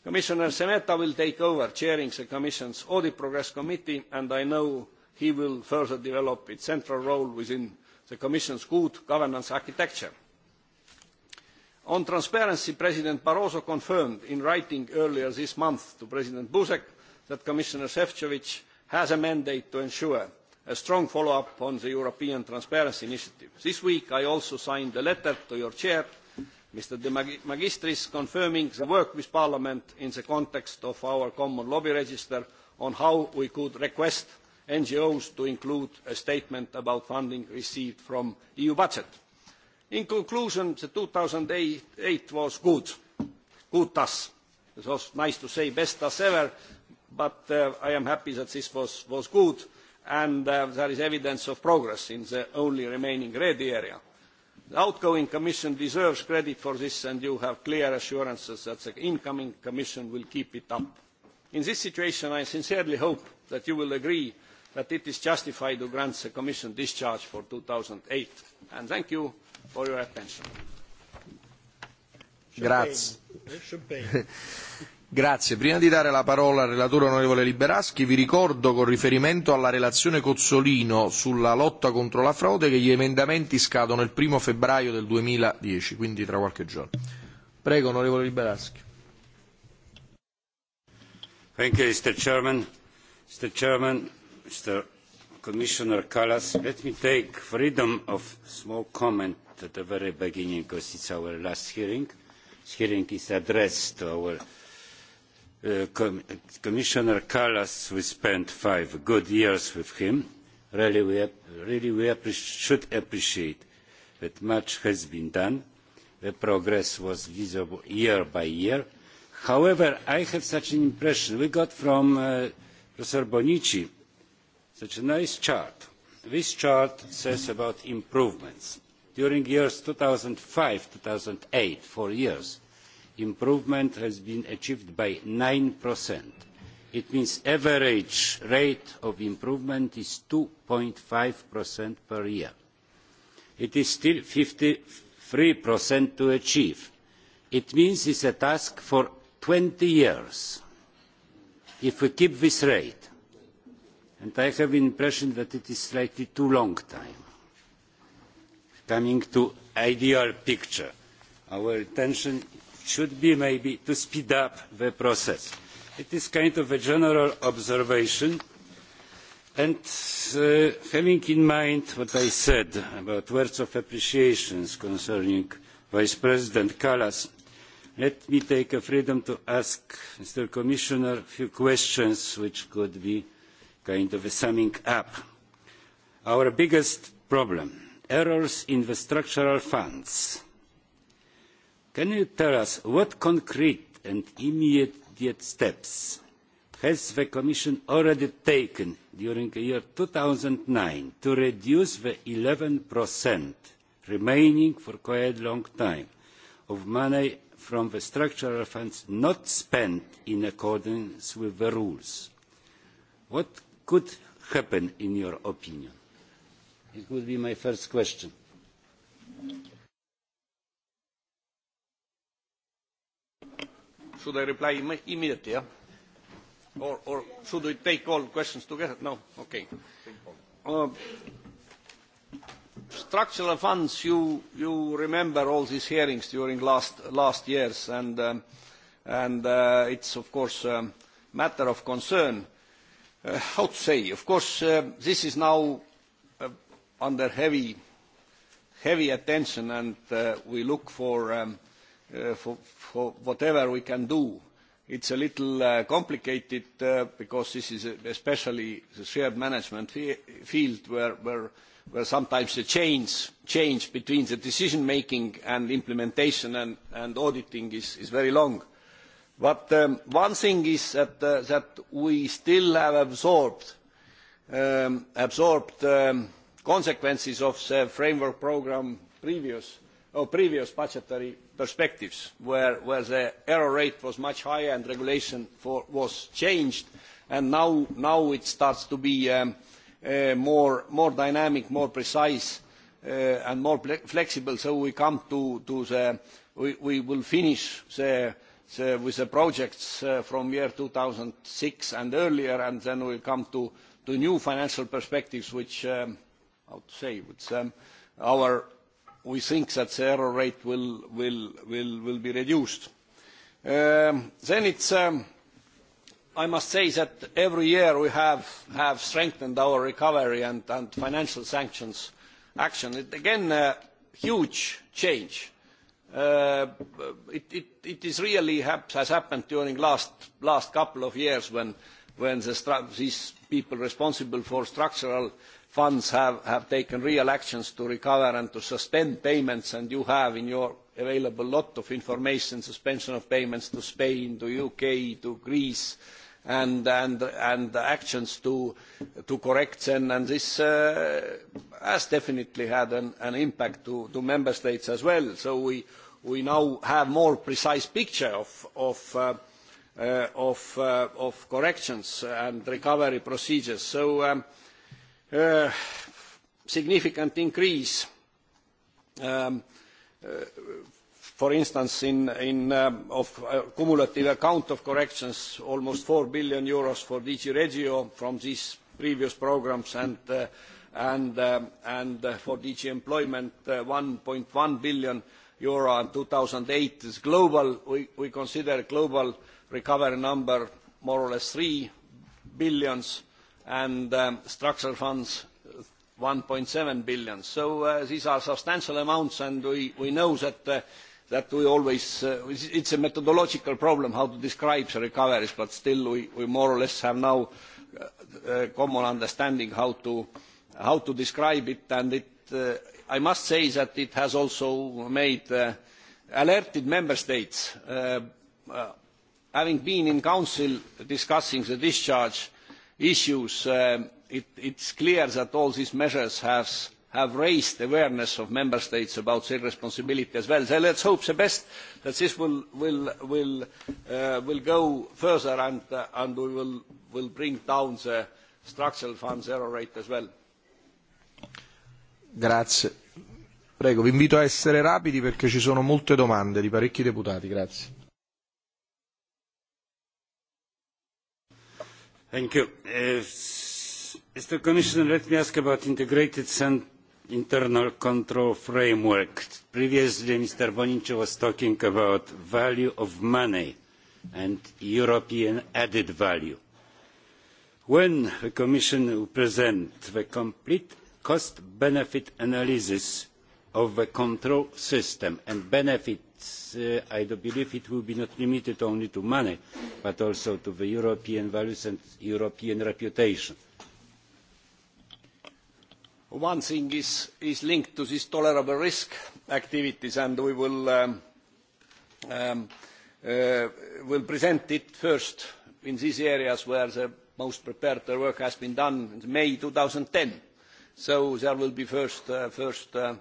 Commissioner Semeta will take over chairing the Commission's Audit Progress Committee and I know he will further develop its central role within the Commission's good governance architecture. On transparency, President Barroso confirmed in writing earlier this month to President Buzek that Commissioner Shevchovich has a mandate to ensure a strong follow up on the european transparency initiative. this week i also signed a letter to your chair mr de magistris confirming the work with parliament in the context of our common lobby register on how we could request ngos to include a statement about funding received from the eu budget. in conclusion two thousand and eight was good good thus. it was nice to say best thus ever' but uh, I am happy that this was, was good and uh, there is evidence of progress in the only remaining red area. The outgoing Commission deserves credit for this and you have clear assurances that the incoming Commission will keep it up. In this situation, I sincerely hope that you will agree that it is justified to grant the Commission discharge for 2008. And thank you for your attention. Champagne. Grazie. Champagne. Eh, Grazie. Prima di dare la parola al relatore onorevole Liberaschi, vi ricordo con riferimento alla relazione Cozzolino sulla lotta contro la frode che gli emendamenti scadono il primo febbraio del 2010, quindi tra qualche giorno. Prego, onorevole Liberaschi. Thank you, Mr. Chairman. Mr. Chairman, Mr. Commissioner Callas, let me take freedom of small comment at the very beginning because it's our last hearing. This hearing is addressed to our Uh, Com commissioner kallas we spent five good years with him really we, really we appre should appreciate that much has been done the progress was visible year by year however i have such an impression we got from uh, professor bonici such a nice chart this chart says about improvements during years two thousand and five two thousand and eight four years improvement has been achieved by 9%. It means average rate of improvement is 2.5% per year. It is still 53% to achieve. It means it's a task for 20 years if we keep this rate. And I have the impression that it is slightly too long time. Coming to ideal picture, our attention should be maybe to speed up the process. It is kind of a general observation and uh, having in mind what I said about words of appreciation concerning Vice President Kallas, let me take a freedom to ask Mr. Commissioner a few questions which could be kind of a summing up. Our biggest problem, errors in the structural funds Can you tell us what concrete and immediate steps has the Commission already taken during the year 2009 to reduce the 11% remaining for quite a long time of money from the structural funds not spent in accordance with the rules? What could happen in your opinion? It would be my first question. Thank you. Should I reply im immediately, yeah? Or, or should we take all questions together? No? Okay. Uh, structural funds, you, you remember all these hearings during last, last years, and, um, and uh, it's, of course, a um, matter of concern. Uh, how to say? Of course, uh, this is now uh, under heavy, heavy attention, and uh, we look for um, – uh, for, for whatever we can do. It's a little uh, complicated uh, because this is especially the shared management field where, where, where sometimes the change, change between the decision making and implementation and, and auditing is, is very long. But um, one thing is that, uh, that we still have absorbed, um, absorbed um, consequences of the framework program previous or oh, previous budgetary perspectives where, where the error rate was much higher and regulation for, was changed and now, now it starts to be um, uh, more, more dynamic, more precise uh, and more flexible so we come to, to the, we, we will finish the, the, with the projects uh, from year 2006 and earlier and then we'll come to, to new financial perspectives which, um, I would say, which, um, our we think that the error rate will, will, will, will be reduced. Um, then it's, um, I must say that every year we have, have strengthened our recovery and, and financial sanctions action. It, again, a huge change. Uh, it, it, it is really hap has happened during last, last couple of years when, when the these people responsible for structural funds have, have taken real actions to recover and to suspend payments, and you have in your available lot of information, suspension of payments to Spain, to UK, to Greece, and, and, and actions to, to correct them. And this uh, has definitely had an, an impact to, to member states as well. So we, we now have more precise picture of, of, uh, uh, of, uh, of corrections and recovery procedures. So um, uh, uh, significant increase um, uh, for instance in, in um, of uh, cumulative account of corrections almost 4 billion euros for DG Regio from these previous programs and uh, and um, and uh, for DG employment uh, 1.1 billion euro in 2008 is global we, we consider global recovery number more or less 3 billions and um, structural funds 1.7 uh, billion. So uh, these are substantial amounts, and we, we know that, uh, that we always, uh, it's a methodological problem how to describe the recoveries, but still we, we more or less have now a uh, uh, common understanding how to, how to describe it, and it, uh, I must say that it has also made, uh, alerted member states. Uh, uh, having been in council discussing the discharge, uh, issues, uh, it, it's clear that all these measures have, have raised awareness of member states about their responsibility as well. So let's hope the best that this will, will, will, uh, will go further and, uh, and we will, will bring down the structural funds error rate as well. Grazie. Prego, vi invito a essere rapidi perché ci sono molte domande di parecchi deputati. Grazie. Thank you. Uh, Mr. Commissioner, let me ask about integrated and internal control framework. Previously, Mr. Bonici was talking about value of money and European added value. When the Commission will present the complete cost-benefit analysis of the control system and benefit uh, I do believe it will be not limited only to money, but also to the European values and European reputation. One thing is, is linked to this tolerable risk activities, and we will, um, um, uh, will present it first in these areas where the most preparatory work has been done in May 2010. So there will be first, uh, first uh,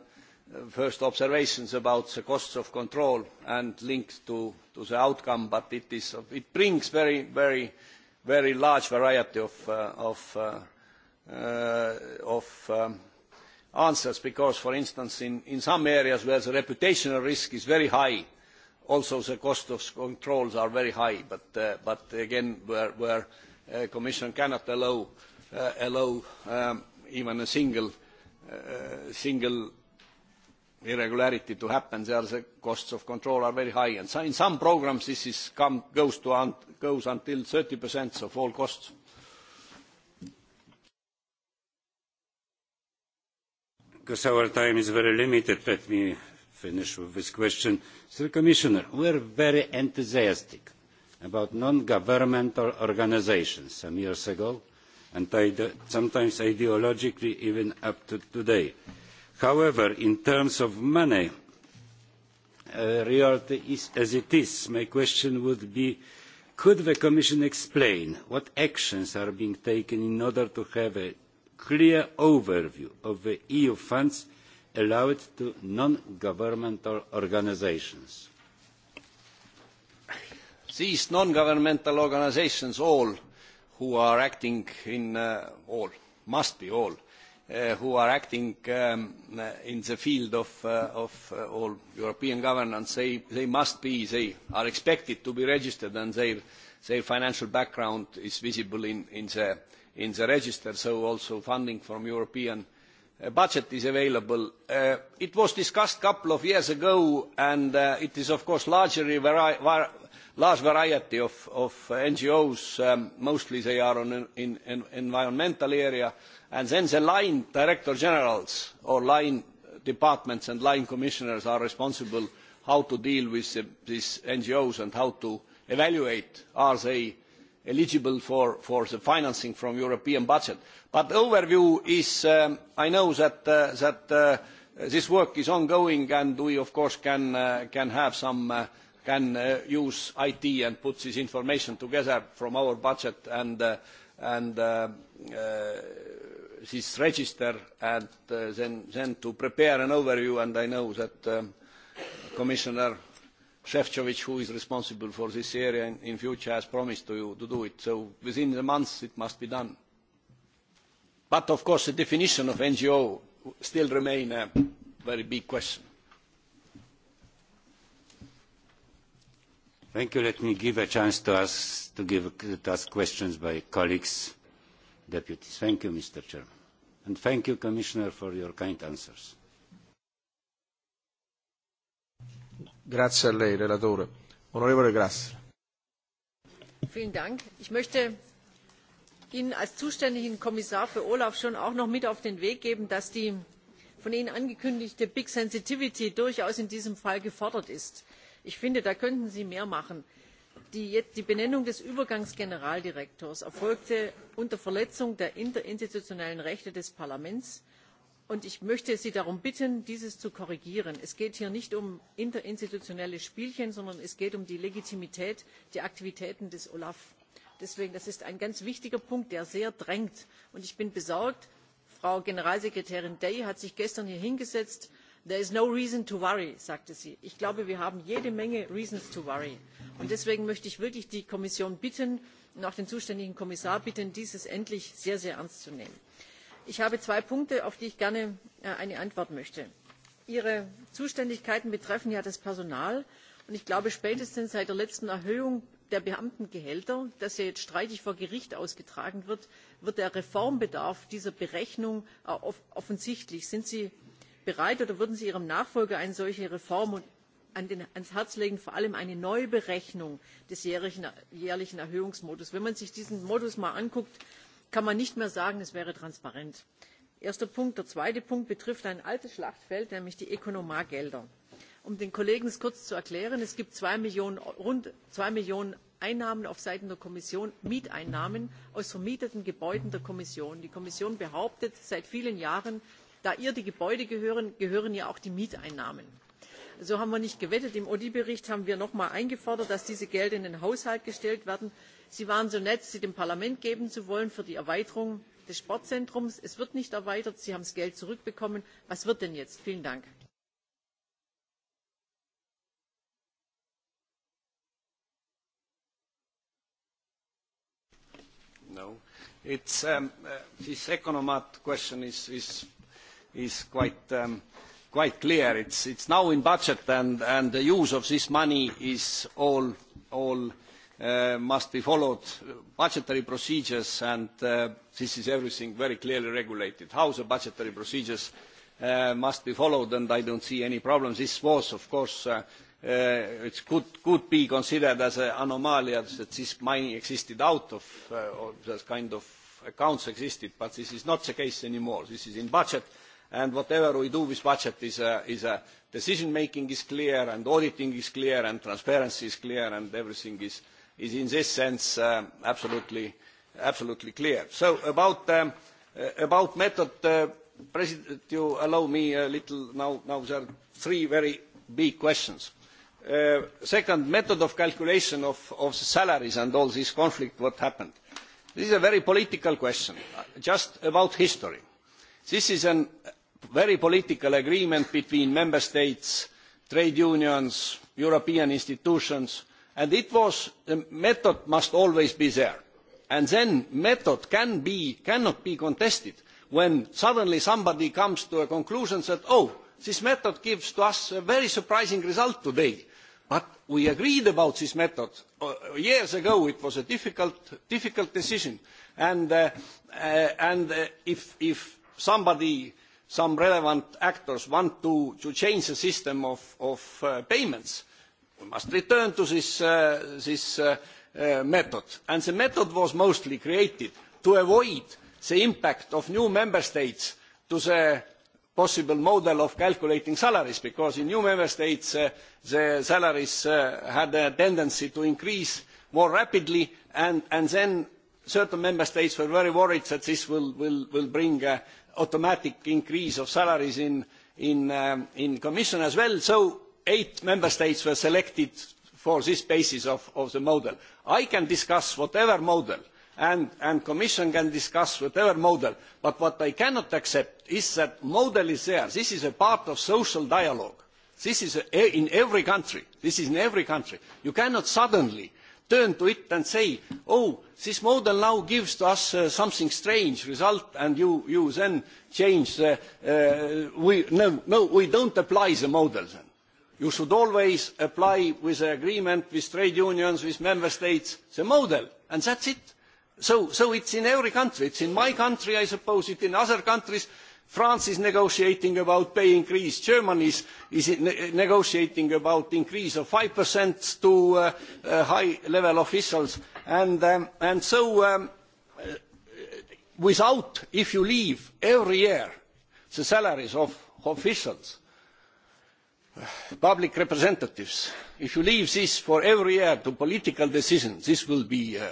first observations about the costs of control and linked to, to the outcome, but it, is, it brings very, very, very large variety of, uh, of, uh, uh, of um, answers because, for instance, in, in some areas where the reputational risk is very high, also the cost of controls are very high, but, uh, but again, where, where uh, Commission cannot allow, uh, allow um, even a single, uh, single irregularity to happen there the costs of control are very high and so in some programs this is come goes to un, goes until 30% of all costs because our time is very limited let me finish with this question so commissioner we're very enthusiastic about non-governmental organizations some years ago and ide sometimes ideologically even up to today however in terms of money uh, reality is as it is. my question would be could the commission explain what actions are being taken in order to have a clear overview of the eu funds allowed to non governmental organisations? these non governmental organisations all who are acting in uh, all must be all uh, who are acting um, uh, in the field of, uh, of uh, all European governance, they, they must be, they are expected to be registered and their, their financial background is visible in, in, the, in the register, so also funding from European uh, budget is available. Uh, it was discussed a couple of years ago and uh, it is of course largely vari large variety of, of NGOs. Um, mostly they are on in, in environmental area. And then the line director generals or line departments and line commissioners are responsible how to deal with the, these NGOs and how to evaluate are they eligible for, for the financing from European budget. But overview is, um, I know that, uh, that uh, this work is ongoing and we of course can, uh, can have some uh, can uh, use IT and put this information together from our budget and, uh, and uh, uh, this register and uh, then, then to prepare an overview and I know that um, Commissioner Shevchovich, who is responsible for this area in, in future, has promised to you to do it. So within the months it must be done. But of course the definition of NGO still remain a very big question. Thank you. Let me give a chance to ask, to give, to ask questions by colleagues, deputies. Thank you, Mr. Chairman. And thank you, Commissioner, for your kind answers. Grazie a lei, relatore. Onorevole Grassler. Vielen Dank. Ich möchte Ihnen als zuständigen Kommissar für Olaf schon auch noch mit auf den Weg geben, dass die von Ihnen angekündigte Big Sensitivity durchaus in diesem Fall gefordert ist ich finde da könnten sie mehr machen. Die, die benennung des übergangsgeneraldirektors erfolgte unter verletzung der interinstitutionellen rechte des parlaments und ich möchte sie darum bitten dies zu korrigieren. es geht hier nicht um interinstitutionelle spielchen sondern es geht um die legitimität der aktivitäten des olaf. deswegen das ist ein ganz wichtiger punkt der sehr drängt und ich bin besorgt frau generalsekretärin day hat sich gestern hier hingesetzt there is no reason to worry sagte sie. ich glaube wir haben jede menge reasons to worry und deswegen möchte ich wirklich die kommission bitten und auch den zuständigen kommissar bitten dies endlich sehr sehr ernst zu nehmen. ich habe zwei punkte auf die ich gerne äh, eine antwort möchte. ihre zuständigkeiten betreffen ja das personal und ich glaube spätestens seit der letzten erhöhung der beamtengehälter die ja jetzt streitig vor gericht ausgetragen wird wird der reformbedarf dieser berechnung äh, offensichtlich. sind sie bereit oder würden sie ihrem nachfolger eine solche reform an den, ans Herz legen, vor allem eine Neuberechnung des jährlichen, jährlichen Erhöhungsmodus. Wenn man sich diesen Modus mal anguckt, kann man nicht mehr sagen, es wäre transparent. Erster Punkt. Der zweite Punkt betrifft ein altes Schlachtfeld, nämlich die Ökonomagelder. Um den Kollegen es kurz zu erklären, es gibt zwei Millionen, rund zwei Millionen Einnahmen auf Seiten der Kommission, Mieteinnahmen aus vermieteten Gebäuden der Kommission. Die Kommission behauptet seit vielen Jahren, da ihr die gebäude gehören gehören ja auch die mieteinnahmen. so haben wir nicht gewettet. im audy bericht haben wir noch einmal eingefordert dass diese gelder in den haushalt gestellt werden. sie waren so nett sie dem parlament geben zu wollen für die erweiterung des sportzentrums. es wird nicht erweitert sie haben das geld zurückbekommen. was wird denn jetzt? vielen dank. No. Um, uh, this economat question is, is is quite, um, quite clear. It's, it's now in budget, and, and the use of this money is all, all uh, must be followed budgetary procedures, and uh, this is everything very clearly regulated. How the budgetary procedures uh, must be followed, and I don't see any problem. This was, of course, uh, Uh, it could, could be considered as an anomaly that this mining existed out of uh, or that kind of accounts existed, but this is not the case anymore. This is in budget and whatever we do with budget is a, is a decision making is clear and auditing is clear and transparency is clear and everything is, is in this sense um, absolutely, absolutely clear. So about, um, uh, about method, uh, President, you allow me a little, now, now there are three very big questions. Uh, second, method of calculation of, of the salaries and all this conflict, what happened. This is a very political question, uh, just about history. This is an very political agreement between member states trade unions european institutions and the method must always be there and then the method can be, cannot be contested when suddenly somebody comes to a conclusion that oh this method gives to us a very surprising result today but we agreed about this method uh, years ago it was a difficult difficult decision and uh, uh, and uh, if if somebody some relevant actors want to, to change the system of, of uh, payments, we must return to this, uh, this uh, uh, method. And the method was mostly created to avoid the impact of new member states to the possible model of calculating salaries, because in new member states uh, the salaries uh, had a tendency to increase more rapidly, and, and then certain member states were very worried that this will, will, will bring uh, automatic increase of salaries in, in, um, in Commission as well. So eight member states were selected for this basis of, of the model. I can discuss whatever model and, and Commission can discuss whatever model, but what I cannot accept is that model is there. This is a part of social dialogue. This is a, in every country. This is in every country. You cannot suddenly turn to it and say, oh, this model now gives to us uh, something strange result, and you, you then change the, uh, we, no, no, we don't apply the model then. You should always apply with the agreement, with trade unions, with member states, the model, and that's it. So, so it's in every country. It's in my country, I suppose, it's in other countries. France is negotiating about pay increase. Germany is, is ne negotiating about increase of 5% to uh, uh, high-level officials. And, um, and so um, uh, without, if you leave every year the salaries of officials, public representatives, if you leave this for every year to political decisions, this will be uh,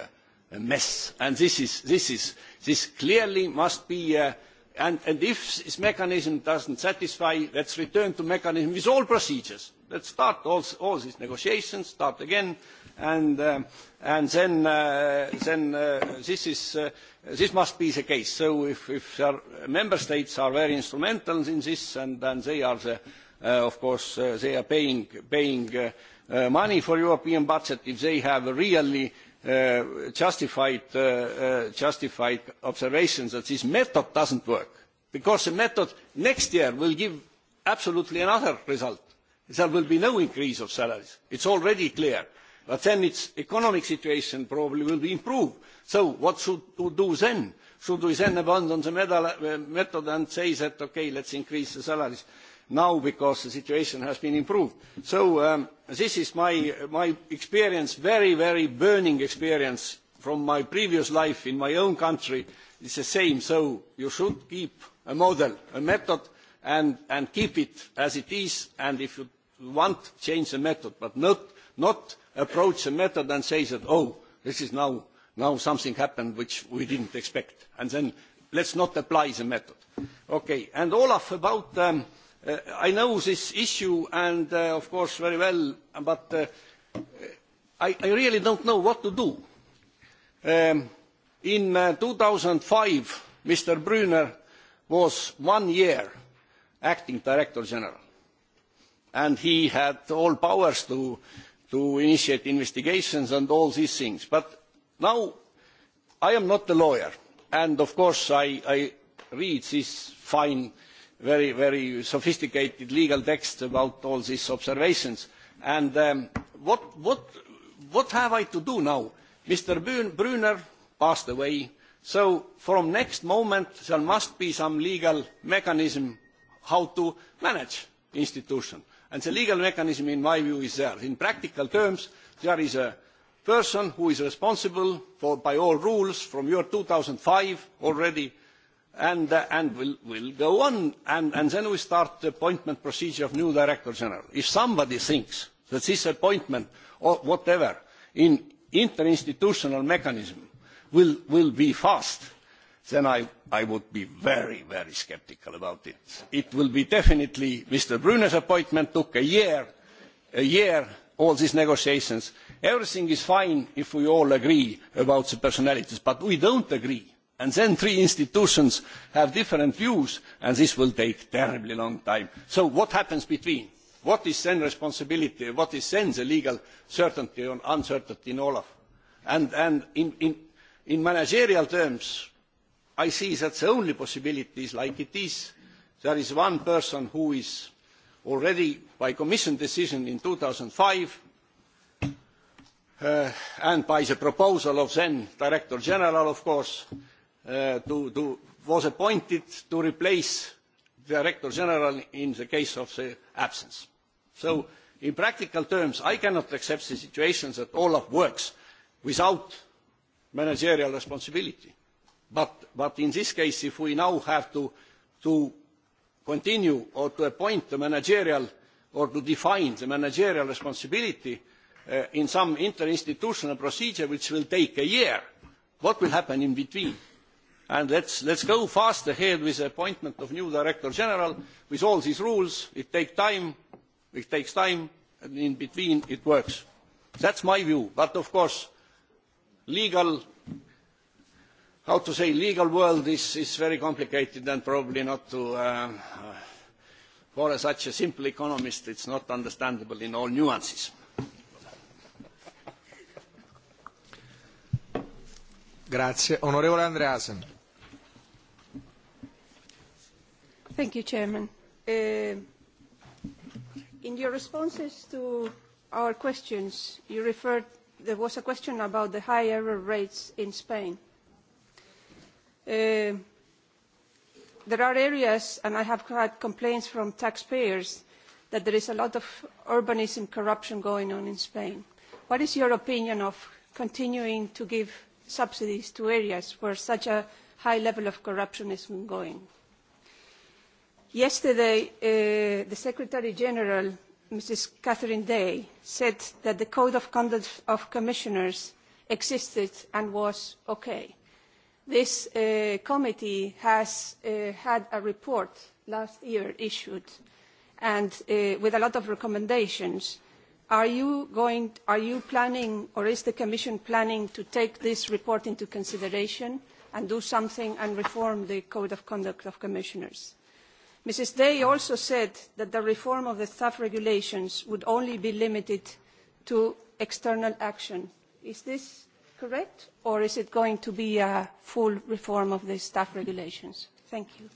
a mess. And this is, this is, this clearly must be uh, And, and if this mechanism doesn't satisfy, let's return to mechanism with all procedures. Let's start all, all these negotiations, start again, and, um, and then, uh, then uh, this, is, uh, this must be the case. So if, if our member states are very instrumental in this, and, and they are, the, uh, of course, uh, they are paying, paying uh, uh, money for European budget, if they have really uh, uh, justified, uh, uh, justified observations that this method doesn't work because the method next year will give absolutely another result. There will be no increase of salaries. It's already clear. But then its economic situation probably will be improved. So what should we do then? Should we then abandon the medal, uh, method and say that, okay, let's increase the salaries? Uh, now because the situation has been improved. So um, this is my, my experience, very, very burning experience from my previous life in my own country. It's the same, so you should keep a model, a method, and, and keep it as it is, and if you want, change the method, but not, not approach the method and say that, oh, this is now, now something happened which we didn't expect, and then let's not apply the method. Okay, and Olaf, about um, Uh, I know this issue and uh, of course very well, but uh, I, I really don't know what to do. Um, in uh, 2005, Mr. Brunner was one year acting director general, and he had all powers to to initiate investigations and all these things. But now I am not a lawyer, and of course I, I read this fine uh, very, very sophisticated legal text about all these observations. And um, what, what, what have I to do now? Mr. Brunner passed away. So from next moment, there must be some legal mechanism how to manage institution. And the legal mechanism, in my view, is there. In practical terms, there is a person who is responsible for, by all rules from year 2005 already and, uh, and will, will go on. And, and then we start the appointment procedure of new director general. If somebody thinks that this appointment or whatever in interinstitutional mechanism will, will be fast, then I, I would be very, very skeptical about it. It will be definitely Mr. Brune's appointment took a year, a year, all these negotiations. Everything is fine if we all agree about the personalities, but we don't agree and then three institutions have different views and this will take a terribly long time. so what happens between? what is then responsibility? what is then the legal certainty or uncertainty in olaf? and, and in, in, in managerial terms, i see that the only possibility is like it is. there is one person who is already by commission decision in 2005 uh, and by the proposal of then director general of course uh, to, to, was appointed to replace the director general in the case of the absence. So in practical terms, I cannot accept the situation that Olaf works without managerial responsibility. But, but in this case, if we now have to, to continue or to appoint the managerial or to define the managerial responsibility uh, in some interinstitutional procedure which will take a year, what will happen in between? and let's, let's go fast ahead with the appointment of new director general with all these rules. It takes time. It takes time. And in between, it works. That's my view. But of course, legal, how to say, legal world is, is very complicated and probably not to, uh, uh for a, such a simple economist, it's not understandable in all nuances. Grazie. Onorevole Andreasen. Thank you, Chairman. Uh, in your responses to our questions, you referred, there was a question about the high error rates in Spain. Uh, there are areas, and I have had complaints from taxpayers, that there is a lot of urbanism corruption going on in Spain. What is your opinion of continuing to give subsidies to areas where such a high level of corruption is going on? Yesterday, uh, the Secretary General, Mrs. Catherine Day, said that the Code of Conduct of Commissioners existed and was okay. This uh, committee has uh, had a report last year issued and uh, with a lot of recommendations. Are you, going, are you planning or is the Commission planning to take this report into consideration and do something and reform the Code of Conduct of Commissioners? Mrs Day also said that the reform of the staff regulations would only be limited to external action. Is this correct, or is it going to be a full reform of the staff regulations? Thank you.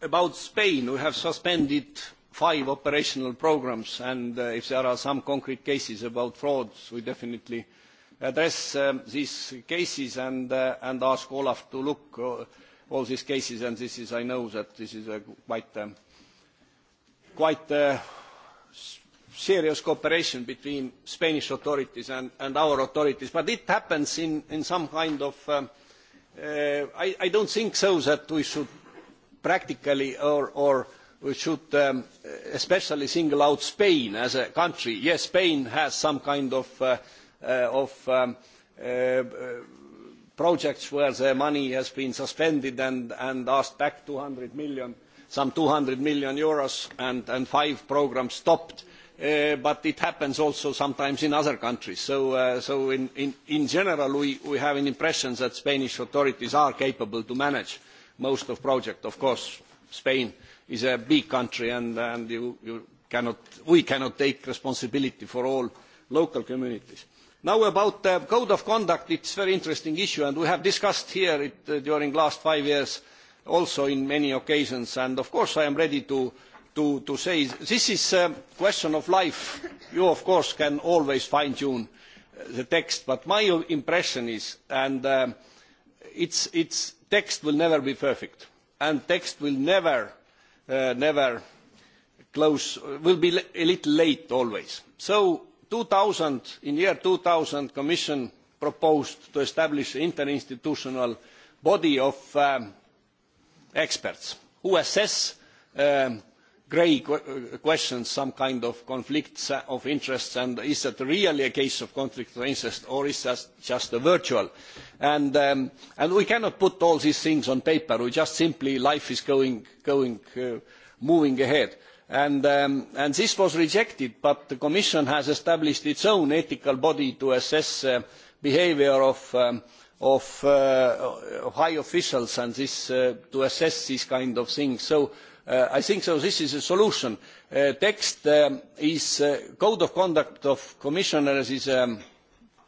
About Spain, we have suspended five operational programs, and uh, if there are some concrete cases about frauds, we definitely address um, these cases and, uh, and ask Olaf to look uh, all these cases, and this is, I know that this is a quite, um, quite uh, serious cooperation between Spanish authorities and, and our authorities, but it happens in, in some kind of, um, uh, I, I don't think so that we should practically or, or we should um, especially single out Spain as a country. Yes, Spain has some kind of, uh, uh, of um, uh, uh projects where the money has been suspended and, and asked back 200 million, some 200 million euros, and, and five programs stopped. Uh, but it happens also sometimes in other countries. So, uh, so in, in, in general, we, we have an impression that Spanish authorities are capable to manage most of project. Of course, Spain is a big country, and, and you, you cannot, we cannot take responsibility for all local communities now about the code of conduct it is a very interesting issue and we have discussed here it, uh, during the last five years also on many occasions and of course i am ready to, to, to say this is a question of life you of course can always fine tune uh, the text but my impression is and uh, it's, it's text will never be perfect and text will never uh, never close will be a little late always so 2000, in year 2000, Commission proposed to establish an interinstitutional body of um, experts who assess um, grey qu uh, questions, some kind of conflicts uh, of interests, and is that really a case of conflict of interest or is that just a virtual? And, um, and we cannot put all these things on paper. We just simply, life is going, going uh, moving ahead. Uh, And, um, and this was rejected but the commission has established its own ethical body to assess the uh, behaviour of, um, of, uh, of high officials and this, uh, to assess these kind of things. so uh, i think so this is a solution. the uh, text um, is uh, code of conduct of commissioners is a um,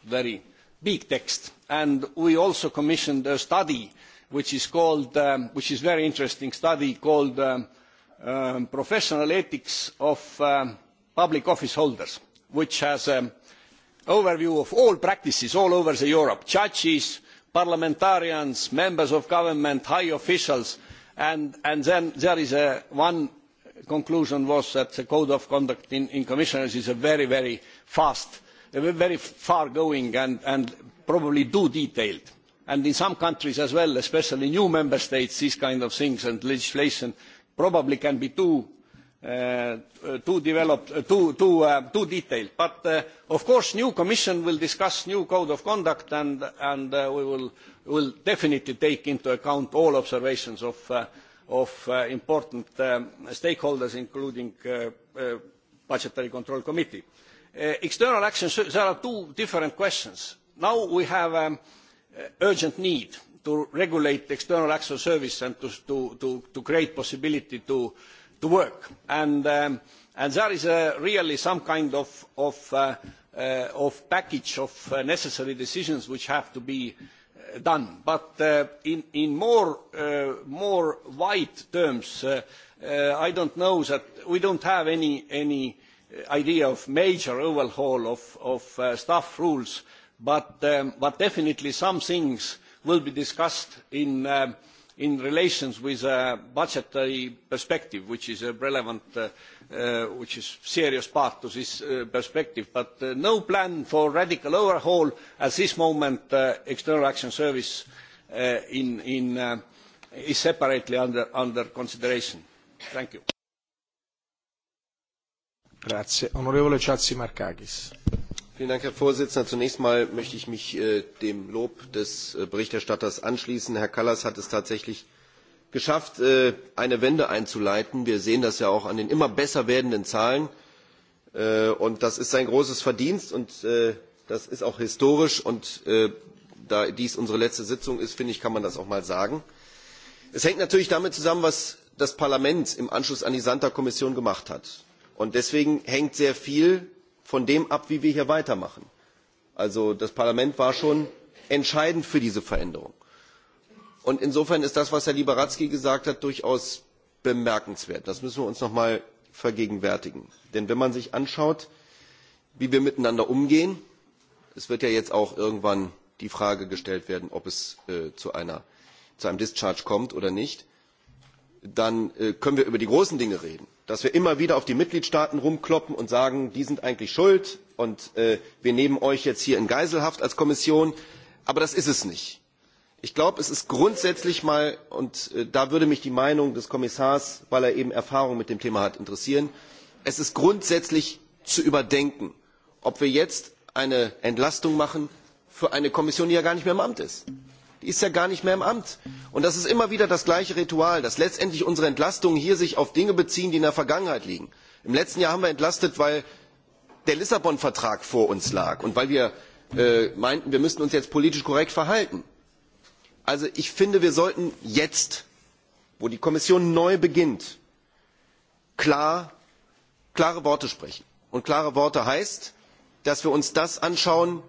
very big text and we also commissioned a study which is, called, um, which is a very interesting study called um, um, professional ethics of um, public office holders which has an overview of all practices all over europe judges parliamentarians members of government high officials and, and then there is a, one conclusion was that the code of conduct in, in commissioners is a very very fast very far going and, and probably too detailed and in some countries as well especially new member states these kind of things and legislation probably can be too uh, too developed uh, too too uh, too detailed but uh, of course new commission will discuss new code of conduct and and uh, we will will definitely take into account all observations of uh, of uh, important um, stakeholders including uh, uh, budgetary control committee uh, external action there are two different questions now we have um, uh, urgent need to regulate the external action service and to, to, to, to create possibility to, to work. And, um, and that is uh, really some kind of, of, uh, uh, of package of uh, necessary decisions which have to be uh, done. But uh, in, in more, uh, more wide terms, uh, uh, I don't know that we don't have any, any idea of major overhaul of, of uh, staff rules, but, um, but definitely some things will be discussed in, uh, in relations with a budgetary perspective, which is a relevant, uh, uh, which is serious part of this uh, perspective. But uh, no plan for radical overhaul at this moment. Uh, External Action Service uh, in, in, uh, is separately under, under consideration. Thank you. Grazie. Onorevole Chatsi Markakis. Vielen Dank, Herr Vorsitzender. Zunächst mal möchte ich mich äh, dem Lob des äh, Berichterstatters anschließen. Herr Kallas hat es tatsächlich geschafft, äh, eine Wende einzuleiten. Wir sehen das ja auch an den immer besser werdenden Zahlen. Äh, und das ist sein großes Verdienst und äh, das ist auch historisch. Und äh, da dies unsere letzte Sitzung ist, finde ich, kann man das auch mal sagen. Es hängt natürlich damit zusammen, was das Parlament im Anschluss an die Santa-Kommission gemacht hat. Und deswegen hängt sehr viel von dem ab wie wir hier weitermachen. also das parlament war schon entscheidend für diese veränderung. Und insofern ist das was herr liberadzki gesagt hat durchaus bemerkenswert. das müssen wir uns noch einmal vergegenwärtigen. denn wenn man sich anschaut wie wir miteinander umgehen es wird ja jetzt auch irgendwann die frage gestellt werden ob es äh, zu, einer, zu einem discharge kommt oder nicht dann äh, können wir über die großen dinge reden dass wir immer wieder auf die mitgliedstaaten herumkloppen und sagen die sind eigentlich schuld und äh, wir nehmen euch jetzt hier in geiselhaft als kommission aber das ist es nicht. ich glaube es ist grundsätzlich mal und äh, da würde mich die meinung des kommissars weil er eben erfahrung mit dem thema hat interessieren es ist grundsätzlich zu überdenken ob wir jetzt eine entlastung machen für eine kommission die ja gar nicht mehr im amt ist die ist ja gar nicht mehr im amt. und das ist immer wieder das gleiche ritual dass letztendlich unsere entlastungen hier sich auf dinge beziehen die in der vergangenheit liegen. im letzten jahr haben wir entlastet weil der lissabon vertrag vor uns lag und weil wir äh, meinten wir müssten uns jetzt politisch korrekt verhalten. also ich finde wir sollten jetzt wo die kommission neu beginnt klar klare worte sprechen. und klare worte heißt dass wir uns das anschauen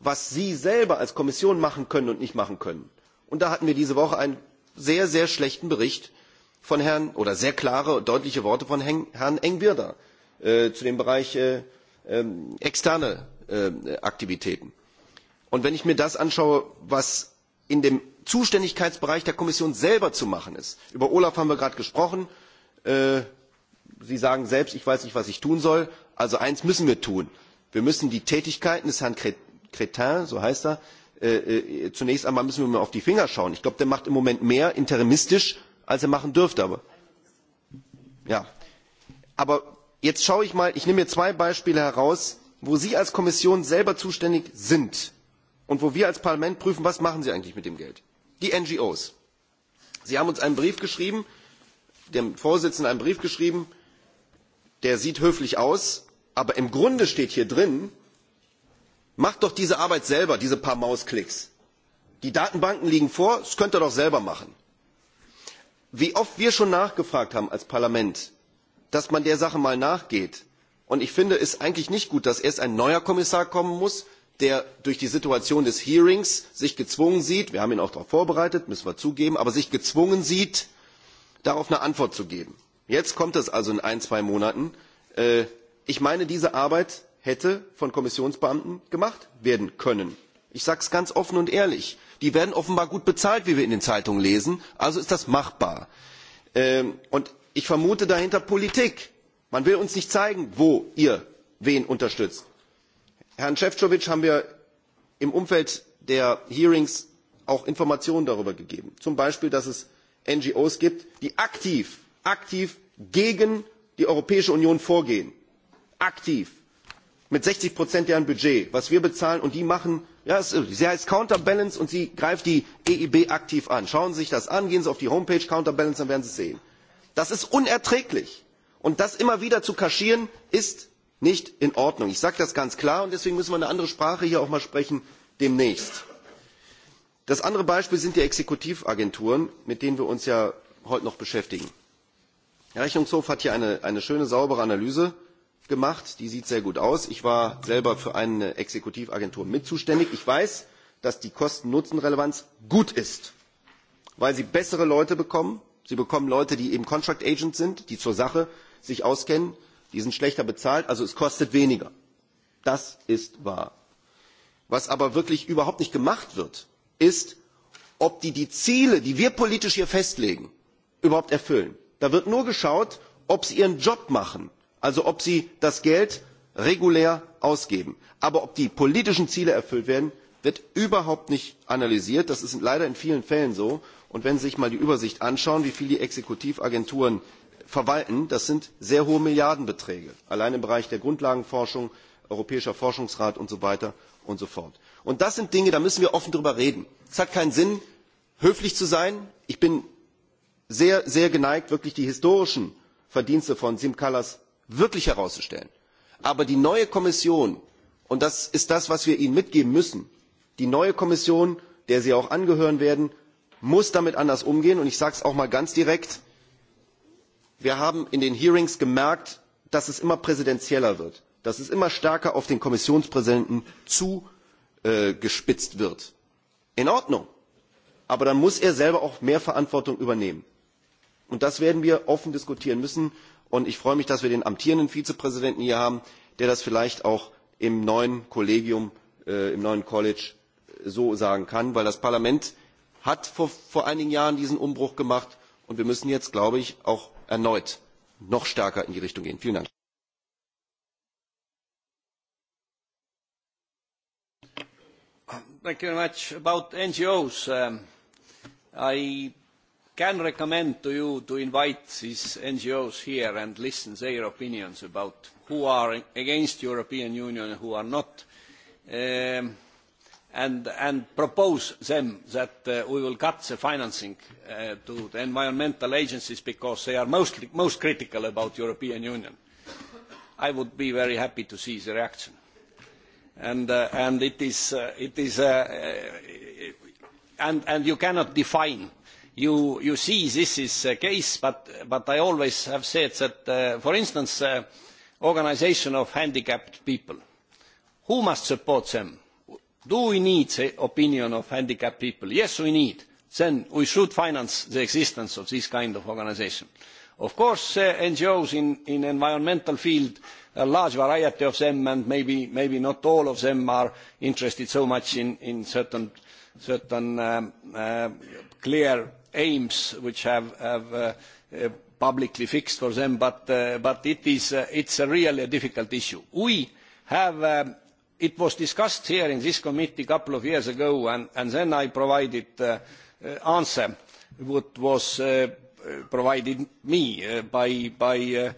was sie selber als kommission machen können und nicht machen können. und da hatten wir diese woche einen sehr sehr schlechten bericht von herrn oder sehr klare und deutliche worte von herrn engwirda äh, zu dem bereich äh, äh, externe äh, aktivitäten. und wenn ich mir das anschaue was in dem zuständigkeitsbereich der kommission selber zu machen ist über olaf haben wir gerade gesprochen äh, sie sagen selbst ich weiß nicht was ich tun soll also eins müssen wir tun wir müssen die tätigkeiten des herrn Cretin, so heißt er, äh, äh, zunächst einmal müssen wir mal auf die Finger schauen. Ich glaube, der macht im Moment mehr interimistisch, als er machen dürfte. Aber, ja. aber jetzt schaue ich mal, ich nehme mir zwei Beispiele heraus, wo Sie als Kommission selber zuständig sind und wo wir als Parlament prüfen, was machen Sie eigentlich mit dem Geld? Die NGOs. Sie haben uns einen Brief geschrieben, dem Vorsitzenden einen Brief geschrieben, der sieht höflich aus, aber im Grunde steht hier drin, macht doch diese arbeit selber diese paar mausklicks! die datenbanken liegen vor das könnt ihr doch selber machen! wie oft wir schon nachgefragt haben als parlament dass man der sache mal nachgeht und ich finde es eigentlich nicht gut dass erst ein neuer kommissar kommen muss der sich durch die situation des hearings gezwungen sieht wir haben ihn auch darauf vorbereitet müssen wir zugeben darauf eine antwort zu geben. jetzt kommt es also in ein zwei monaten. Äh, ich meine diese arbeit hätte von kommissionsbeamten gemacht werden können. ich sage es ganz offen und ehrlich die werden offenbar gut bezahlt wie wir in den zeitungen lesen also ist das machbar. Ähm, und ich vermute dahinter politik. man will uns nicht zeigen wo ihr wen unterstützt. herrn efovi haben wir im umfeld der hearings auch informationen darüber gegeben zum beispiel dass es ngos gibt die aktiv aktiv gegen die europäische union vorgehen aktiv! mit sechzig deren budget was wir bezahlen und die machen ja, sie heißt counterbalance und sie greift die eib aktiv an. schauen sie sich das an gehen sie auf die homepage counterbalance dann werden sie es sehen. das ist unerträglich und das immer wieder zu kaschieren ist nicht in ordnung. ich sage das ganz klar und deswegen müssen wir eine andere sprache hier auch mal sprechen demnächst. das andere beispiel sind die exekutivagenturen mit denen wir uns ja heute noch beschäftigen. der rechnungshof hat hier eine, eine schöne saubere analyse gemacht. Die sieht sehr gut aus. Ich war selber für eine Exekutivagentur mit zuständig. Ich weiß, dass die Kosten-Nutzen-Relevanz gut ist, weil sie bessere Leute bekommen. Sie bekommen Leute, die eben Contract Agents sind, die zur Sache sich auskennen. Die sind schlechter bezahlt, also es kostet weniger. Das ist wahr. Was aber wirklich überhaupt nicht gemacht wird, ist, ob die die Ziele, die wir politisch hier festlegen, überhaupt erfüllen. Da wird nur geschaut, ob sie ihren Job machen also ob sie das geld regulär ausgeben. aber ob die politischen ziele erfüllt werden wird überhaupt nicht analysiert. das ist leider in vielen fällen so. und wenn sie sich mal die übersicht anschauen wie viel die exekutivagenturen verwalten das sind sehr hohe milliardenbeträge allein im bereich der grundlagenforschung europäischer forschungsrat und so weiter und so fort. Und das sind dinge da müssen wir offen darüber reden. es hat keinen sinn höflich zu sein. ich bin sehr sehr geneigt wirklich die historischen verdienste von siim kallas wirklich herauszustellen. aber die neue kommission und das ist das was wir ihnen mitgeben müssen die neue kommission der sie auch angehören werden muss damit anders umgehen und ich sage es auch mal ganz direkt wir haben in den hearings gemerkt dass es immer präsidentieller wird dass es immer stärker auf den kommissionspräsidenten zugespitzt äh, wird. in ordnung aber dann muss er selber auch mehr verantwortung übernehmen. und das werden wir offen diskutieren müssen und ich freue mich dass wir den amtierenden vizepräsidenten hier haben der das vielleicht auch im neuen kollegium äh, im neuen college äh, so sagen kann denn das parlament hat vor, vor einigen jahren diesen umbruch gemacht und wir müssen jetzt glaube ich auch erneut noch stärker in die richtung gehen. vielen dank! thank you very much. about ngos um, i can recommend to you to invite these ngos here and listen to their opinions about who are against the european union and who are not um, and, and propose them that uh, we will cut the financing uh, to the environmental agencies because they are mostly, most critical about the European Union. I would be very happy to see the reaction. And, uh, and it is, uh, it is uh, uh and, and you cannot define you, you see this is the case, but, but I always have said that, uh, for instance, uh, organization of handicapped people, who must support them? Do we need the opinion of handicapped people? Yes, we need. Then we should finance the existence of this kind of organization. Of course, uh, NGOs in, in environmental field a large variety of them and maybe maybe not all of them are interested so much in in certain certain um, uh, clear aims which have, have uh, uh, publicly fixed for them, but, uh, but it is, uh, it's a really difficult issue. We have, um, it was discussed here in this committee a couple of years ago, and, and then I provided uh, uh, answer what was uh, provided me uh, by, by uh,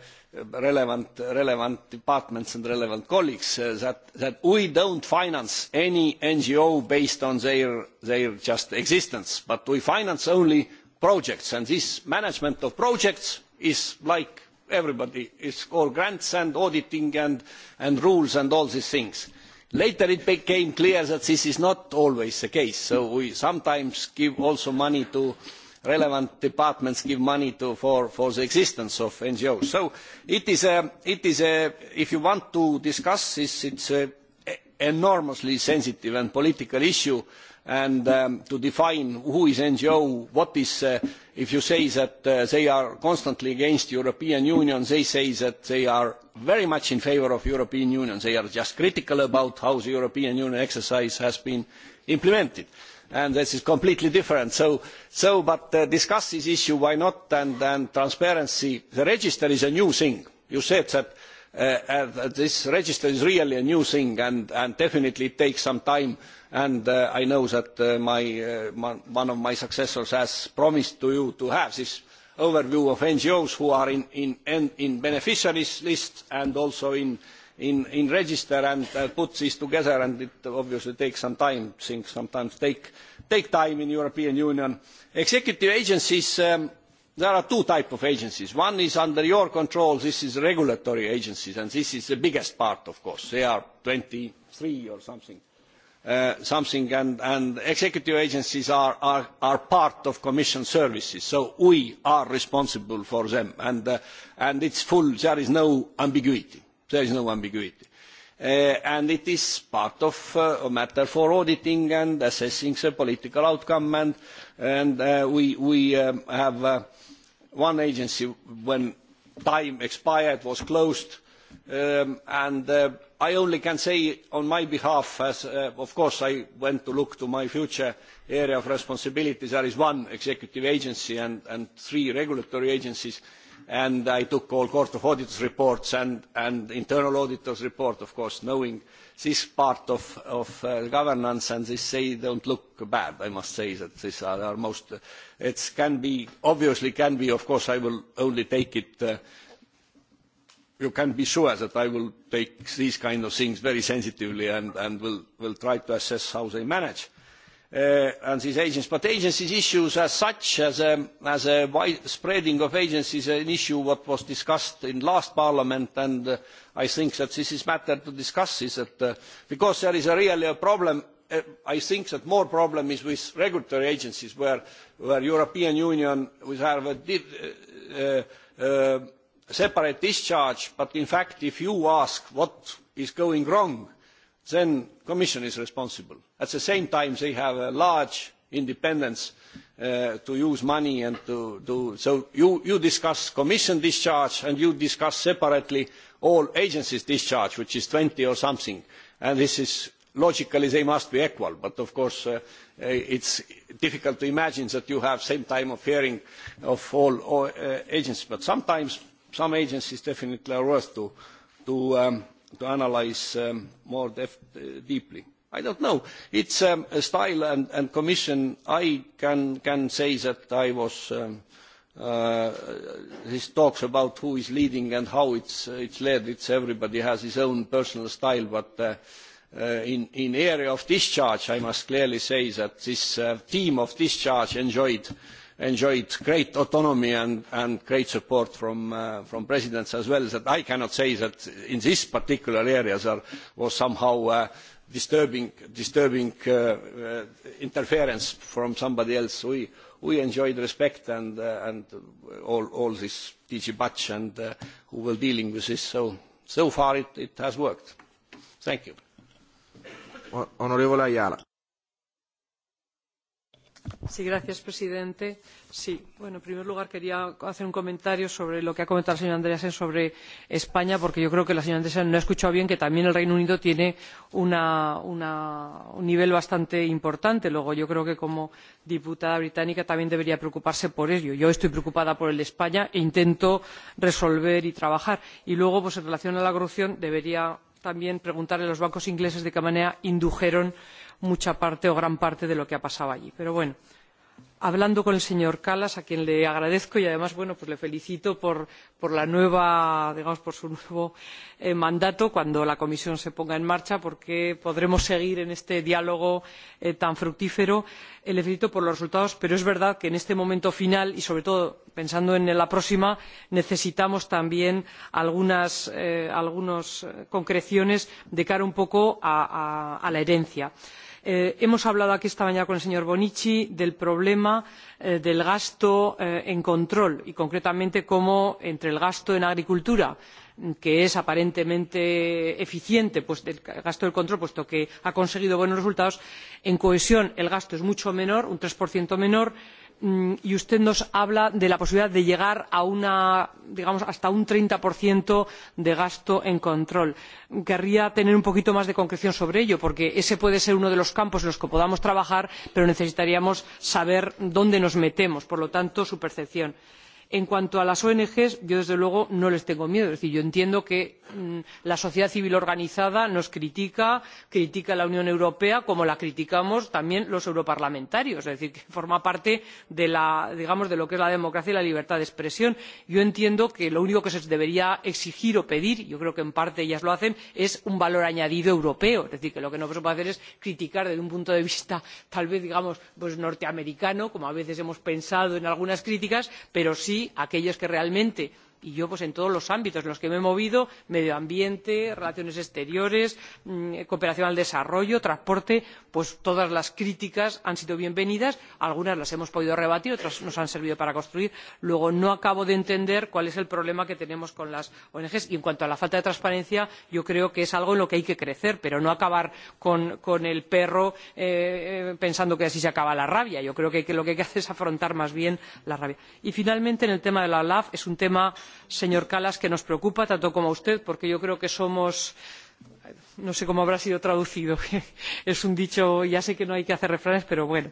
relevant, relevant departments and relevant colleagues uh, that, that we don't finance any NGO based on their, their just existence, but we finance only projects and this management of projects is like everybody, it's all grants and auditing and, and rules and all these things. Later it became clear that this is not always the case, so we sometimes give also money to uh, relevant departments give money to, for, for the existence of ngos. so it is, a, it is a, if you want to discuss this it is an e, enormously sensitive and political issue and um, to define who is ngo what is uh, if you say that uh, they are constantly against the european union they say that they are very much in favour of the european union they are just critical about how the european union exercise has been implemented and this is completely different. So, so but uh, discuss this issue, why not, and, and transparency. The register is a new thing. You said that uh, uh, this register is really a new thing, and, and definitely it takes some time. And uh, I know that uh, my, uh, my, one of my successors has promised to you to have this overview of NGOs who are in, in, in beneficiaries list and also in uh, in, in register and uh, put these together and it obviously takes some time, things sometimes take, take time in European Union. Executive agencies, um, there are two types of agencies. One is under your control, this is regulatory agencies and this is the biggest part of course, they are 23 or something. Uh, something and, and executive agencies are, are, are part of commission services so we are responsible for them and, uh, and it's full there is no ambiguity There is no ambiguity. Uh, and it is part of uh, a matter for auditing and assessing the political outcome. And, and uh, we, we um, have uh, one agency when time expired was closed. Um, and uh, I only can say on my behalf, as uh, of course I went to look to my future area of responsibility, there is one executive agency and, and three regulatory agencies. Uh, and I took all Court of Auditors reports and, and internal auditors report, of course, knowing this part of, of uh, governance, and they say don't look bad. I must say that these are, are most. Uh, it can be obviously can be. Of course, I will only take it. Uh, you can be sure that I will take these kind of things very sensitively and, and will, will try to assess how they manage. Uh, uh, and these agencies. But agencies issues as such, as a, as a wide spreading of agencies, an issue what was discussed in last parliament, and uh, I think that this is matter to discuss, is that uh, because there is a really a problem, uh, I think that more problem is with regulatory agencies, where, where European Union we have a div, uh, uh, uh, separate discharge, but in fact, if you ask what is going wrong, uh, then the commission is responsible. at the same time they have a large independence uh, to use money and to, to so you, you discuss commission discharge and you discuss separately all agencies discharge which is 20 or something and this is logically they must be equal but of course uh, uh, it's difficult to imagine that you have same time of hearing of all, all uh, agencies but sometimes some agencies definitely are worth to, to um, to analyse um, more def uh, deeply. I don't know. It's um, a style and, and commission. I can, can say that I was, um, uh, this talks about who is leading and how it's, it's led. It's everybody has his own personal style, but uh, uh, in, in area of discharge, I must clearly say that this uh, team of discharge enjoyed uh, enjoyed great autonomy and, and great support from, uh, from presidents as well that I cannot say that in this particular areas are, was somehow uh, disturbing, disturbing uh, uh, interference from somebody else. We, we enjoyed respect and, uh, and all, all this DG Batch and uh, who were dealing with this. So, so far it, it has worked. Thank you. Onorevole Ayala señor presidente en primer lugar quería hacer un comentario sobre lo que ha comentado la señora andreasen sobre españa porque yo creo que la señora andreasen no ha escuchado bien que también el reino unido tiene un nivel bastante importante. luego yo creo que como diputada británica también debería preocuparse por ello. yo estoy preocupada por el de españa e intento resolver y trabajar. y luego en relación con la corrupción debería también preguntarle a los bancos ingleses de qué manera indujeron a mucha parte o gran parte de lo que ha pasado allí. pero bueno hablando con el señor kallas a quien le agradezco y además bueno, pues le felicito por, por, nueva, digamos, por su nuevo eh, mandato cuando la comisión se ponga en marcha porque podremos seguir en este diálogo eh, tan fructífero eh, le felicito por los resultados pero es verdad que en este momento final y sobre todo pensando en la próxima necesitamos también algunas, eh, algunas eh, concreciones de cara un poco a, a, a la herencia. por Eh, hemos hablado aquí esta mañana con el señor Bonici del problema eh, del gasto eh, en control y concretamente cómo entre el gasto en agricultura que es aparentemente eficiente pues, el gasto del control puesto que ha conseguido buenos resultados en cohesión el gasto es mucho menor un tres menor y Mm, y usted nos habla de la posibilidad de llegar una, digamos, hasta un treinta de gasto en control. querría tener un poquito más de concreción sobre ello porque ese puede ser uno de los campos en los que podamos trabajar pero necesitaríamos saber dónde nos metemos por lo tanto su percepción. y en cuanto a las ong yo desde luego no les tengo miedo es decir yo entiendo que mmm, la sociedad civil organizada nos critica critica a la unión europea como la criticamos también los europarlamentarios es decir que forma parte de, la, digamos, de lo que es la democracia y la libertad de expresión. yo entiendo que lo único que se debería exigir o pedir yo creo que en parte ellas lo hacen es un valor añadido europeo es decir que lo que no se puede hacer es criticar desde un punto de vista tal vez digamos pues norteamericano como a veces hemos pensado en algunas críticas pero sí sí aquellos que realmente y yo pues, en todos los ámbitos en los que me he movido medio ambiente relaciones exteriores mm, cooperación al desarrollo transporte pues todas las críticas han sido bienvenidas algunas las hemos podido rebatir otras nos han servido para construir. luego no acabo de entender cuál es el problema que tenemos con las ong y en cuanto a la falta de transparencia yo creo que es algo en lo que hay que crecer pero no acabar con, con el perro eh, eh pensando que así se acaba la rabia. yo creo que lo que hay que hacer es afrontar más bien la rabia. y finalmente en el tema de la olaf es un tema señor kallas que nos preocupa tanto como a usted porque yo creo que somos no sé cómo habrá sido traducido es un dicho ya sé que no hay que hacer refranes pero bueno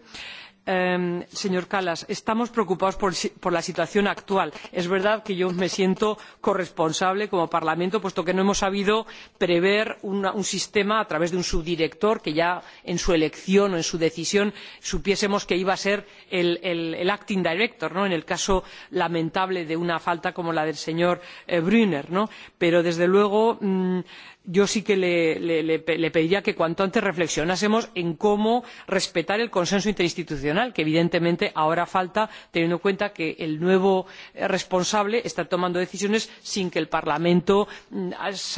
eh, señor kallas estamos preocupados por, por la situación actual. es verdad que yo me siento corresponsable como parlamento puesto que no hemos sabido prever una, un sistema a través de un subdirector que ya en su elección o en su decisión supiésemos que iba a ser el, el, el acting director ¿no? en el caso lamentable de una falta como la del señor eh, brunner. ¿no? pero desde luego mmm, yo sí que le, le, le, le pediría que cuanto antes reflexionásemos en cómo respetar el consenso interinstitucional que evidentemente ahora falta teniendo en cuenta que el nuevo eh, responsable está tomando decisiones sin que el parlamento mm,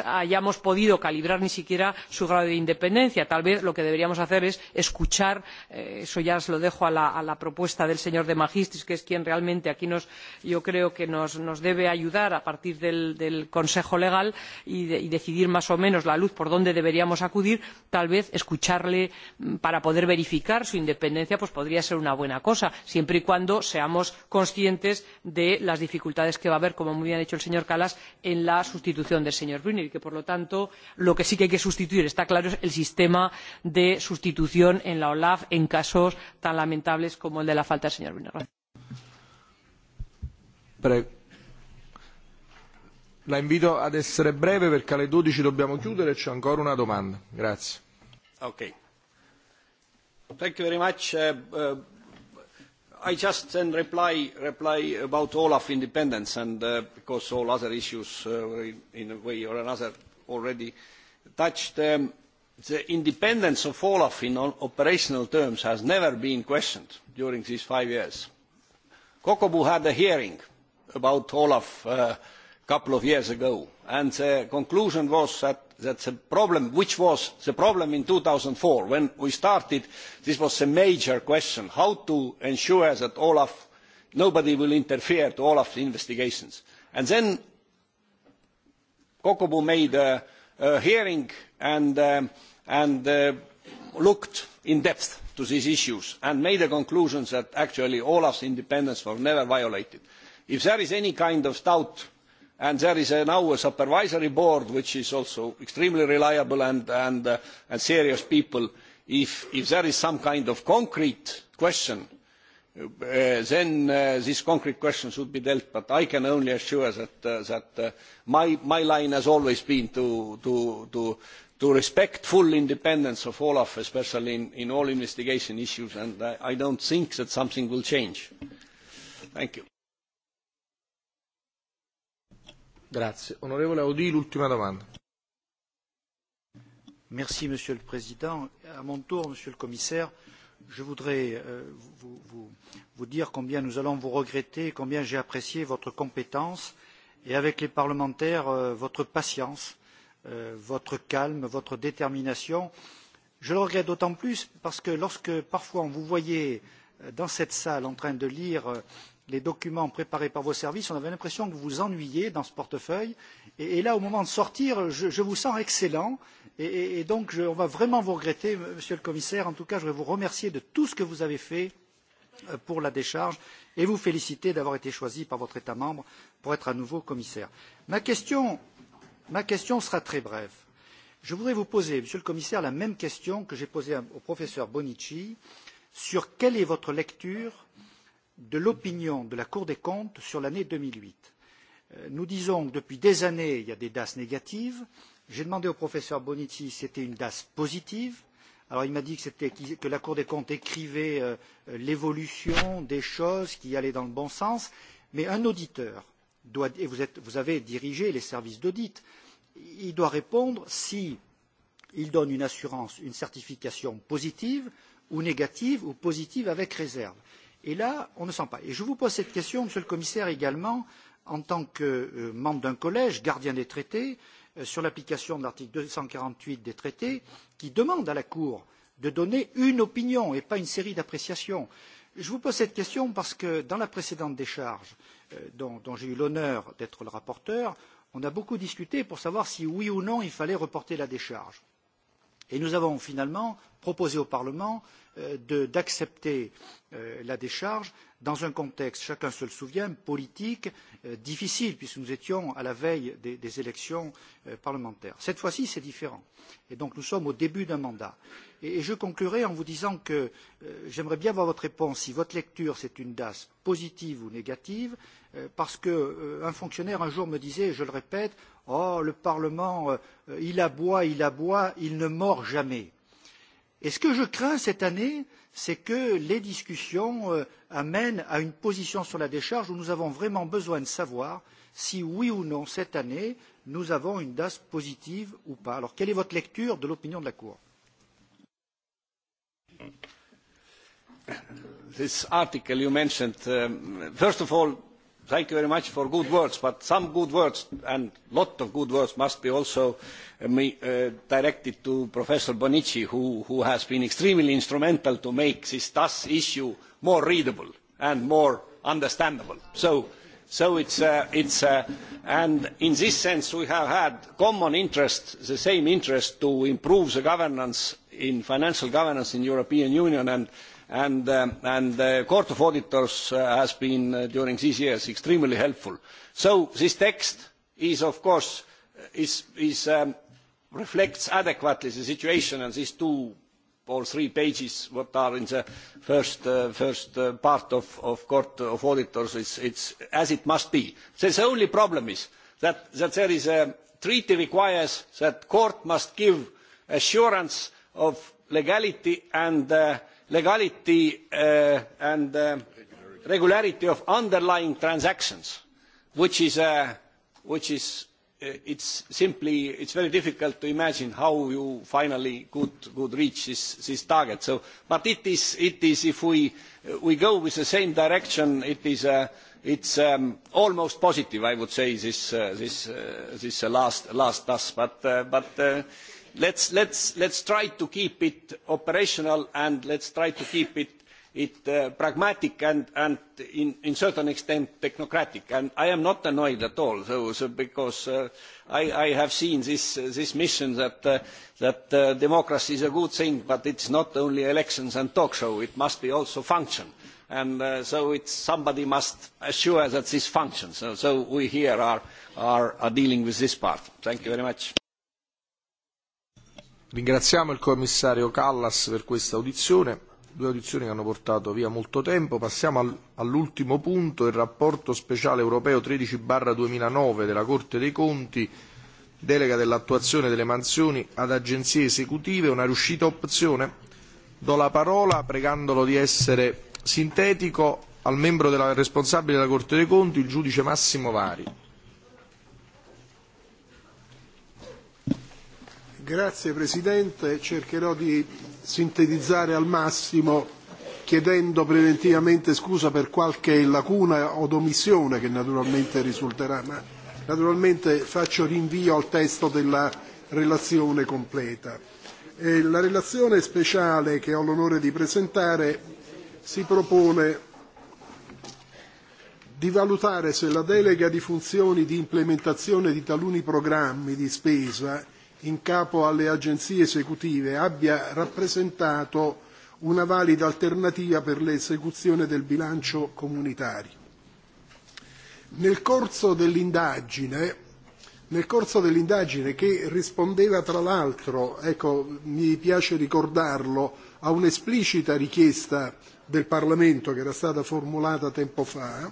hayamos podido calibrar ni siquiera su grado de independencia. tal vez lo que deberíamos hacer es escuchar eh, eso ya se lo dejo a la, a la propuesta del señor de magistris que es quien realmente aquí nos, yo creo que nos, nos debe ayudar a partir del, del consejo legal y, de, y decidir más o menos la luz por dónde deberíamos acudir tal vez escucharle mm, para poder verificar su independencia pues podría ser una buena cosa siempre y cuando seamos conscientes de las dificultades que va a haber como muy bien ha dicho el señor kallas en la sustitución del señor brunner y que por lo tanto lo que sí que hay que sustituir está claro es el sistema de sustitución en la olaf en casos tan lamentables como el de la falta del señor brunner. Pre La invito ad essere breve perché alle 12 dobbiamo chiudere e c'è ancora una domanda. Grazie. Okay. Thank you very much. Uh, uh, I just then reply, reply about Olaf independence and uh, because all other issues uh, were in, in a way or another already touched. Um, the independence of Olaf in operational terms has never been questioned during these five years. Kokobu had a hearing about Olaf uh, couple of years ago and the conclusion was that, that the problem which was the problem in two thousand and four when we started this was a major question how to ensure that olaf nobody will interfere with olaf's investigations and then kokobu made a, a hearing and, um, and uh, looked in depth to these issues and made the conclusion that actually olaf's independence was never violated. if there is any kind of doubt and there is a, now a supervisory board which is also extremely reliable and, and, uh, and serious people. If, if there is some kind of concrete question, uh, then uh, this concrete question should be dealt. But I can only assure that, uh, that uh, my, my line has always been to, to, to, to respect full independence of Olaf, especially in, in all investigation issues, and I, I don't think that something will change. Thank you. Grazie. Onorevole Audi, l'ultima domanda. Merci, Monsieur le Président. À mon tour, Monsieur le Commissaire, je voudrais euh, vous, vous, vous dire combien nous allons vous regretter, combien j'ai apprécié votre compétence et avec les parlementaires euh, votre patience, euh, votre calme, votre détermination. Je le regrette d'autant plus parce que lorsque parfois on vous voyait euh, dans cette salle en train de lire euh, les documents préparés par vos services, on avait l'impression que vous vous ennuyiez dans ce portefeuille. Et, et là, au moment de sortir, je, je vous sens excellent. Et, et, et donc, je, on va vraiment vous regretter, Monsieur le Commissaire. En tout cas, je voudrais vous remercier de tout ce que vous avez fait euh, pour la décharge et vous féliciter d'avoir été choisi par votre État membre pour être à nouveau commissaire. Ma question, ma question sera très brève. Je voudrais vous poser, Monsieur le Commissaire, la même question que j'ai posée au professeur Bonici sur quelle est votre lecture euh, de l'opinion de la Cour des comptes sur l'année 2008. Euh, nous disons que depuis des années, il y a des DAS négatives. J'ai demandé au professeur Bonici si c'était une DAS positive. Alors il m'a dit que, c'était, que la Cour des comptes écrivait euh, euh, l'évolution des choses qui allaient dans le bon sens. Mais un auditeur, doit, et vous, êtes, vous avez dirigé les services d'audit, il doit répondre si il donne une assurance, une certification positive ou négative ou positive avec réserve. Et là, on ne sent pas. Et je vous pose cette question, Monsieur le Commissaire, également en tant que euh, membre d'un collège, gardien des traités, euh, sur l'application de l'article 248 des traités, qui demande à la Cour de donner une opinion et pas une série d'appréciations. Je vous pose cette question parce que dans la précédente décharge, euh, dont, dont j'ai eu l'honneur d'être le rapporteur, on a beaucoup discuté pour savoir si oui ou non il fallait reporter la décharge. Et nous avons finalement proposé au Parlement euh, Euh, d'accepter euh, la décharge dans un contexte chacun se le souvient politique euh, difficile puisque nous étions à la veille des, des élections parlementaires. cette fois ci c'est différent et donc nous sommes au début d'un mandat. Et, et je conclurai en vous disant que euh, j'aimerais bien avoir votre réponse si votre lecture c'est une DAS positive ou négative euh, parce que euh, un fonctionnaire un jour me disait et je le répète oh le parlement euh, il aboie il aboie il ne mord jamais. Et ce que je crains cette année, c'est que les discussions euh, amènent à une position sur la décharge où nous avons vraiment besoin de savoir si oui ou non cette année nous avons une DAS positive ou pas. Alors quelle est votre lecture de l'opinion de la Cour This article you mentioned, um, first of all, thank you very much for good words but some good words and a lot of good words must be also uh, me, uh, directed to professor bonici who, who has been extremely instrumental to make this das issue more readable and more understandable so so it's uh, it's uh, and in this sense we have had common interest the same interest to improve the governance in financial governance in european union and uh, and, um, and the Court of Auditors uh, has been uh, during these years extremely helpful. So this text is of course uh, is, is, um, reflects adequately the situation and these two or three pages what are in the first, uh, first uh, part of, of Court of Auditors it's, it's as it must be. So the only problem is that, that there is a treaty requires that court must give assurance of legality and uh, legality uh, and uh, regularity of underlying transactions which is uh, which is uh, it's simply it's very difficult to imagine how you finally could could reach this this target so but it is it is if we we go with the same direction it is uh, it's um, almost positive i would say this uh, this uh, this uh, last last task but uh, but uh, let's, let's, let's try to keep it operational and let's try to keep it, it uh, pragmatic and, and in, in certain extent technocratic. And I am not annoyed at all, so, so because uh, I, I have seen this, uh, this mission that, uh, that uh, democracy is a good thing, but it's not only elections and talk show, it must be also function. And uh, so it's, somebody must assure that this functions. So, so we here are, are, are dealing with this part. Thank you very much. Ringraziamo il commissario Callas per questa audizione, due audizioni che hanno portato via molto tempo. Passiamo al, all'ultimo punto, il rapporto speciale europeo 13-2009 della Corte dei Conti, delega dell'attuazione delle mansioni ad agenzie esecutive, una riuscita opzione. Do la parola, pregandolo di essere sintetico, al membro della, responsabile della Corte dei Conti, il giudice Massimo Vari. Grazie Presidente, cercherò di sintetizzare al massimo chiedendo preventivamente scusa per qualche lacuna o omissione che naturalmente risulterà, ma naturalmente faccio rinvio al testo della relazione completa. Eh, la relazione speciale che ho l'onore di presentare si propone di valutare se la delega di funzioni di implementazione di taluni programmi di spesa in capo alle agenzie esecutive abbia rappresentato una valida alternativa per l'esecuzione del bilancio comunitario. Nel corso dell'indagine, nel corso dell'indagine che rispondeva tra l'altro, ecco, mi piace ricordarlo, a un'esplicita richiesta del Parlamento che era stata formulata tempo fa,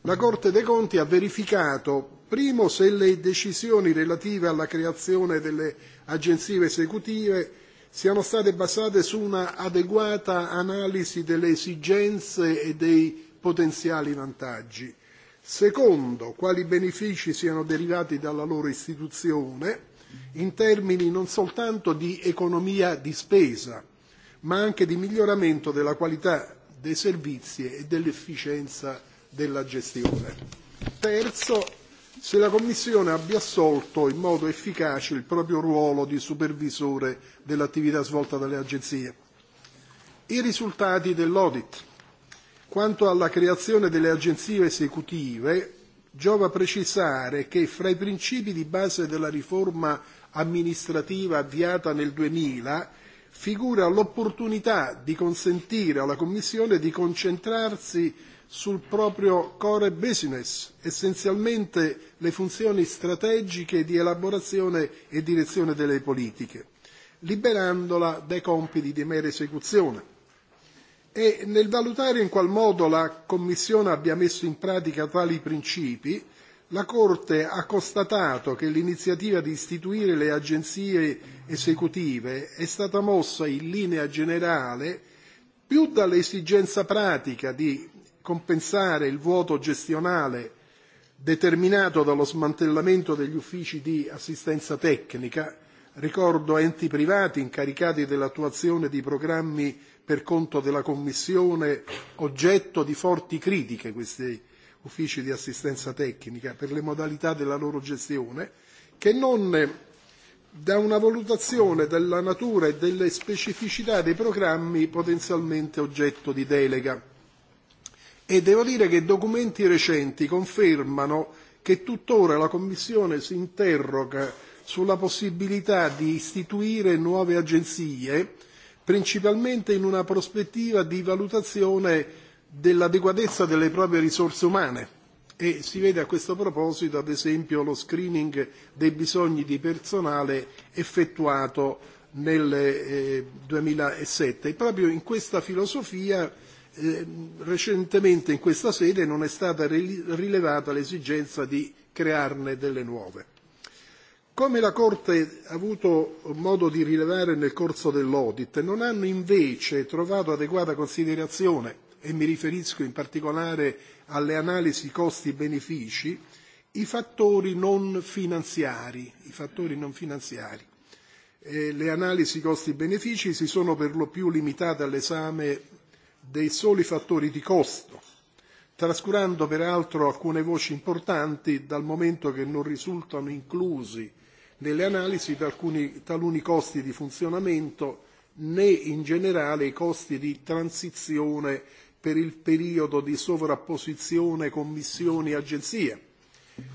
la Corte dei Conti ha verificato Primo, se le decisioni relative alla creazione delle agenzie esecutive siano state basate su una adeguata analisi delle esigenze e dei potenziali vantaggi. Secondo, quali benefici siano derivati dalla loro istituzione in termini non soltanto di economia di spesa, ma anche di miglioramento della qualità dei servizi e dell'efficienza della gestione. Terzo, se la Commissione abbia assolto in modo efficace il proprio ruolo di supervisore dell'attività svolta dalle agenzie. I risultati dell'audit. Quanto alla creazione delle agenzie esecutive, giova precisare che fra i principi di base della riforma amministrativa avviata nel 2000 figura l'opportunità di consentire alla Commissione di concentrarsi sul proprio core business, essenzialmente le funzioni strategiche di elaborazione e direzione delle politiche, liberandola dai compiti di mera esecuzione. E nel valutare in qual modo la Commissione abbia messo in pratica tali principi, la Corte ha constatato che l'iniziativa di istituire le agenzie esecutive è stata mossa in linea generale più dall'esigenza pratica di compensare il vuoto gestionale determinato dallo smantellamento degli uffici di assistenza tecnica, ricordo enti privati incaricati dell'attuazione di programmi per conto della Commissione, oggetto di forti critiche questi uffici di assistenza tecnica per le modalità della loro gestione, che non da una valutazione della natura e delle specificità dei programmi potenzialmente oggetto di delega e devo dire che documenti recenti confermano che tuttora la Commissione si interroga sulla possibilità di istituire nuove agenzie, principalmente in una prospettiva di valutazione dell'adeguatezza delle proprie risorse umane e si vede a questo proposito ad esempio lo screening dei bisogni di personale effettuato nel eh, 2007. E proprio in questa filosofia eh, recentemente in questa sede non è stata rilevata l'esigenza di crearne delle nuove. Come la Corte ha avuto modo di rilevare nel corso dell'audit, non hanno invece trovato adeguata considerazione, e mi riferisco in particolare alle analisi costi-benefici, i fattori non finanziari. I fattori non finanziari. Eh, le analisi costi-benefici si sono per lo più limitate all'esame dei soli fattori di costo, trascurando peraltro alcune voci importanti dal momento che non risultano inclusi nelle analisi alcuni, taluni costi di funzionamento né in generale i costi di transizione per il periodo di sovrapposizione commissioni e agenzie,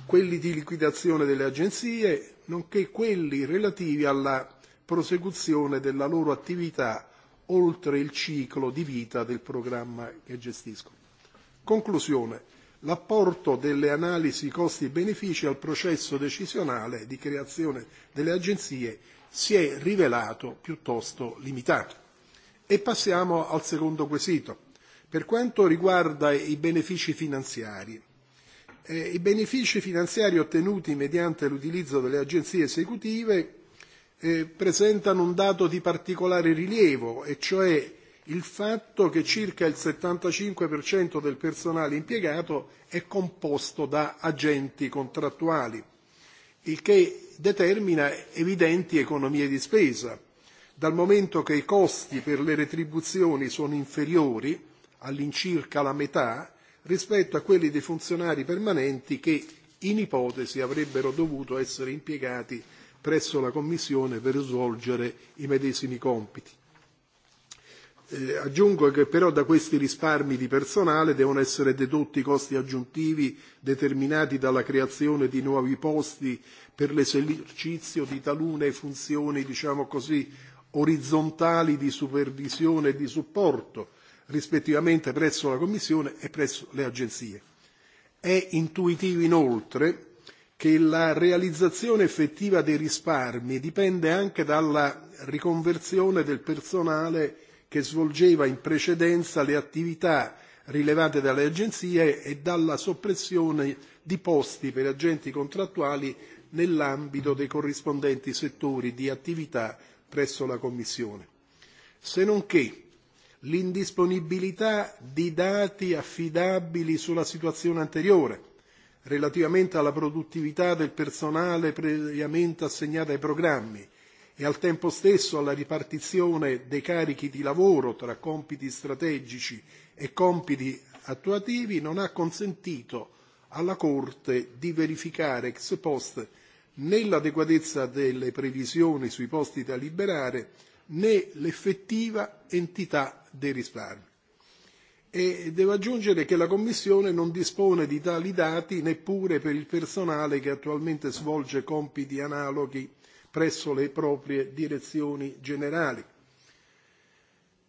quelli di liquidazione delle agenzie, nonché quelli relativi alla prosecuzione della loro attività oltre il ciclo di vita del programma che gestiscono. Conclusione. L'apporto delle analisi costi-benefici al processo decisionale di creazione delle agenzie si è rivelato piuttosto limitato. E passiamo al secondo quesito. Per quanto riguarda i benefici finanziari, eh, i benefici finanziari ottenuti mediante l'utilizzo delle agenzie esecutive eh, presentano un dato di particolare rilievo, e cioè il fatto che circa il 75% del personale impiegato è composto da agenti contrattuali, il che determina evidenti economie di spesa, dal momento che i costi per le retribuzioni sono inferiori all'incirca la metà rispetto a quelli dei funzionari permanenti che in ipotesi avrebbero dovuto essere impiegati presso la Commissione per svolgere i medesimi compiti. Eh, aggiungo che però da questi risparmi di personale devono essere dedotti i costi aggiuntivi determinati dalla creazione di nuovi posti per l'esercizio di talune funzioni, diciamo così, orizzontali di supervisione e di supporto, rispettivamente presso la Commissione e presso le agenzie. È intuitivo inoltre che la realizzazione effettiva dei risparmi dipende anche dalla riconversione del personale che svolgeva in precedenza le attività rilevate dalle agenzie e dalla soppressione di posti per agenti contrattuali nell'ambito dei corrispondenti settori di attività presso la Commissione. Se non che l'indisponibilità di dati affidabili sulla situazione anteriore, relativamente alla produttività del personale previamente assegnato ai programmi e al tempo stesso alla ripartizione dei carichi di lavoro tra compiti strategici e compiti attuativi non ha consentito alla Corte di verificare ex post né l'adeguatezza delle previsioni sui posti da liberare né l'effettiva entità dei risparmi e devo aggiungere che la Commissione non dispone di tali dati neppure per il personale che attualmente svolge compiti analoghi presso le proprie direzioni generali.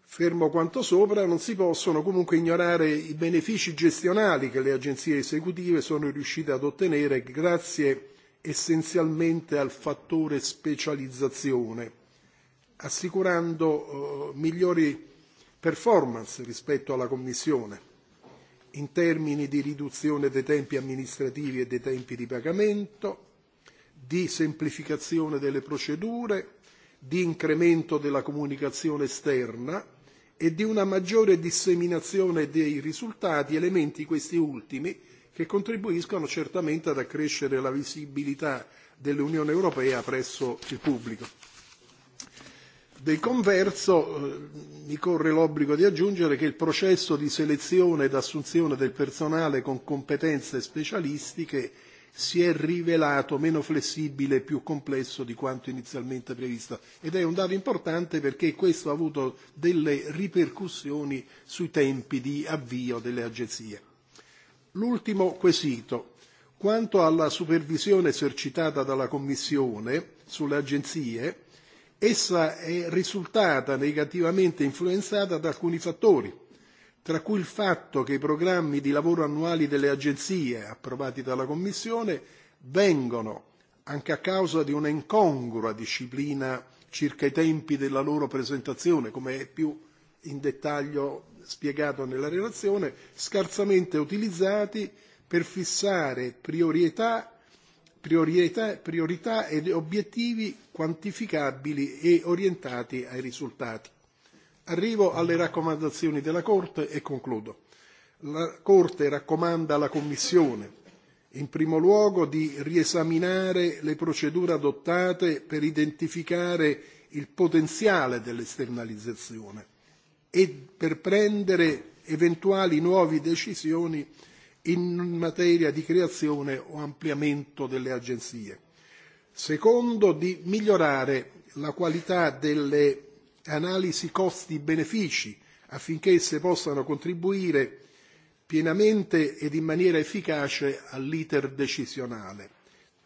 Fermo quanto sopra, non si possono comunque ignorare i benefici gestionali che le agenzie esecutive sono riuscite ad ottenere grazie essenzialmente al fattore specializzazione, assicurando eh, migliori performance rispetto alla Commissione in termini di riduzione dei tempi amministrativi e dei tempi di pagamento, di semplificazione delle procedure, di incremento della comunicazione esterna e di una maggiore disseminazione dei risultati, elementi questi ultimi che contribuiscono certamente ad accrescere la visibilità dell'Unione Europea presso il pubblico dei converso eh, mi corre l'obbligo di aggiungere che il processo di selezione ed assunzione del personale con competenze specialistiche si è rivelato meno flessibile e più complesso di quanto inizialmente previsto ed è un dato importante perché questo ha avuto delle ripercussioni sui tempi di avvio delle agenzie. L'ultimo quesito. Quanto alla supervisione esercitata dalla Commissione sulle agenzie, essa è risultata negativamente influenzata da alcuni fattori, tra cui il fatto che i programmi di lavoro annuali delle agenzie approvati dalla Commissione vengono, anche a causa di una incongrua disciplina circa i tempi della loro presentazione, come è più in dettaglio spiegato nella relazione, scarsamente utilizzati per fissare priorità priorità, priorità ed obiettivi quantificabili e orientati ai risultati. Arrivo alle raccomandazioni della Corte e concludo. La Corte raccomanda alla Commissione, in primo luogo, di riesaminare le procedure adottate per identificare il potenziale dell'esternalizzazione e per prendere eventuali nuove decisioni in materia di creazione o ampliamento delle agenzie. Secondo, di migliorare la qualità delle analisi costi-benefici affinché esse possano contribuire pienamente ed in maniera efficace all'iter decisionale.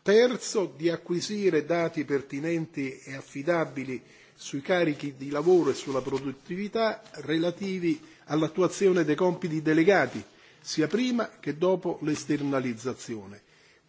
Terzo, di acquisire dati pertinenti e affidabili sui carichi di lavoro e sulla produttività relativi all'attuazione dei compiti delegati sia prima che dopo l'esternalizzazione.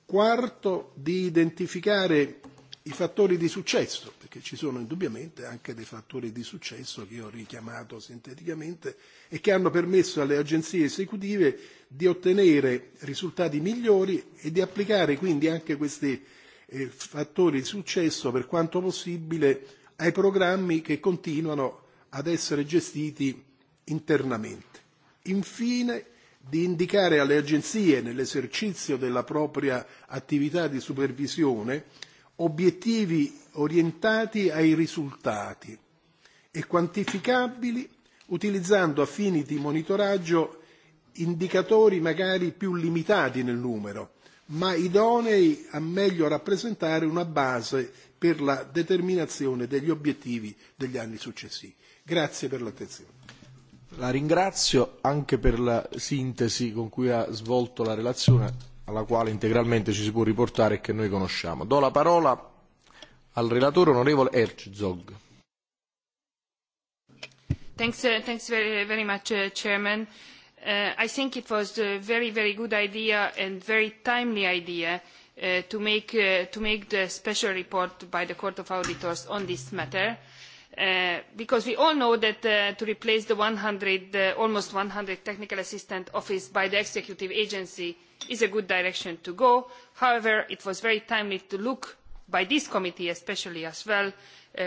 Quarto, di identificare i fattori di successo, perché ci sono indubbiamente anche dei fattori di successo che ho richiamato sinteticamente e che hanno permesso alle agenzie esecutive di ottenere risultati migliori e di applicare quindi anche questi eh, fattori di successo per quanto possibile ai programmi che continuano ad essere gestiti internamente. Infine, di indicare alle agenzie nell'esercizio della propria attività di supervisione obiettivi orientati ai risultati e quantificabili utilizzando a fini di monitoraggio indicatori magari più limitati nel numero, ma idonei a meglio rappresentare una base per la determinazione degli obiettivi degli anni successivi. Grazie per l'attenzione. La ringrazio anche per la sintesi con cui ha svolto la relazione, alla quale integralmente ci si può riportare e che noi conosciamo. Do la parola al relatore onorevole Herzog. Thanks, uh, thanks very, very much, uh, Chairman. Uh, I think it was a very, very good idea and very timely idea uh, to, make, uh, to make the special report by the Court of Auditors on this matter. Uh, Uh, because we all know that uh, to replace the 100, uh, almost 100 technical assistant office by the executive agency is a good direction to go. However, it was very timely to look by this committee especially as well uh,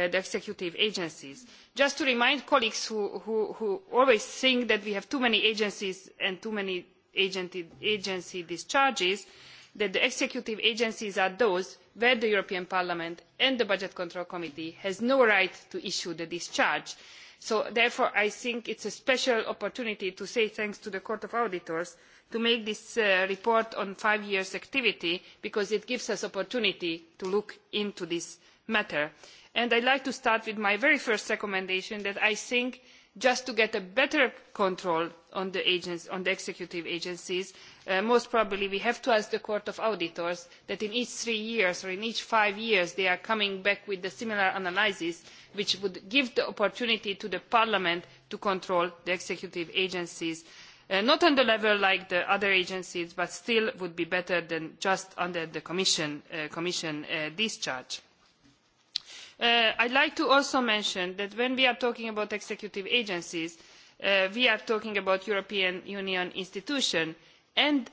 the executive agencies. Just to remind colleagues who, who, who always think that we have too many agencies and too many agency, agency discharges, uh, that the executive agencies are those where the european parliament and the budget control committee has no right to issue the discharge. so therefore i think it is a special opportunity to say thanks to the court of auditors to make this uh, report on five years' activity because it gives us opportunity to look into this matter. and i'd like to start with my very first recommendation that i think just to get a better control on the, agents, on the executive agencies uh, most probably we have to ask the court of auditors that in each three years or in each five years they are coming back with a similar analysis which would give the opportunity to the parliament to control the executive agencies uh, not on the level like the other agencies but still would be better than just under the commission, uh, commission uh, discharge. Uh, I'd like to also mention that when we are talking about executive agencies, uh, we are talking about European Union institutions, and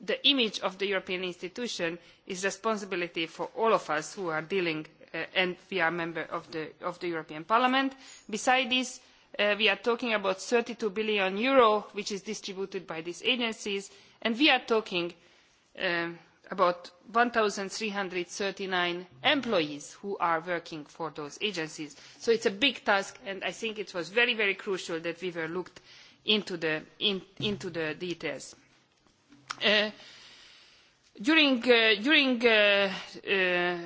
the image of the European institution is responsibility for all of us who are dealing uh, and we are member of the, of the European Parliament. Besides this, uh, we are talking about 32 billion euro, which is distributed by these agencies, and we are talking uh, about 1,339 employees who are working for those agencies. So it's a big task, and I think it was very, very crucial that we were looked into the, in, into the details. Uh, Uh, during uh, during uh, uh,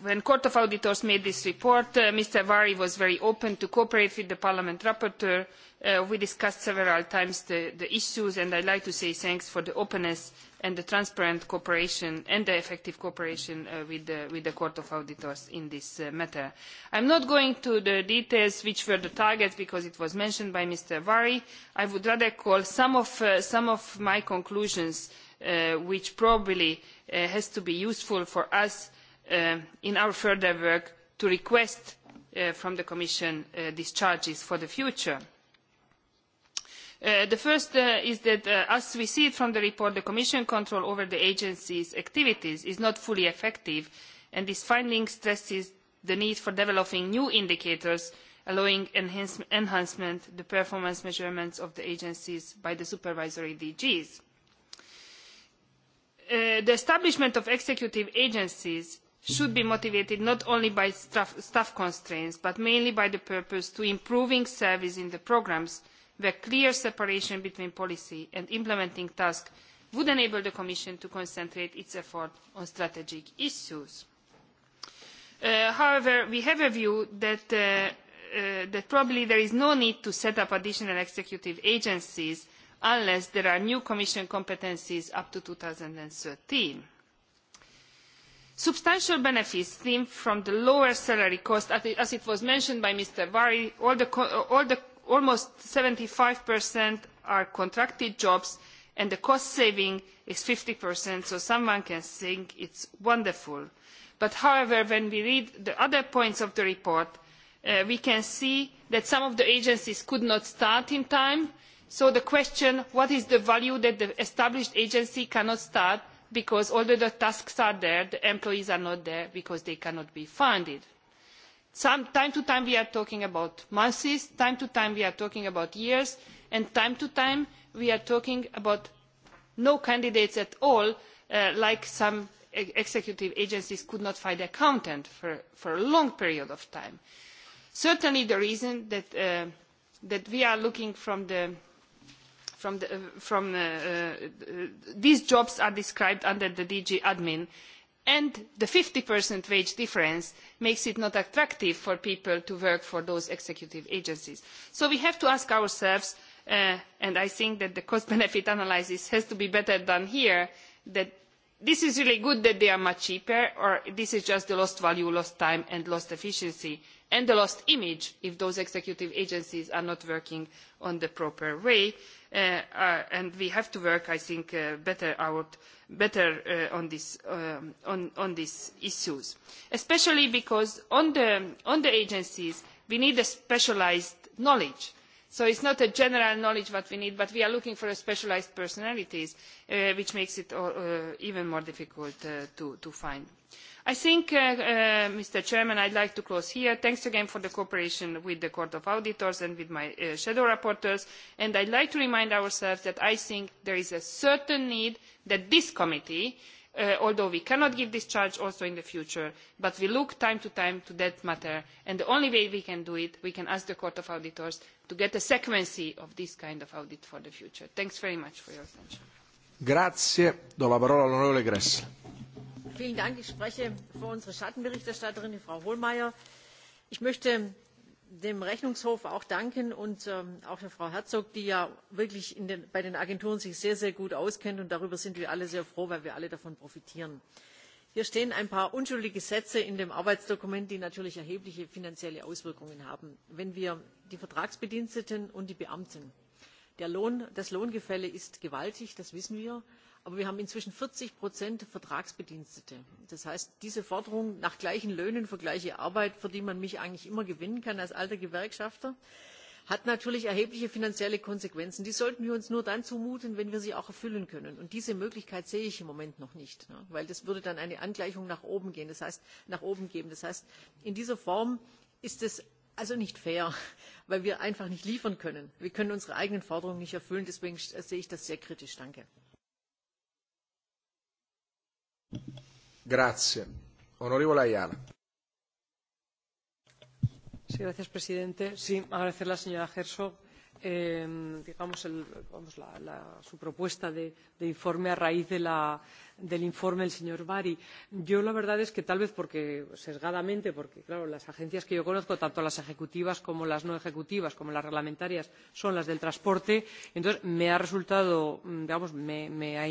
when Court of Auditors made this report, uh, Mr. Vary was very open to cooperate with the Parliament rapporteur. Uh, we discussed several times the, the issues, and I'd like to say thanks for the openness and the transparent cooperation and the effective cooperation uh, with, the, with the Court of Auditors in this uh, matter. I'm not going to the details which were the targets because it was mentioned by Mr. Vary. I would rather call some of, uh, some of my conclusions uh, which probably uh, has to be useful for us uh, in our further work to request uh, from the Commission uh, discharges for the future. Uh, Uh, the first uh, is that uh, as we see it from the report the commission control over the agency's activities is not fully effective and this finding stresses the need for developing new indicators allowing enhance enhancement the performance measurements of the agencies by the supervisory DGs. Uh, the establishment of executive agencies should be motivated not only by staff, staff constraints but mainly by the purpose to improving service in the programmes the clear separation between policy and implementing tasks would enable the Commission to concentrate its efforts on strategic issues. Uh, however, we have a view that, uh, uh, that probably there is no need to set up additional executive agencies unless there are new Commission competencies up to 2013. Substantial benefits stem from the lower salary cost, as it was mentioned by Mr. Vary, all the, all the almost seventy five are contracted jobs and the cost saving is fifty so someone can think it is wonderful. But however when we read the other points of the report uh, we can see that some of the agencies could not start in time so the question what is the value that the established agency cannot start because although the tasks are there the employees are not there because they cannot be funded. Some, time to time we are talking about months time to time we are talking about years and time to time we are talking about no candidates at all uh, like some e-, executive agencies could not find an accountant for, for a long period of time. certainly the reason that, uh, that we are looking from the from the, uh, from the, uh, uh, these jobs are described under the DG admin and the fifty wage difference makes it not attractive for people to work for those executive agencies. so we have to ask ourselves uh, and i think that the cost benefit analysis has to be better done here that this is really good that they are much cheaper or this is just the lost value lost time and lost efficiency and the lost image if those executive agencies are not working in the proper way. Uh, uh, uh, and we have to work, I think, uh, better out, better uh, on, this, um, on, on these issues, especially because on the, on the agencies we need a specialized knowledge so it is not a general knowledge that we need but we are looking for specialised personalities uh, which makes it all, uh, uh, even more difficult uh, to, to find. i think mr president i would like to close here. thanks again for the cooperation with the court of auditors and with my uh, shadow rapporteurs and i would like to remind ourselves that i think there is a certain need that this committee Uh, although we cannot give discharge also in the future but we look time to time to that matter and the only way we can do it we can ask the court of auditors to get a sequency of this kind of audit for the future. thanks very much for your attention. Grazie. Do la parola all'onorevole Gressle. Vielen Dank. Ich spreche für unsere Schattenberichterstatterin, Frau Hohlmeier. Ich möchte dem rechnungshof auch danken und ähm, auch der frau herzog die sich ja wirklich den, bei den agenturen sehr sehr gut auskennt und darüber sind wir alle sehr froh weil wir alle davon profitieren. hier stehen ein paar unschuldige sätze in dem arbeitsdokument die natürlich erhebliche finanzielle auswirkungen haben. wenn wir die vertragsbediensteten und die beamten der Lohn, das lohngefälle ist gewaltig das wissen wir aber wir haben inzwischen vierzig vertragsbedienstete. das heißt diese forderung nach gleichen löhnen für gleiche arbeit für die man mich eigentlich immer gewinnen kann als alter gewerkschafter hat natürlich erhebliche finanzielle konsequenzen. die sollten wir uns nur dann zumuten wenn wir sie auch erfüllen können. und diese möglichkeit sehe ich im moment noch nicht weil das würde dann eine angleichung nach oben, gehen, das heißt, nach oben geben. das heißt in dieser form ist es also nicht fair weil wir einfach nicht liefern können. wir können unsere eigenen forderungen nicht erfüllen. deswegen sehe ich das sehr kritisch. danke. Grazie. Onorevole Ayala. Sí, gracias, presidente. Sí, agradecerle a la señora Herzog eh, digamos, el, vamos, la, la, su propuesta de, de informe a raíz de la, del informe del señor Bari. Yo la verdad es que tal vez porque sesgadamente, porque claro, las agencias que yo conozco, tanto las ejecutivas como las no ejecutivas, como las reglamentarias, son las del transporte, entonces me ha resultado, mm, digamos, me, me ha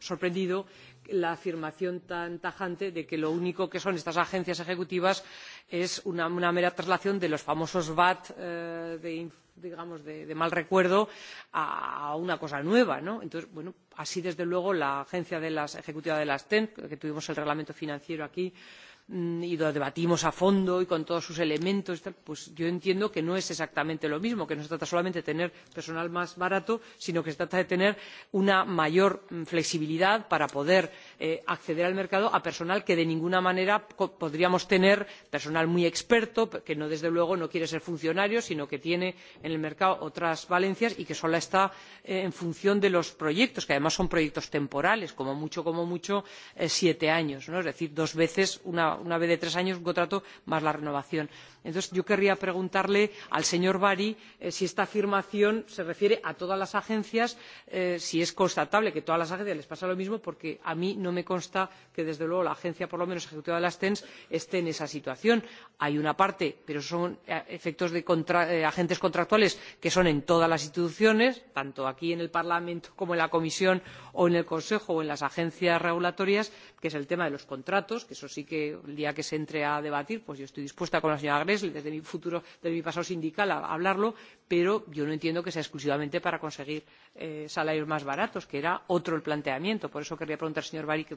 sorprendido la afirmación tan tajante de que lo único que son estas agencias ejecutivas es una, una mera traslación de los famosos vat eh, de, digamos de, de mal recuerdo a, a una cosa nueva. ¿no? Entonces, bueno, así desde luego la agencia de las, ejecutiva de las ten que tuvimos el reglamento financiero aquí eh, Mm, y lo debatimos a fondo y con todos sus elementos pues yo entiendo que no es exactamente lo mismo que no se trata solamente de tener personal más barato sino que se trata de tener una mayor mm, flexibilidad para poder eh, acceder al mercado a personal que de ninguna manera podríamos tener personal muy experto que no, desde luego no quiere ser funcionario sino que tiene en el mercado otras valencias y que solo está eh, en función de los proyectos que además son proyectos temporales como mucho como mucho eh, siete años ¿no? es decir dos veces una una vez de tres años un contrato más la renovación. entonces yo querría preguntarle al señor bari eh, si esta afirmación se refiere a todas las agencias eh, si es constatable que a todas las agencias les pasa lo mismo porque a mí no me consta que desde luego la agencia por lo menos ejecutiva de las ten esté en esa situación. hay una parte pero son eh, efectos de contra, eh, agentes contractuales que son en todas las instituciones tanto aquí en el parlamento como en la comisión o en el consejo o en las agencias regulatorias que es el tema de los contratos que eso sí que el día que se entre a debatir pues yo estoy dispuesta con la señora grle desde mi futuro desde mi pasado sindical a hablarlo pero yo no entiendo que sea exclusivamente para conseguir eh, salarios más baratos que era otro el planteamiento. por eso querría preguntar al señor bari qué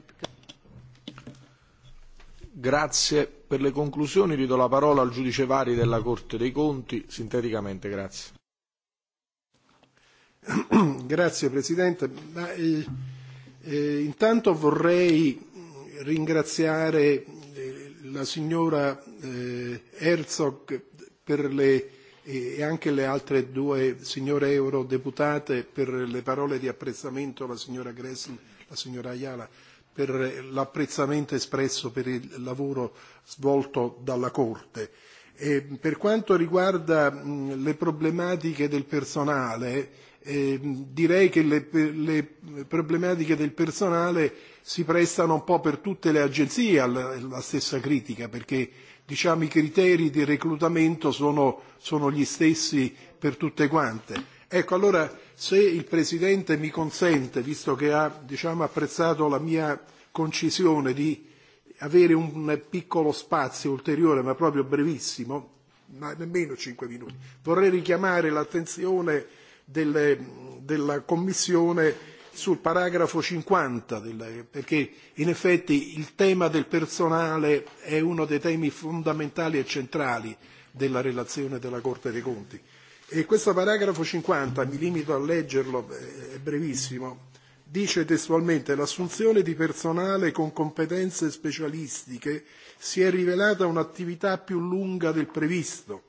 grazie per le conclusioni rido la parola al giudice Vari della Corte dei Conti sinteticamente grazie grazie Presidente Ma, eh, eh, intanto vorrei ringraziare la signora eh, Herzog per le, eh, e anche le altre due signore eurodeputate per le parole di apprezzamento, la signora Gressel, la signora Ayala, per l'apprezzamento espresso per il lavoro svolto dalla Corte. E per quanto riguarda mh, le problematiche del personale, Eh, direi che le, le problematiche del personale si prestano un po' per tutte le agenzie alla, alla stessa critica, perché diciamo, i criteri di reclutamento sono, sono gli stessi per tutte quante. Ecco, allora se il Presidente mi consente, visto che ha diciamo, apprezzato la mia concisione di avere un piccolo spazio ulteriore, ma proprio brevissimo, ma nemmeno cinque minuti, vorrei richiamare l'attenzione delle, della Commissione sul paragrafo 50, delle, perché in effetti il tema del personale è uno dei temi fondamentali e centrali della relazione della Corte dei Conti. E questo paragrafo 50, mi limito a leggerlo, è brevissimo, dice testualmente l'assunzione di personale con competenze specialistiche si è rivelata un'attività più lunga del previsto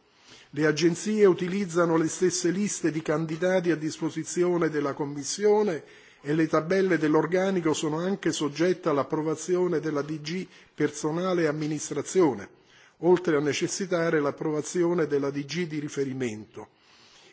Le agenzie utilizzano le stesse liste di candidati a disposizione della Commissione e le tabelle dell'organico sono anche soggette all'approvazione della DG personale e amministrazione, oltre a necessitare l'approvazione della DG di riferimento.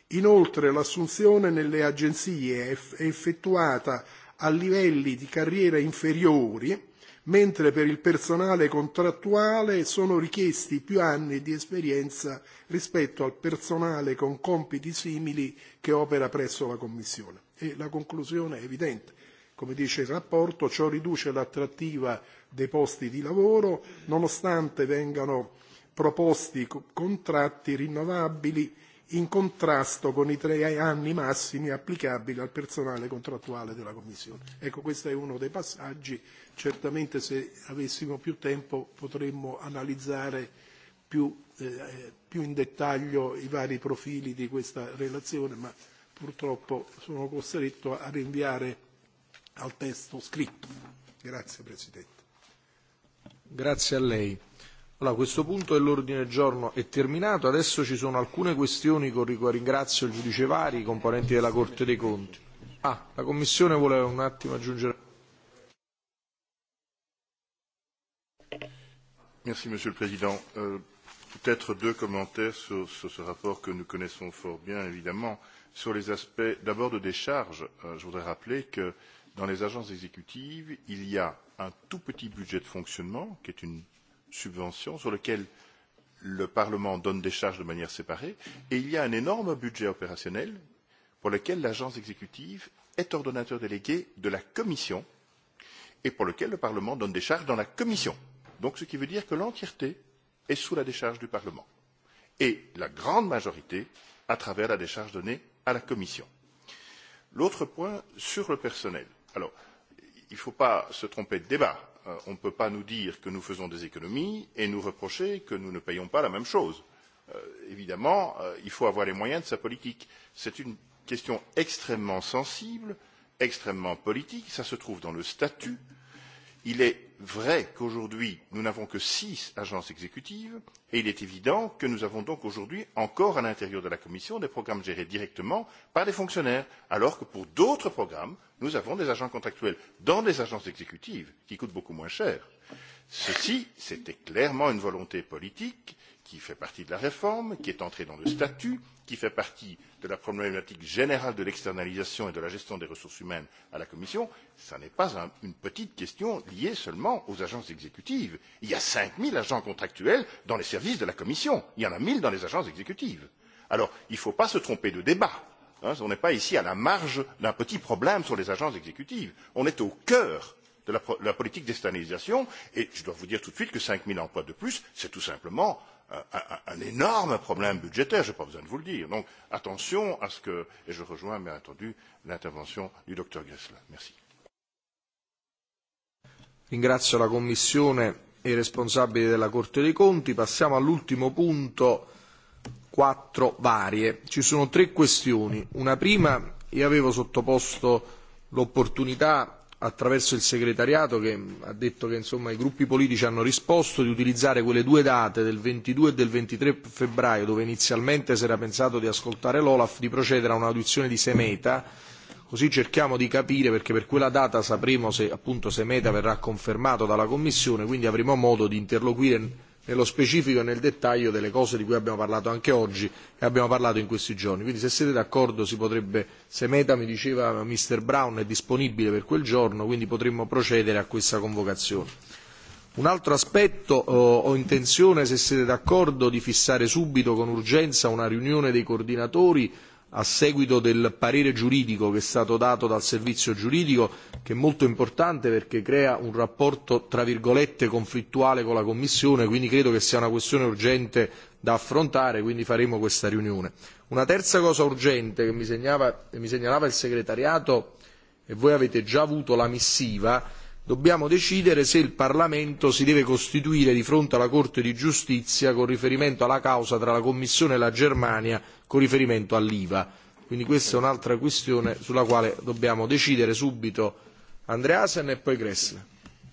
Inoltre l'assunzione nelle agenzie è effettuata a livelli di carriera inferiori mentre per il personale contrattuale sono richiesti più anni di esperienza rispetto al personale con compiti simili che opera presso la Commissione. E la conclusione è evidente. Come dice il rapporto, ciò riduce l'attrattiva dei posti di lavoro, nonostante vengano proposti contratti rinnovabili in contrasto con i tre anni massimi applicabili al personale contrattuale della Commissione. Ecco, questo è uno dei passaggi. Certamente se avessimo più tempo potremmo analizzare più, eh, eh più in dettaglio i vari profili di questa relazione, ma purtroppo sono costretto a rinviare al testo scritto. Grazie Presidente. Grazie a lei. Allora, questo punto dell'ordine del giorno è terminato, adesso ci sono alcune questioni con cui ringrazio il giudice Vari, i componenti della Corte dei Conti. Ah, la Commissione vuole un attimo aggiungere. Merci Monsieur le Président. Euh, Peut-être deux commentaires sur, sur ce rapport que nous connaissons fort bien, évidemment. Sur les aspects d'abord de décharge, euh, je voudrais rappeler que dans les agences exécutives, il y a un tout petit budget de fonctionnement, qui est une subventions sur lequel le Parlement donne des charges de manière séparée, et il y a un énorme budget opérationnel pour lequel l'agence exécutive est ordonnateur délégué de la Commission et pour lequel le Parlement donne des charges dans la Commission. Donc ce qui veut dire que l'entièreté est sous la décharge du Parlement et la grande majorité à travers la décharge donnée à la Commission. L'autre point sur le personnel. Alors, il ne faut pas se tromper de débat euh, on ne peut pas nous dire que nous faisons des économies et nous reprocher que nous ne payons pas la même chose. Euh, évidemment, euh, il faut avoir les moyens de sa politique. C'est une question extrêmement sensible, extrêmement politique, ça se trouve dans le statut euh, Il est vrai qu'aujourd'hui, nous n'avons que six agences exécutives et il est évident que nous avons donc aujourd'hui encore à l'intérieur de la Commission des programmes gérés directement par des fonctionnaires, alors que pour d'autres programmes, nous avons des agents contractuels dans des agences exécutives qui coûtent beaucoup moins cher. Ceci, c'était clairement une volonté politique qui fait partie de la réforme, qui est entrée dans le statut, qui fait partie de la problématique générale de l'externalisation et de la gestion des ressources humaines à la Commission, ce n'est pas un, une petite question liée seulement aux agences exécutives. Il y a 5000 agents contractuels dans les services de la Commission. Il y en a 1000 dans les agences exécutives. Alors, il ne faut pas se tromper de débat. Hein, on n'est pas ici à la marge d'un petit problème sur les agences exécutives. On est au cœur de la, la politique d'externalisation et je dois vous dire tout de suite que 5000 emplois de plus, c'est tout simplement un, un énorme problème budgétaire, je n'ai pas besoin de vous le dire. Donc attention à ce que, et je rejoins bien entendu l'intervention du docteur Gressler. Merci. Ringrazio la Commissione e i responsabili della Corte dei Conti. Passiamo all'ultimo punto, quattro varie. Ci sono tre questioni. Una prima, io avevo sottoposto l'opportunità attraverso il segretariato che ha detto che insomma, i gruppi politici hanno risposto di utilizzare quelle due date del 22 e del 23 febbraio dove inizialmente si era pensato di ascoltare l'Olaf di procedere a un'audizione di Semeta così cerchiamo di capire perché per quella data sapremo se appunto Semeta verrà confermato dalla Commissione quindi avremo modo di interloquire nello specifico e nel dettaglio delle cose di cui abbiamo parlato anche oggi e abbiamo parlato in questi giorni. Quindi se siete d'accordo si potrebbe, se Meta mi diceva Mr. Brown è disponibile per quel giorno, quindi potremmo procedere a questa convocazione. Un altro aspetto, oh, ho intenzione, se siete d'accordo, di fissare subito con urgenza una riunione dei coordinatori a seguito del parere giuridico che è stato dato dal servizio giuridico, che è molto importante perché crea un rapporto, tra virgolette, conflittuale con la Commissione, quindi credo che sia una questione urgente da affrontare, quindi faremo questa riunione. Una terza cosa urgente che mi, segnava, mi segnalava il segretariato, e voi avete già avuto la missiva, dobbiamo decidere se il Parlamento si deve costituire di fronte alla Corte di giustizia con riferimento alla causa tra la Commissione e la Germania con riferimento all'IVA. Quindi questa è un'altra questione sulla quale dobbiamo decidere subito Andreasen e poi Gressler.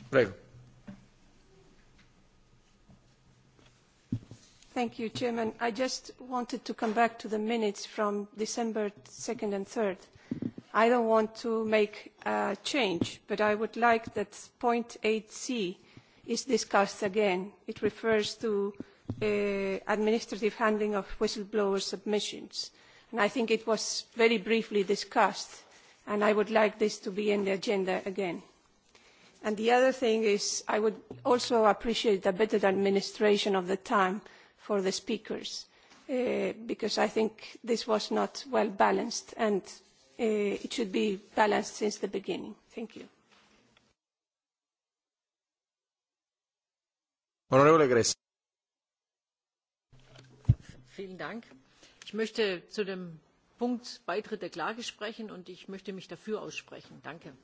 Prego. Thank you, Chairman. I just wanted to come back to the minutes from December 2nd and 3rd I don't want to make a change, but I would like that point 8c is discussed again. It refers to uh, administrative handling of whistleblower submissions. And I think it was very briefly discussed, and I would like this to be in the agenda again. And the other thing is I would also appreciate a better administration of the time for the speakers, uh, because I think this was not well balanced. And uh, it should be balanced since the beginning. Thank you. Honorable Gress. Vielen Dank. Ich möchte zu dem Punkt Beitritt der Klage sprechen und ich möchte mich dafür aussprechen. Danke.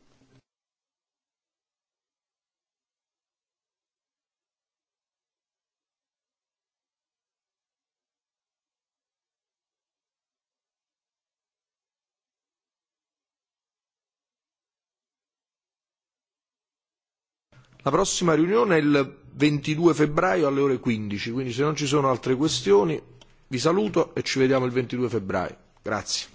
La prossima riunione è il 22 febbraio alle ore 15, quindi se non ci sono altre questioni vi saluto e ci vediamo il 22 febbraio. Grazie.